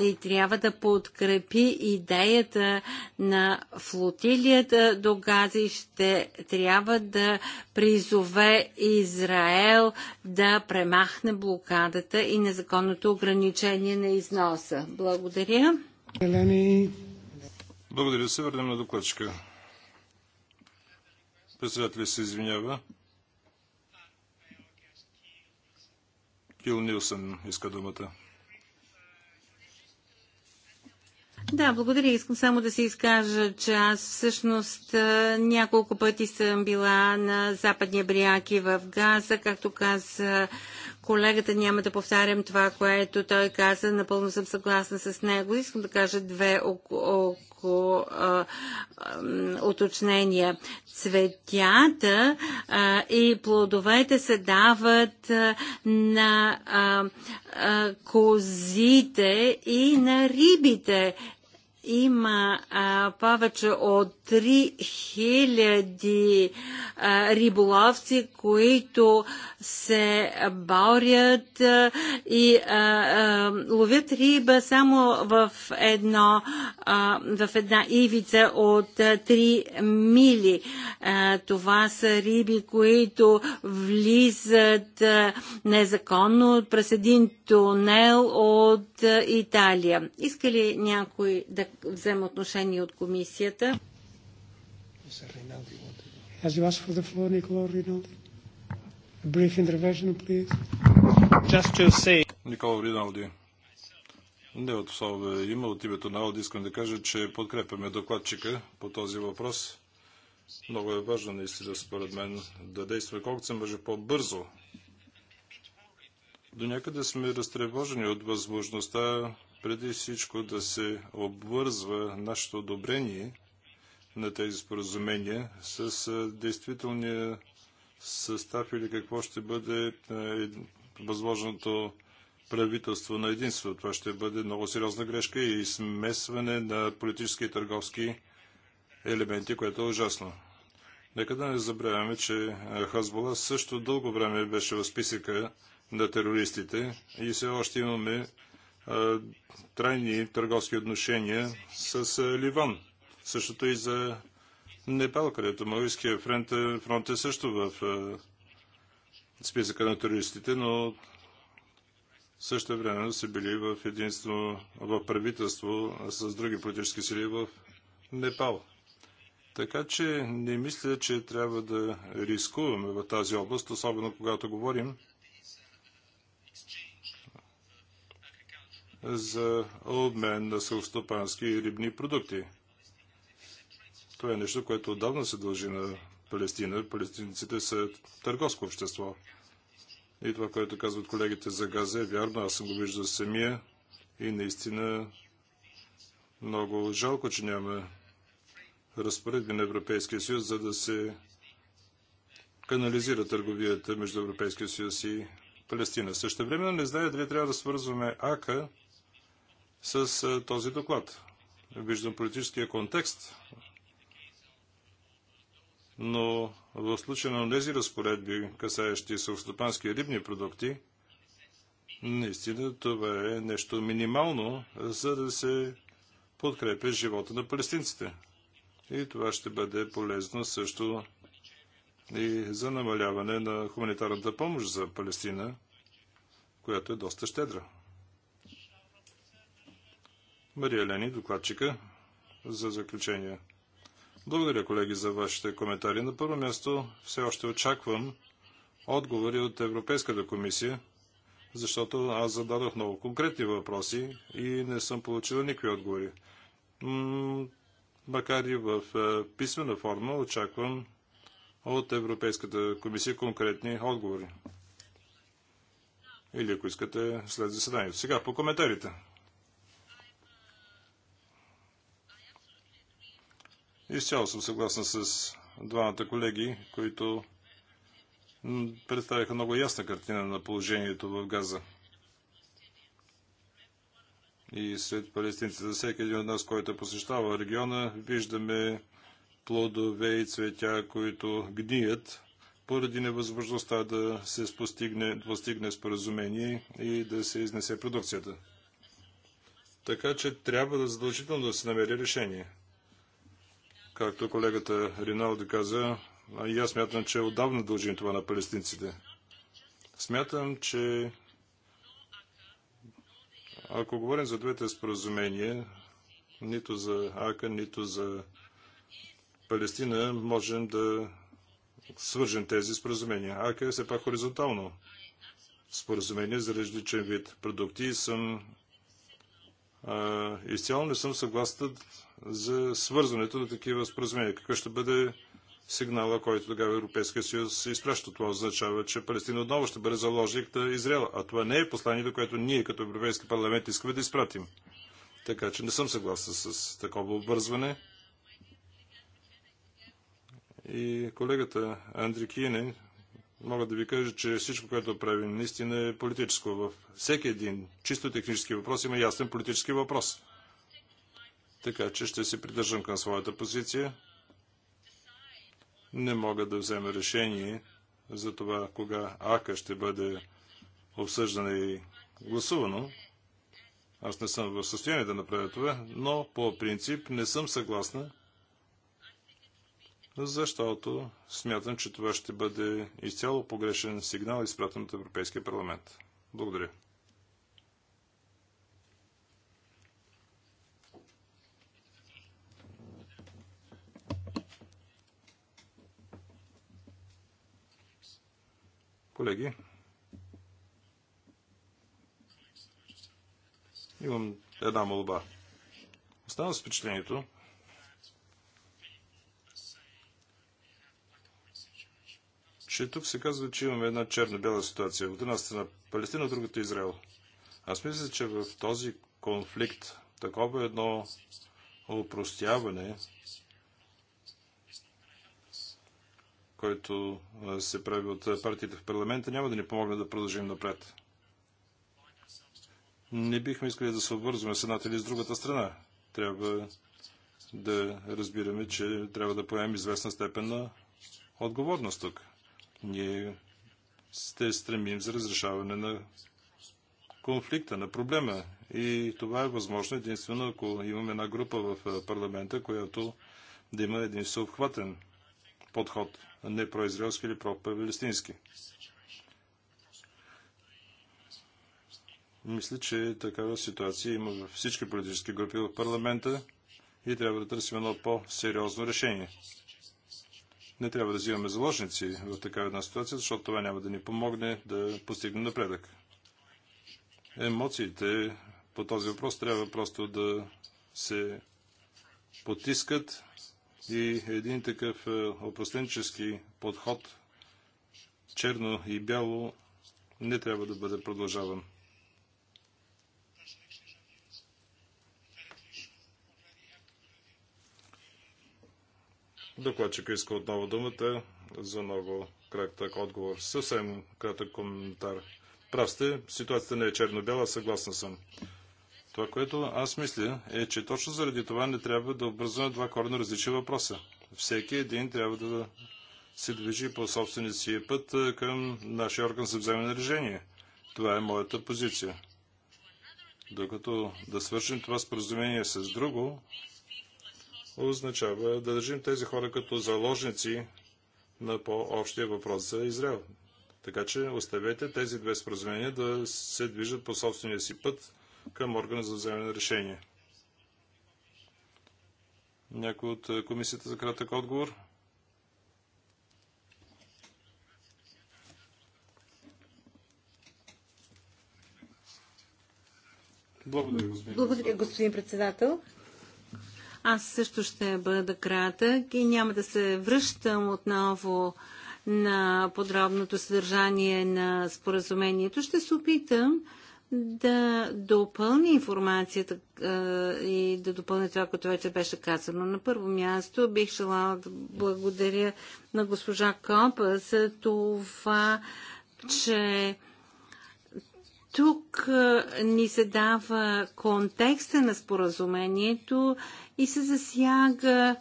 и трябва да подкрепи идеята на флотилията до Газа и ще трябва да призове Израел да премахне блокадата и незаконното ограничение на износа. Благодаря. Благодаря се. Върнем на докладчика. Председателя се извинява. Кил Нилсън иска думата. Да, благодаря. Искам само да се изкажа, че аз всъщност няколко пъти съм била на Западния бряки и в Газа, както каза колегата, няма да повтарям това, което той каза, напълно съм съгласна с него. Искам да кажа две около малко а, уточнения. Цветята а, и плодовете се дават а, на а, а, козите и на рибите. Има а, повече от Три хиляди риболовци, които се борят и ловят риба само в, едно, в една ивица от 3 мили. Това са риби, които влизат незаконно през един тунел от Италия. Иска ли някой да вземе отношение от комисията? Mr. Rinaldi wanted. Has you asked for the floor, Nicola Rinaldi? A brief intervention, please. Just to say... Никола Риналди. Не от СОВ има от името на Ауди. Искам да кажа, че подкрепяме докладчика по този въпрос. Много е важно наистина, според мен, да действаме колкото се може по-бързо. До някъде сме разтревожени от възможността преди всичко да се обвързва нашето одобрение на тези споразумения с действителния състав или какво ще бъде възложеното правителство на единство. Това ще бъде много сериозна грешка и смесване на политически и търговски елементи, което е ужасно. Нека да не забравяме, че Хазбола също дълго време беше в списъка на терористите и все още имаме а, трайни търговски отношения с а, Ливан. Същото и за Непал, където Малийския фронт, е- фронт е също в списъка на туристите, но също време са били в единство, в правителство с други политически сили в Непал. Така че не мисля, че трябва да рискуваме в тази област, особено когато говорим за обмен на съвступански рибни продукти. Това е нещо, което отдавна се дължи на Палестина. Палестинците са търговско общество. И това, което казват колегите за Газа е вярно. Аз съм го виждал самия и наистина много жалко, че няма разпоредби на Европейския съюз, за да се канализира търговията между Европейския съюз и Палестина. Също време не знае дали трябва да свързваме АКА с този доклад. Виждам политическия контекст но в случая на тези разпоредби, касаещи селстопански рибни продукти, наистина това е нещо минимално, за да се подкрепя живота на палестинците. И това ще бъде полезно също и за намаляване на хуманитарната помощ за Палестина, която е доста щедра. Мария Лени, докладчика, за заключение. Благодаря, колеги, за вашите коментари. На първо място все още очаквам отговори от Европейската комисия, защото аз зададох много конкретни въпроси и не съм получил никакви отговори. макар и в е, писмена форма очаквам от Европейската комисия конкретни отговори. Или ако искате след заседанието. Сега по коментарите. Изцяло съм съгласен с двамата колеги, които представяха много ясна картина на положението в Газа. И сред палестинците, за всеки един от нас, който е посещава региона, виждаме плодове и цветя, които гният поради невъзможността да се спостигне, постигне споразумение и да се изнесе продукцията. Така че трябва да задължително да се намери решение. Както колегата Риналди каза, и аз смятам, че отдавна дължим това на палестинците. Смятам, че ако говорим за двете споразумения, нито за Ака, нито за Палестина, можем да свържем тези споразумения. Ака е все пак хоризонтално споразумение за различен вид продукти и съм изцяло не съм съгласен за свързването на такива споразумения. Какъв ще бъде сигнала, който тогава Европейския съюз изпраща? Това означава, че Палестина отново ще бъде заложник на Израел. А това не е посланието, което ние като Европейски парламент искаме да изпратим. Така че не съм съгласен с такова обвързване. И колегата Андри Кинен мога да ви кажа, че всичко, което правим, наистина е политическо. Във всеки един чисто технически въпрос има ясен политически въпрос. Така че ще се придържам към своята позиция. Не мога да взема решение за това, кога АКА ще бъде обсъждана и гласувано. Аз не съм в състояние да направя това, но по принцип не съм съгласна защото смятам, че това ще бъде изцяло погрешен сигнал, изпратен от Европейския парламент. Благодаря. Колеги, имам една молба. Оставам с впечатлението, че тук се казва, че имаме една черно-бяла ситуация. От една страна Палестина, от другата Израел. Аз мисля, че в този конфликт такова е едно упростяване, който се прави от партиите в парламента, няма да ни помогне да продължим напред. Не бихме искали да се обвързваме с едната или с другата страна. Трябва да разбираме, че трябва да поемем известна степен на отговорност тук. Ние се стремим за разрешаване на конфликта, на проблема. И това е възможно единствено, ако имаме една група в парламента, която да има един съобхватен подход, а не произраелски или пропалестински. Мисля, че такава ситуация има във всички политически групи в парламента и трябва да търсим едно по-сериозно решение. Не трябва да взимаме заложници в такава една ситуация, защото това няма да ни помогне да постигнем напредък. Емоциите по този въпрос трябва просто да се потискат и един такъв е, опростенчески подход, черно и бяло, не трябва да бъде продължаван. Докладчика иска отново думата за много кратък отговор. Съвсем кратък коментар. Прав сте, ситуацията не е черно бела съгласна съм. Това, което аз мисля, е, че точно заради това не трябва да образуваме два корено различни въпроса. Всеки един трябва да се движи по собствения си път към нашия орган за вземане на решение. Това е моята позиция. Докато да свършим това споразумение с друго, означава да държим тези хора като заложници на по-общия въпрос за Израел. Така че оставете тези две споразумения да се движат по собствения си път към органа за вземане на решение. Някой от е, комисията за кратък отговор? Благодаря, господин, Благодаря, господин председател. Аз също ще бъда кратък и няма да се връщам отново на подробното съдържание на споразумението. Ще се опитам да допълни информацията и да допълни това, което вече беше казано. На първо място бих желала да благодаря на госпожа Копа за това, че тук ни се дава контекста на споразумението и се засяга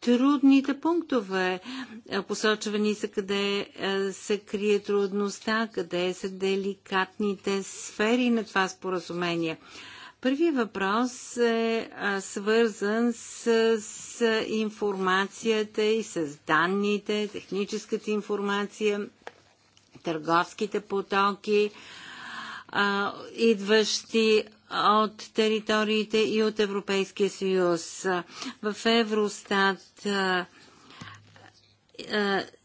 трудните пунктове. Е, посочвани са къде е, се крие трудността, къде са деликатните сфери на това споразумение. Първият въпрос е свързан с, с информацията и с данните, техническата информация, търговските потоки, идващи от териториите и от Европейския съюз. В Евростат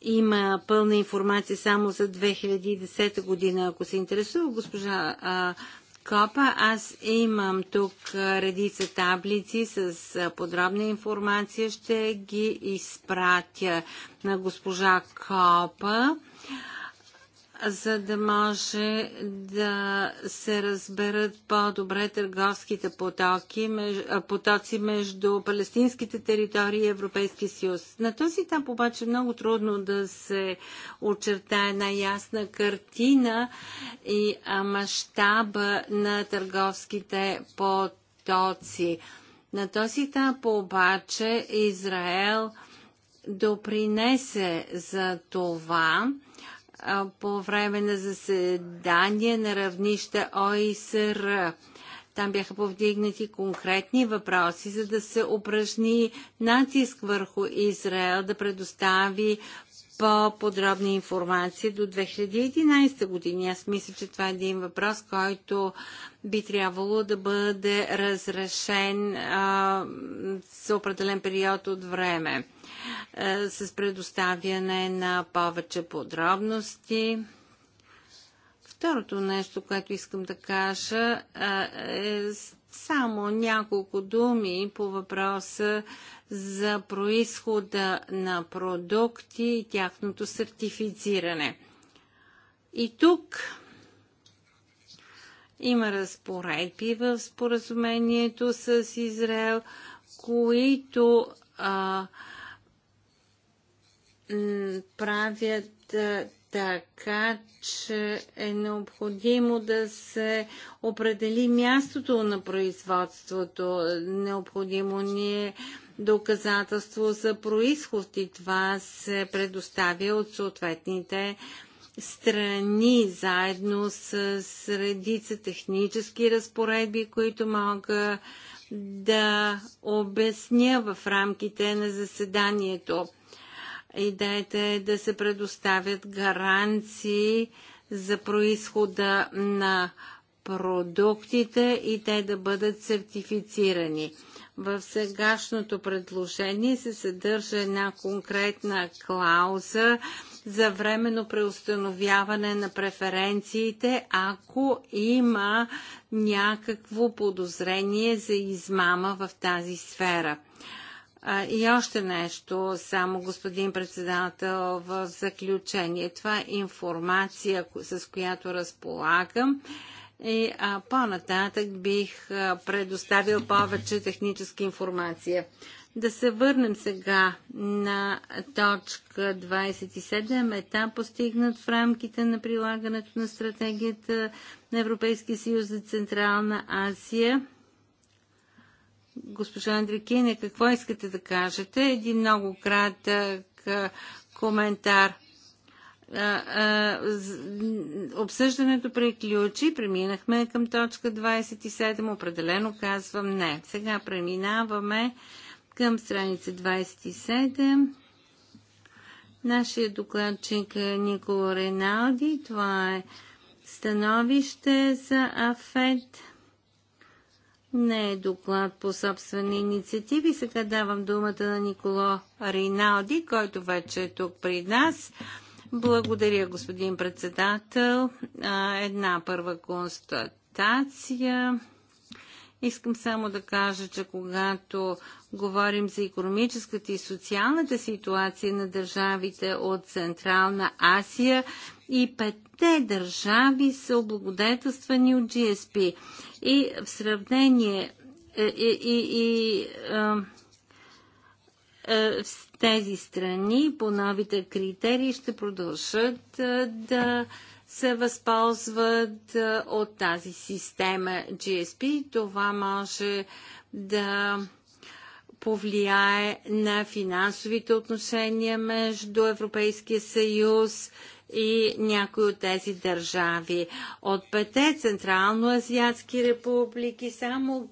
има пълна информация само за 2010 година, ако се интересува госпожа Копа. Аз имам тук редица таблици с подробна информация. Ще ги изпратя на госпожа Копа за да може да се разберат по-добре търговските потоки, потоци между палестинските територии и Европейския съюз. На този етап обаче е много трудно да се очертае една ясна картина и мащаба на търговските потоци. На този етап обаче Израел допринесе за това, по време на заседание на равнище ОИСР. Там бяха повдигнати конкретни въпроси, за да се упражни натиск върху Израел да предостави по подробни информации до 2011 година. Аз мисля, че това е един въпрос, който би трябвало да бъде разрешен а, с определен период от време. Е, с предоставяне на повече подробности. Второто нещо, което искам да кажа, е, е само няколко думи по въпроса за происхода на продукти и тяхното сертифициране. И тук има разпоредби в споразумението с Израел, които а, правят така, че е необходимо да се определи мястото на производството. Необходимо ни е доказателство за происход и това се предоставя от съответните страни, заедно с, редица технически разпоредби, които мога да обясня в рамките на заседанието. Идеята е да се предоставят гаранции за происхода на продуктите и те да бъдат сертифицирани. В сегашното предложение се съдържа една конкретна клауза за временно преустановяване на преференциите, ако има някакво подозрение за измама в тази сфера. И още нещо, само господин председател, в заключение. Това е информация, с която разполагам. И по-нататък бих предоставил повече техническа информация. Да се върнем сега на точка 27. Етап постигнат в рамките на прилагането на стратегията на Европейския съюз за Централна Азия госпожа Андрекине, какво искате да кажете? Един много кратък коментар. Обсъждането приключи, преминахме към точка 27, определено казвам не. Сега преминаваме към страница 27. Нашия докладчик е Никола Реналди. Това е становище за АФЕД не е доклад по собствени инициативи. Сега давам думата на Николо Риналди, който вече е тук при нас. Благодаря, господин председател. Една първа констатация. Искам само да кажа, че когато говорим за економическата и социалната ситуация на държавите от Централна Азия, и петте държави са облагодетелствани от GSP. И в сравнение е, е, и, и, и в тези страни по новите критерии ще продължат да се възползват от тази система GSP. Това може да повлияе на финансовите отношения между Европейския съюз и някои от тези държави. От пете Централно-Азиатски републики само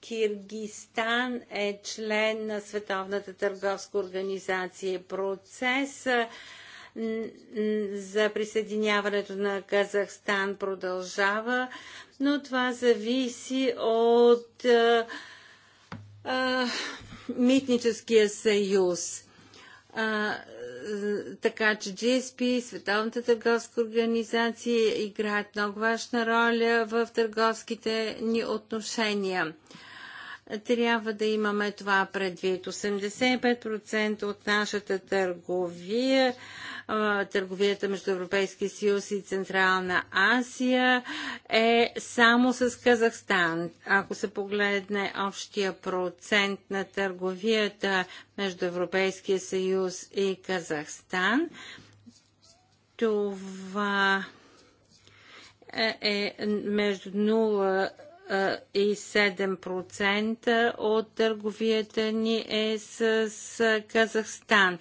Киргистан е член на Световната търговска организация. Процес за присъединяването на Казахстан продължава, но това зависи от а, а, Митническия съюз. А, така че GSP, Световната търговска организация играят много важна роля в търговските ни отношения. Трябва да имаме това предвид. 85% от нашата търговия търговията между Европейския съюз и Централна Азия е само с Казахстан. Ако се погледне общия процент на търговията между Европейския съюз и Казахстан, това е между 0 и 7% от търговията ни е с Казахстан.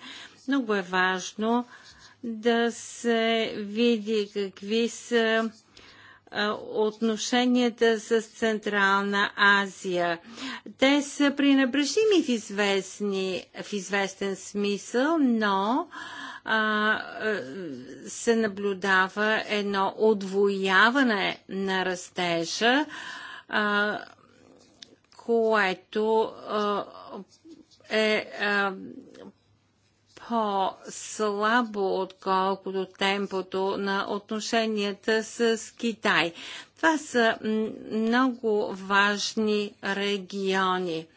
Много е важно да се види какви са отношенията с Централна Азия. Те са пренебрежими в, известни, в известен смисъл, но а, се наблюдава едно отвояване на растежа, а, което а, е а, по-слабо, отколкото темпото на отношенията с Китай. Това са много важни региони.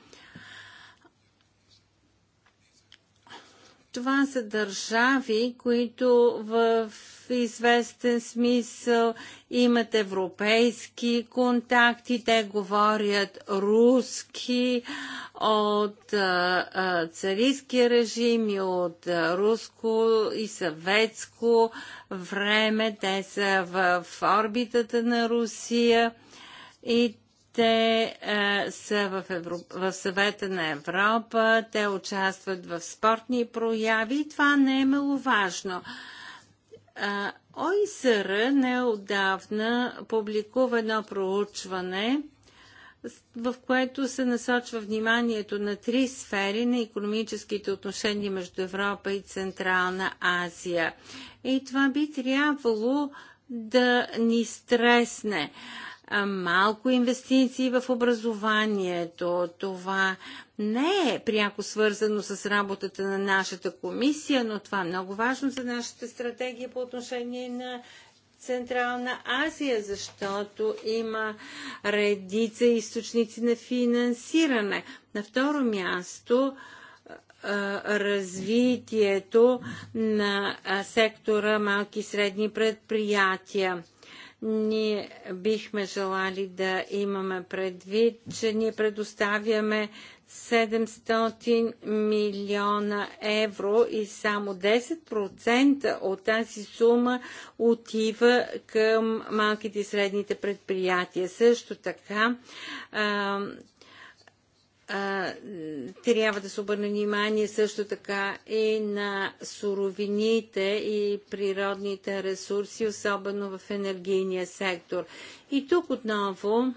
Това са държави, които в известен смисъл, имат европейски контакти, те говорят руски от царийски режим и от руско и съветско време. Те са в орбитата на Русия и те е, са в, Евро... в съвета на Европа, те участват в спортни прояви и това не е маловажно. важно. ОИСР неодавна публикува едно проучване, в което се насочва вниманието на три сфери на економическите отношения между Европа и Централна Азия. И това би трябвало да ни стресне малко инвестиции в образованието. Това не е пряко свързано с работата на нашата комисия, но това е много важно за нашата стратегия по отношение на Централна Азия, защото има редица източници на финансиране. На второ място развитието на сектора малки и средни предприятия. Ние бихме желали да имаме предвид, че ние предоставяме 700 милиона евро и само 10% от тази сума отива към малките и средните предприятия. Също така а, трябва да се обърне внимание също така и на суровините и природните ресурси, особено в енергийния сектор. И тук отново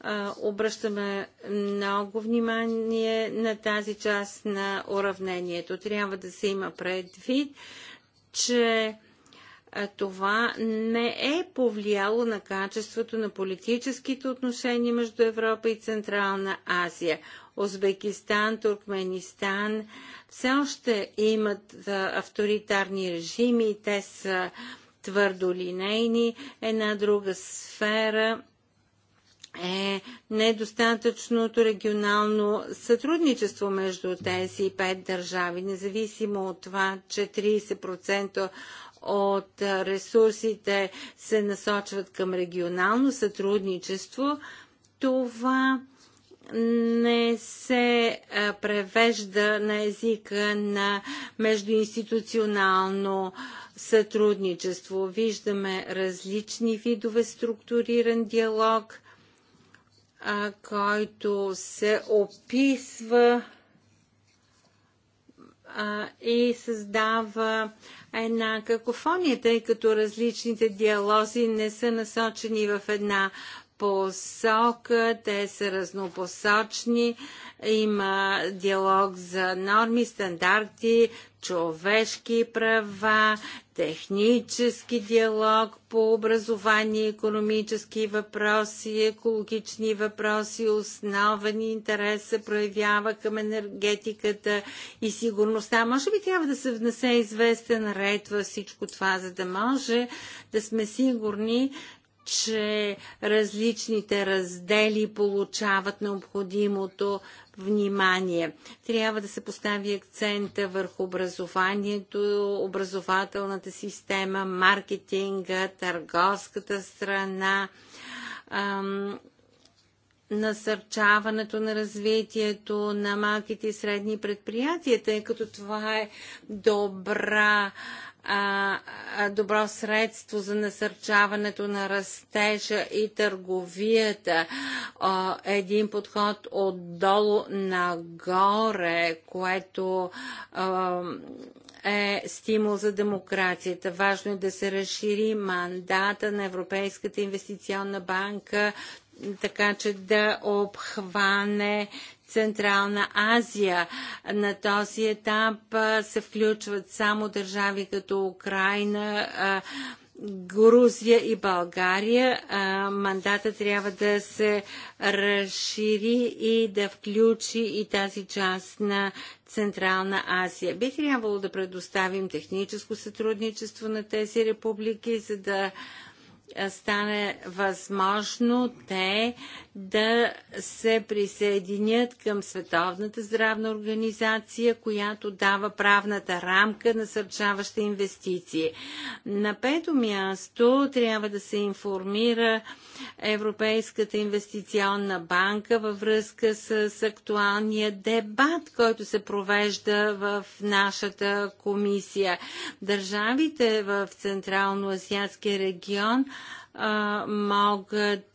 а, обръщаме много внимание на тази част на уравнението. Трябва да се има предвид, че това не е повлияло на качеството на политическите отношения между Европа и Централна Азия. Узбекистан, Туркменистан все още имат авторитарни режими, те са твърдо линейни. Една друга сфера е недостатъчното регионално сътрудничество между тези пет държави, независимо от това, че 30% от ресурсите се насочват към регионално сътрудничество, това не се превежда на езика на междуинституционално сътрудничество. Виждаме различни видове структуриран диалог, който се описва и създава една какофония, тъй като различните диалози не са насочени в една посока, те са разнопосочни, има диалог за норми, стандарти, човешки права, технически диалог по образование, економически въпроси, екологични въпроси, основен интерес се проявява към енергетиката и сигурността. Може би трябва да се внесе известен ред във всичко това, за да може да сме сигурни, че различните раздели получават необходимото внимание. Трябва да се постави акцента върху образованието, образователната система, маркетинга, търговската страна, ам, насърчаването на развитието на малките и средни предприятия, тъй като това е добра а, добро средство за насърчаването на растежа и търговията. А, един подход отдолу нагоре, което а, е стимул за демокрацията. Важно е да се разшири мандата на Европейската инвестиционна банка така че да обхване Централна Азия. На този етап се включват само държави като Украина, Грузия и България. Мандата трябва да се разшири и да включи и тази част на Централна Азия. Би трябвало да предоставим техническо сътрудничество на тези републики, за да стане възможно те да се присъединят към Световната здравна организация, която дава правната рамка, на сърчаваща инвестиции. На пето място трябва да се информира Европейската инвестиционна банка във връзка с актуалния дебат, който се провежда в нашата комисия. Държавите в Централно-Азиатския регион – могат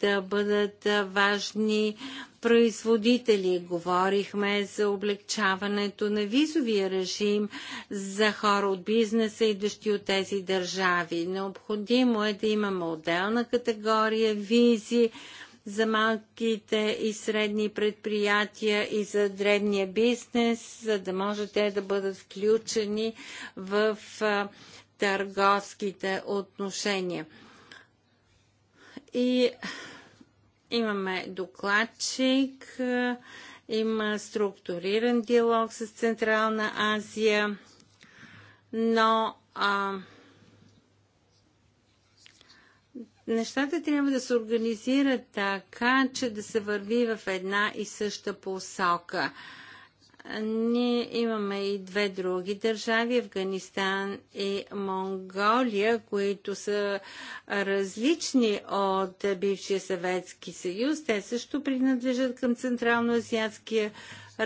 да бъдат важни производители. Говорихме за облегчаването на визовия режим за хора от бизнеса, идващи от тези държави. Необходимо е да имаме отделна категория визи за малките и средни предприятия и за древния бизнес, за да може те да бъдат включени в търговските отношения. И имаме докладчик, има структуриран диалог с Централна Азия, но а, нещата трябва да се организират така, че да се върви в една и съща посока. А, ние имаме и две други държави, Афганистан и Монголия, които са различни от бившия Съветски съюз. Те също принадлежат към Централно-Азиатския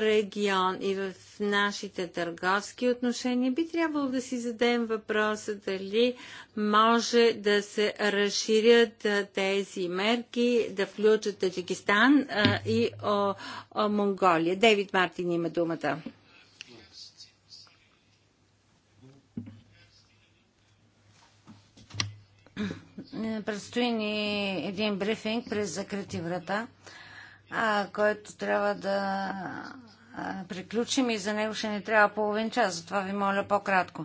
регион и в нашите търговски отношения, би трябвало да си зададем въпроса дали може да се разширят тези мерки, да включат Таджикистан и Монголия. Девид Мартин има думата. Предстои ни един брифинг през закрити врата а, който трябва да а, приключим и за него ще ни трябва половин час. Затова ви моля по-кратко.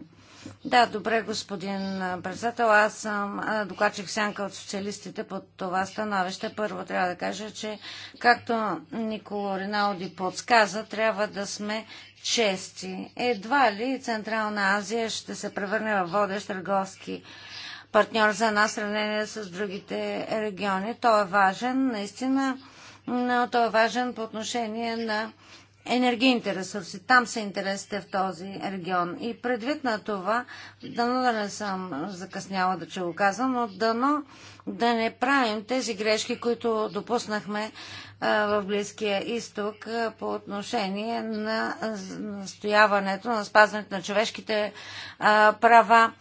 Да, добре, господин председател. Аз съм докладчик сянка от социалистите под това становище. Първо трябва да кажа, че както Николо Риналди подсказа, трябва да сме чести. Едва ли Централна Азия ще се превърне в водещ търговски партньор за нас, сравнение с другите региони. Той е важен, наистина но той е важен по отношение на енергийните ресурси. Там са интересите в този регион. И предвид на това, дано да не съм закъсняла да че го казвам, но дано да не правим тези грешки, които допуснахме в Близкия изток по отношение на настояването, на спазването на човешките права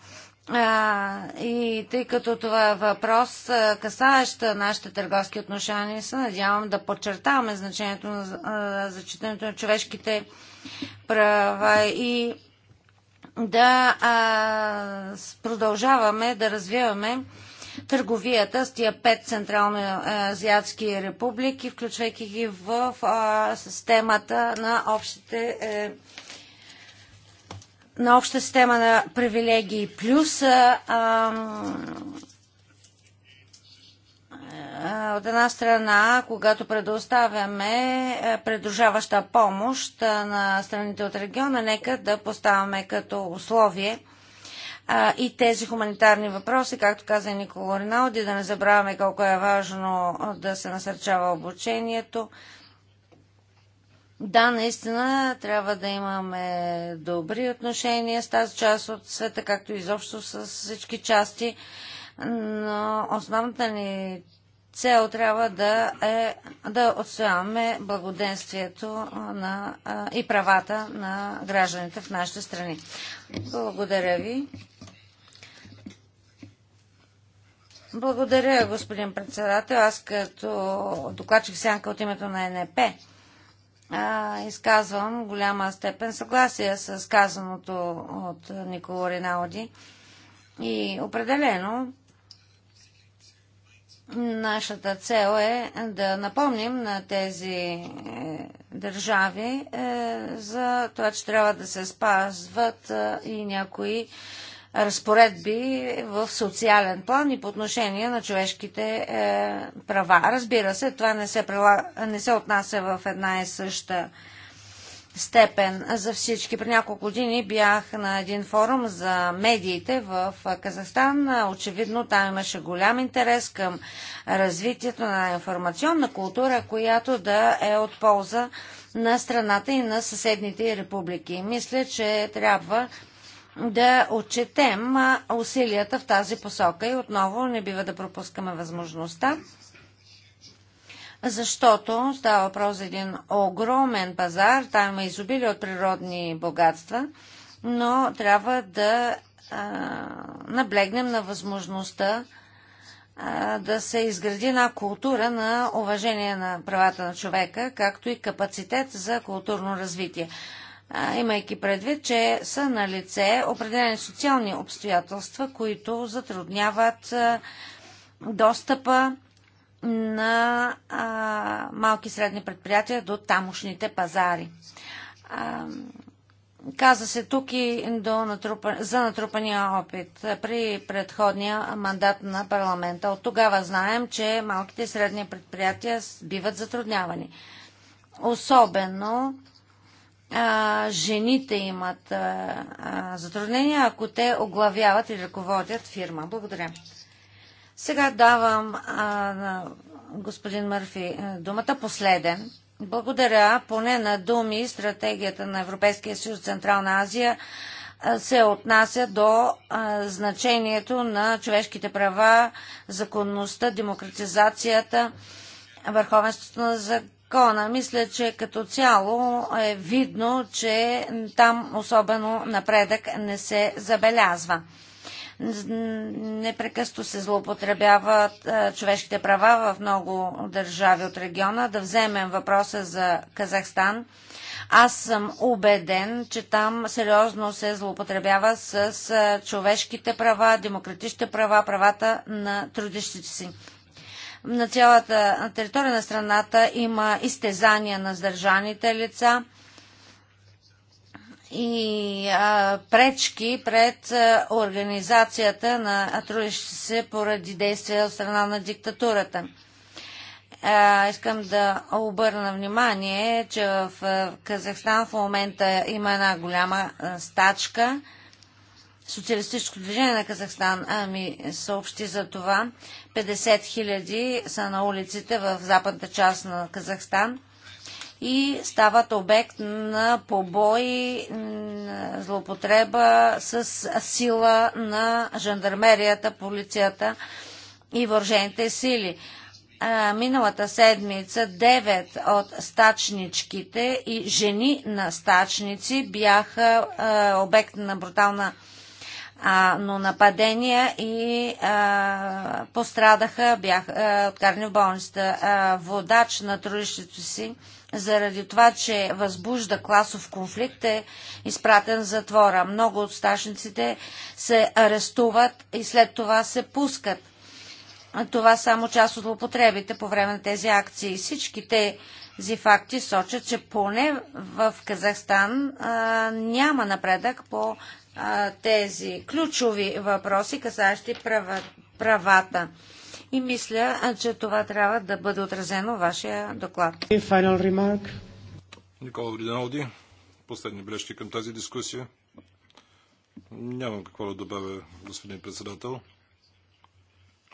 а, и тъй като това е въпрос, касаещ нашите търговски отношения, се надявам да подчертаваме значението на зачитането на човешките права и да а, продължаваме да развиваме търговията с тия пет централно-азиатски републики, включвайки ги в а, системата на общите е, на обща система на привилегии плюс а, а, от една страна, когато предоставяме предружаваща помощ на страните от региона, нека да поставяме като условие а, и тези хуманитарни въпроси, както каза Никола Риналди, да не забравяме колко е важно да се насърчава обучението, да, наистина трябва да имаме добри отношения с тази част от света, както изобщо с всички части, но основната ни цел трябва да е да отстояваме благоденствието на, и правата на гражданите в нашите страни. Благодаря ви. Благодаря, господин председател. Аз като докладчик сянка от името на НП а, изказвам голяма степен съгласие с казаното от Никола Риналди. И определено нашата цел е да напомним на тези е, държави е, за това, че трябва да се спазват е, и някои разпоредби в социален план и по отношение на човешките е, права. Разбира се, това не се, прилага, не се отнася в една и съща степен за всички. При няколко години бях на един форум за медиите в Казахстан. Очевидно там имаше голям интерес към развитието на информационна култура, която да е от полза на страната и на съседните републики. Мисля, че трябва да отчетем усилията в тази посока и отново не бива да пропускаме възможността, защото става въпрос за един огромен пазар, там има изобилие от природни богатства, но трябва да а, наблегнем на възможността а, да се изгради една култура на уважение на правата на човека, както и капацитет за културно развитие имайки предвид, че са на лице определени социални обстоятелства, които затрудняват достъпа на малки и средни предприятия до тамошните пазари. каза се тук и до натрупа, за натрупания опит при предходния мандат на парламента. От тогава знаем, че малките и средни предприятия биват затруднявани. Особено а, жените имат а, а, затруднения, ако те оглавяват и ръководят фирма. Благодаря. Сега давам а, на господин Мърфи думата последен. Благодаря. Поне на думи стратегията на Европейския съюз Централна Азия се отнася до а, значението на човешките права, законността, демократизацията, върховенството на закон закона. Мисля, че като цяло е видно, че там особено напредък не се забелязва. Непрекъсто се злоупотребяват е, човешките права в много държави от региона. Да вземем въпроса за Казахстан. Аз съм убеден, че там сериозно се злоупотребява с е, човешките права, демократичните права, правата на трудещите си. На цялата на територия на страната има изтезания на задържаните лица и а, пречки пред а, организацията на трудещи се поради действия от страна на диктатурата. А, искам да обърна внимание, че в, в Казахстан в момента има една голяма а, стачка Социалистическо движение на Казахстан ми съобщи за това. 50 хиляди са на улиците в западната част на Казахстан и стават обект на побои, злоупотреба с сила на жандармерията, полицията и въоръжените сили. А, миналата седмица 9 от стачничките и жени на стачници бяха а, обект на брутална а, но нападения и а, пострадаха, бяха откарани в болницата. А, водач на трудището си, заради това, че възбужда класов конфликт, е изпратен в затвора. Много от сташниците се арестуват и след това се пускат. Това само част от употребите по време на тези акции. Всички тези факти сочат, че поне в Казахстан а, няма напредък по тези ключови въпроси, касащи права, правата. И мисля, че това трябва да бъде отразено в вашия доклад. Никола Гриналди, последни бележки към тази дискусия. Нямам какво да добавя, господин председател.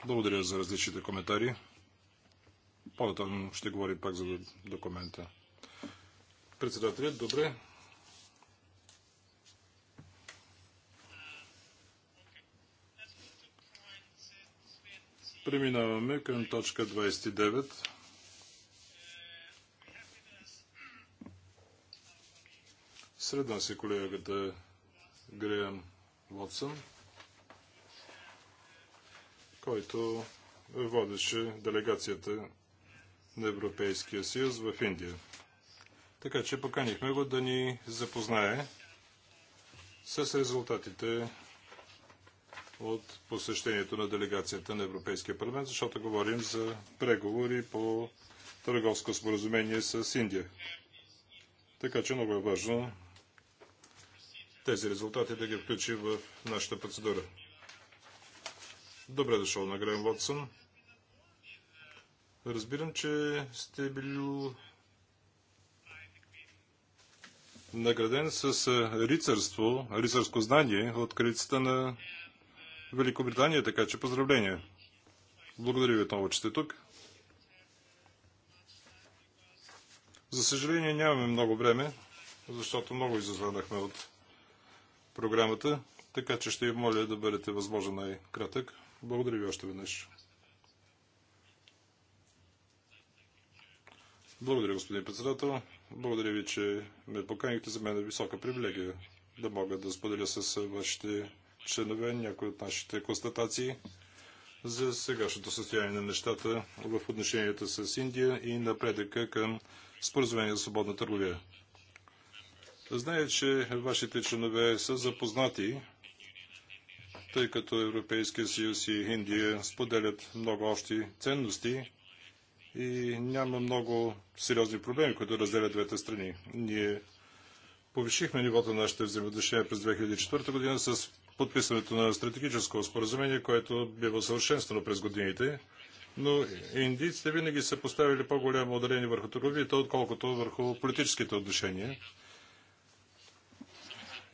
Благодаря за различните коментари. По-нататък ще говорим пак за документа. Председателят, добре, Преминаваме към точка 29. Сред нас е колегата Греъм Лотсън, който водеше делегацията на Европейския съюз в Индия. Така че поканихме го да ни запознае с резултатите от посещението на делегацията на Европейския парламент, защото говорим за преговори по търговско споразумение с Индия. Така че много е важно тези резултати да ги включи в нашата процедура. Добре дошъл на Грен Лотсън. Разбирам, че сте били награден с рицарство, рицарско знание от кралицата на Великобритания, така че поздравления. Благодаря ви отново, че сте тук. За съжаление нямаме много време, защото много изостанахме от програмата, така че ще ви моля да бъдете възможно най-кратък. Благодаря ви още веднъж. Благодаря, господин председател. Благодаря ви, че ме поканихте. За мен е висока привилегия да мога да споделя с вашите членове някои от нашите констатации за сегашното състояние на нещата в отношенията с Индия и напредъка към споразумение за свободна търговия. Зная, че вашите членове са запознати, тъй като Европейския съюз и Индия споделят много общи ценности и няма много сериозни проблеми, които разделят двете страни. Ние повишихме нивото на нашите взаимоотношения през 2004 година с подписването на стратегическо споразумение, което бива усъвършенствано през годините, но индийците винаги са поставили по-голямо ударение върху търговията, отколкото върху политическите отношения.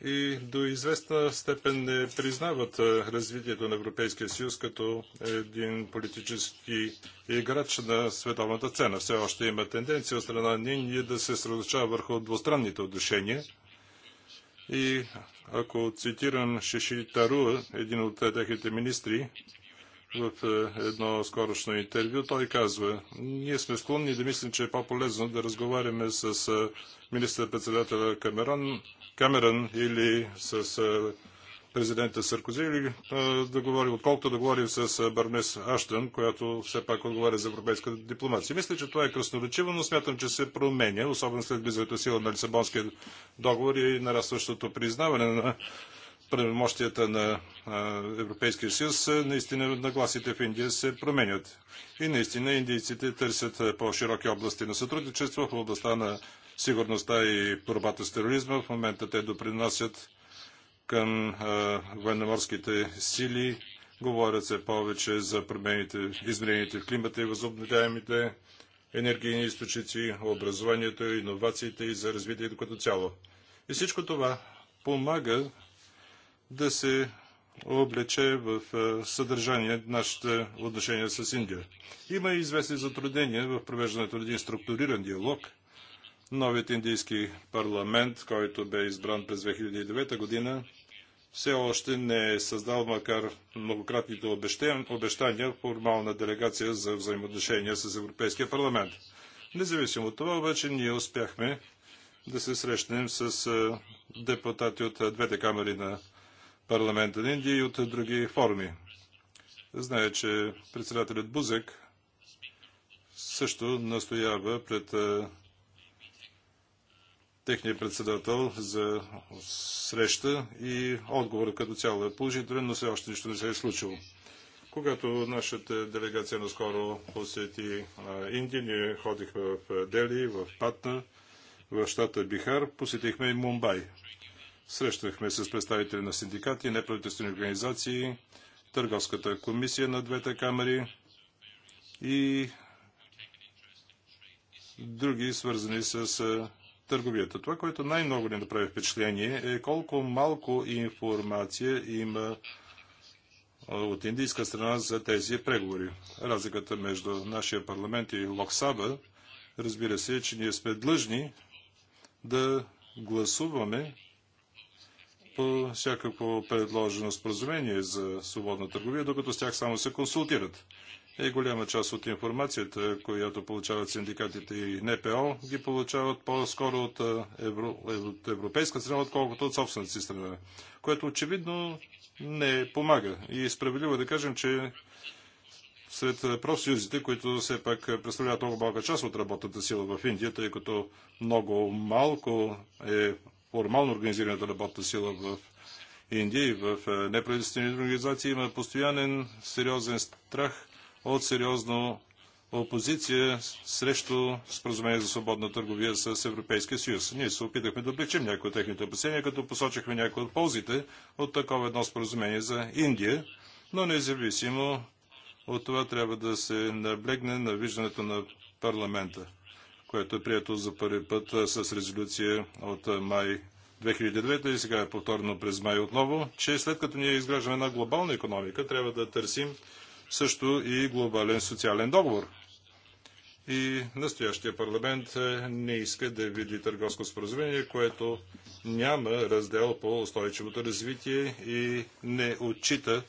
И до известна степен не признават развитието на Европейския съюз като един политически играч на световната цена. Все още има тенденция от страна ние да се средочава върху двустранните отношения – и ако цитирам Шеши Тару, един от техните министри, в е, едно скорошно интервю, той казва, ние сме склонни да мислим, че е по-полезно да разговаряме с е, министър-председателя Камерон, Камерън или с е, президента Саркози или да говори, отколкото да говори с Барнес Аштън, която все пак отговаря за европейската дипломация. Мисля, че това е красноречиво, но смятам, че се променя, особено след близката сила на Лисабонския договор и нарастващото признаване на правомощията на Европейския съюз, наистина нагласите в Индия се променят. И наистина индийците търсят по-широки области на сътрудничество в областта на сигурността и борбата с тероризма. В момента те допринасят към военноморските сили. Говорят се повече за промените, изменените в климата и възобновяемите енергийни източници, образованието, иновациите и за развитието като цяло. И всичко това помага да се облече в съдържание нашите отношения с Индия. Има и известни затруднения в провеждането на един структуриран диалог. Новият индийски парламент, който бе избран през 2009 година, все още не е създал, макар многократните обещания, формална делегация за взаимоотношения с Европейския парламент. Независимо от това, обаче ние успяхме да се срещнем с депутати от двете камери на парламента на Индия и от други форми. Знае, че председателят Бузек също настоява пред техния председател за среща и отговорът като цяло е положителен, но все още нищо не се е случило. Когато нашата делегация наскоро посети Индия, ние ходихме в Дели, в Патна, в щата Бихар, посетихме и Мумбай. Срещахме с представители на синдикати, неправителствени организации, Търговската комисия на двете камери и други, свързани с търговията. Това, което най-много ни направи впечатление е колко малко информация има от индийска страна за тези преговори. Разликата между нашия парламент и Локсаба, разбира се, е, че ние сме длъжни да гласуваме по всякакво предложено споразумение за свободна търговия, докато с тях само се консултират и е, голяма част от информацията, която получават синдикатите и НПО, ги получават по-скоро от, е, евро, е, от европейска страна, отколкото от собствената си страна, което очевидно не помага. И справедливо да кажем, че сред профсъюзите, които все пак представляват много малка част от работната сила в Индия, тъй като много малко е формално организираната работна сила в Индия и в неправителствени организации има постоянен сериозен страх от сериозна опозиция срещу споразумение за свободна търговия с Европейския съюз. Ние се опитахме да облегчим някои от техните опасения, като посочихме някои от ползите от такова едно споразумение за Индия, но независимо от това трябва да се наблегне на виждането на парламента, което е прието за първи път с резолюция от май 2009 и сега е повторно през май отново, че след като ние изграждаме една глобална економика, трябва да търсим също и глобален социален договор. И настоящия парламент е, не иска да види търговско споразумение, което няма раздел по устойчивото развитие и не отчита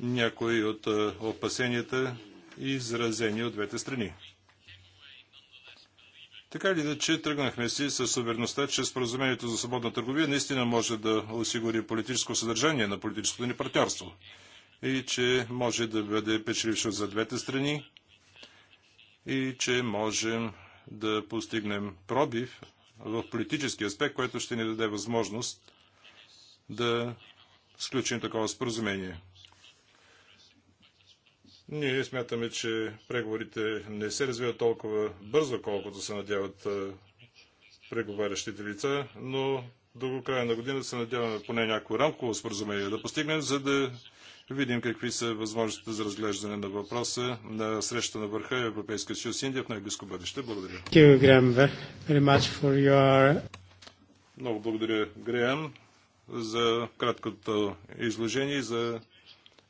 някои от е, опасенията, изразени от двете страни. Така или иначе, тръгнахме си с увереността, че споразумението за свободна търговия наистина може да осигури политическо съдържание на политическото ни партньорство и че може да бъде печелившо за двете страни и че можем да постигнем пробив в политически аспект, което ще ни даде възможност да сключим такова споразумение. Ние смятаме, че преговорите не се развиват толкова бързо, колкото се надяват преговарящите лица, но до края на година се надяваме поне някакво рамково споразумение да постигнем, за да видим какви са възможностите за разглеждане на въпроса на срещата на върха Европейска съюз Индия в най-близко бъдеще. Благодаря. Много благодаря, Греъм, за краткото изложение и за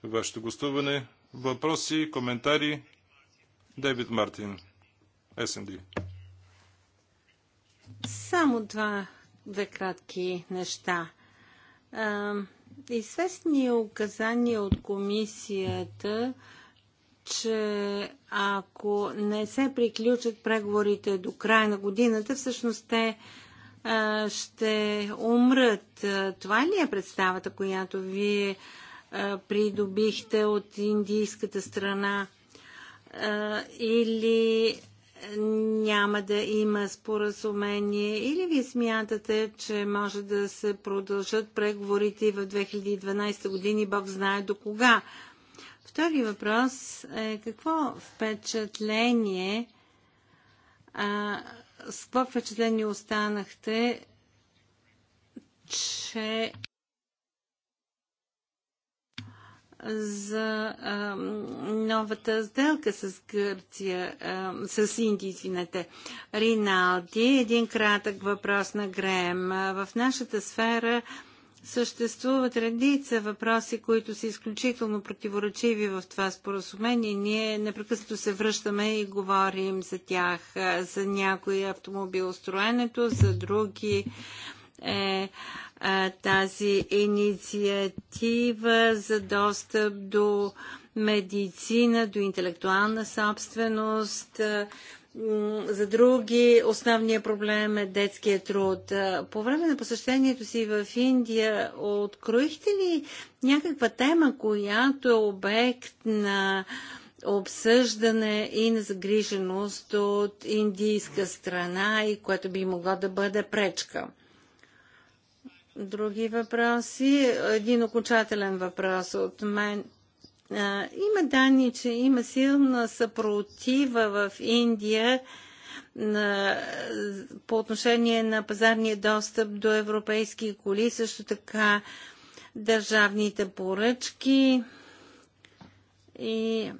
вашето гостуване. Въпроси, коментари? Дейвид Мартин, СНД. Само два, две кратки неща известни указания от комисията, че ако не се приключат преговорите до края на годината, всъщност те ще умрат. Това ли е представата, която вие придобихте от индийската страна? или няма да има споразумение или ви смятате, че може да се продължат преговорите в 2012 години, Бог знае до кога? Втори въпрос е какво впечатление а, с какво впечатление останахте, че за а, новата сделка с Гърция, а, с Индия, извинете. Риналди, един кратък въпрос на Грем. В нашата сфера съществуват редица въпроси, които са изключително противоречиви в това споразумение. Ние непрекъснато се връщаме и говорим за тях, за някои автомобилостроенето, за други а, е а, тази инициатива за достъп до медицина, до интелектуална собственост. За други основният проблем е детският труд. По време на посещението си в Индия откроихте ли някаква тема, която е обект на обсъждане и на загриженост от индийска страна и което би могло да бъде пречка? други въпроси. Един окончателен въпрос от мен. Има данни, че има силна съпротива в Индия на, по отношение на пазарния достъп до европейски коли, също така държавните поръчки и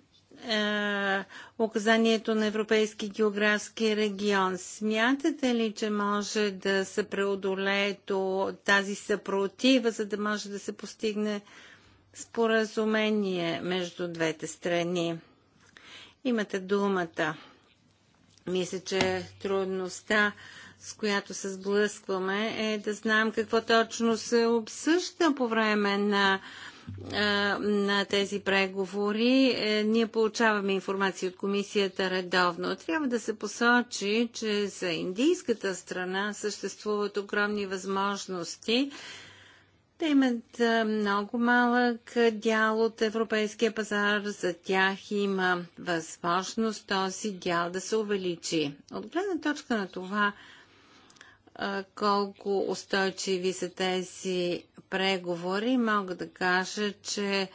е, указанието на Европейски географски регион. Смятате ли, че може да се преодолее тази съпротива, за да може да се постигне споразумение между двете страни? Имате думата. Мисля, че трудността с която се сблъскваме, е да знаем какво точно се обсъжда по време на на тези преговори. Е, ние получаваме информация от комисията редовно. Трябва да се посочи, че за индийската страна съществуват огромни възможности. Те имат много малък дял от европейския пазар. За тях има възможност този дял да се увеличи. От гледна точка на това, колко устойчиви са тези преговори, мога да кажа, че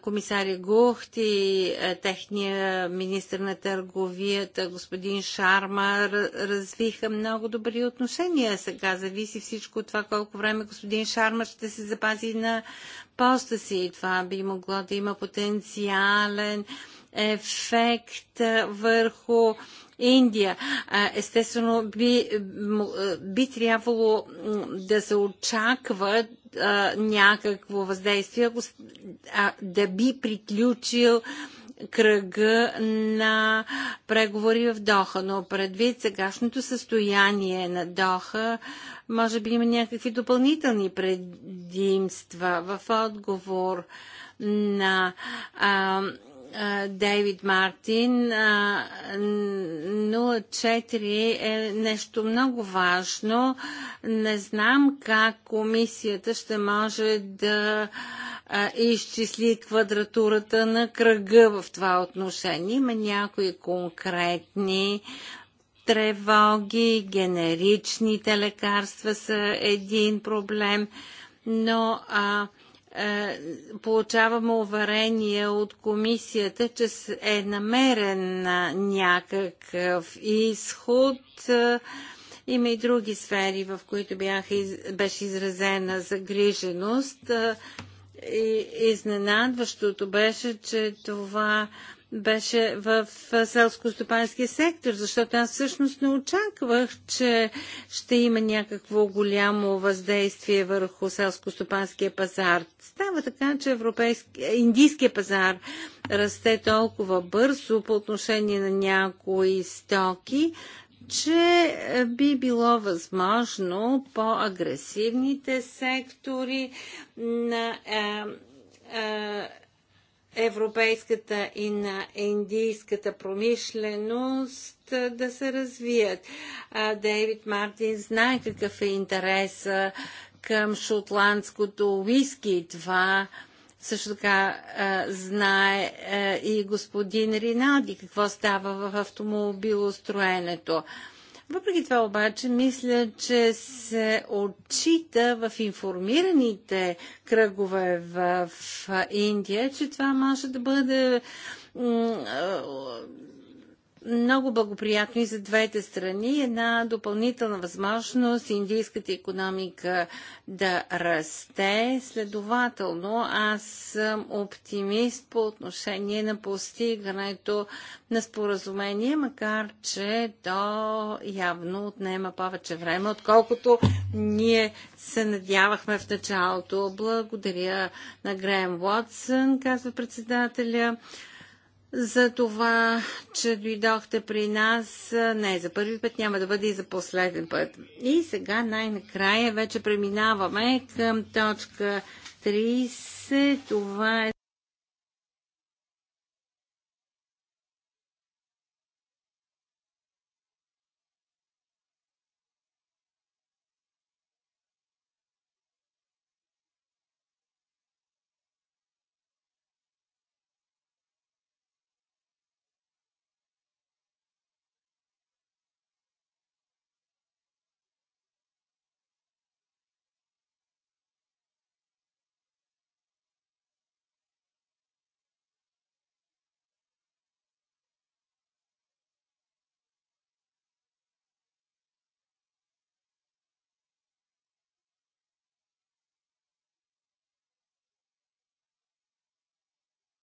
комисаря Гухт и техния министр на търговията, господин Шарма, развиха много добри отношения. Сега зависи всичко от това колко време господин Шарма ще се запази на поста си. Това би могло да има потенциален ефект върху Индия. Естествено, би, би трябвало да се очаква някакво въздействие, ако, да би приключил кръга на преговори в Доха, но предвид сегашното състояние на Доха, може би има някакви допълнителни предимства в отговор на а, Дейвид Мартин. 04 е нещо много важно. Не знам как комисията ще може да изчисли квадратурата на кръга в това отношение. Има някои конкретни тревоги, генеричните лекарства са един проблем, но а, е, получаваме уверение от комисията, че е намерен някакъв изход. Е, има и други сфери, в които бяха, беше изразена загриженост. Е, и изненадващото беше, че това беше в селско-стопанския сектор, защото аз всъщност не очаквах, че ще има някакво голямо въздействие върху селско-стопанския пазар. Става така, че европейски, е, индийския пазар расте толкова бързо по отношение на някои стоки, че е, би било възможно по-агресивните сектори на е, е, европейската и на индийската промишленост да се развият. Дейвид Мартин знае какъв е интерес към шотландското уиски. Това също така знае и господин Риналди какво става в автомобилостроенето. Въпреки това обаче, мисля, че се отчита в информираните кръгове в Индия, че това може да бъде много благоприятно и за двете страни. Една допълнителна възможност индийската економика да расте. Следователно, аз съм оптимист по отношение на постигането на споразумение, макар че то явно отнема повече време, отколкото ние се надявахме в началото. Благодаря на Грем Уотсън, казва председателя за това, че дойдохте при нас. Не за първи път, няма да бъде и за последен път. И сега най-накрая вече преминаваме към точка 30. Това е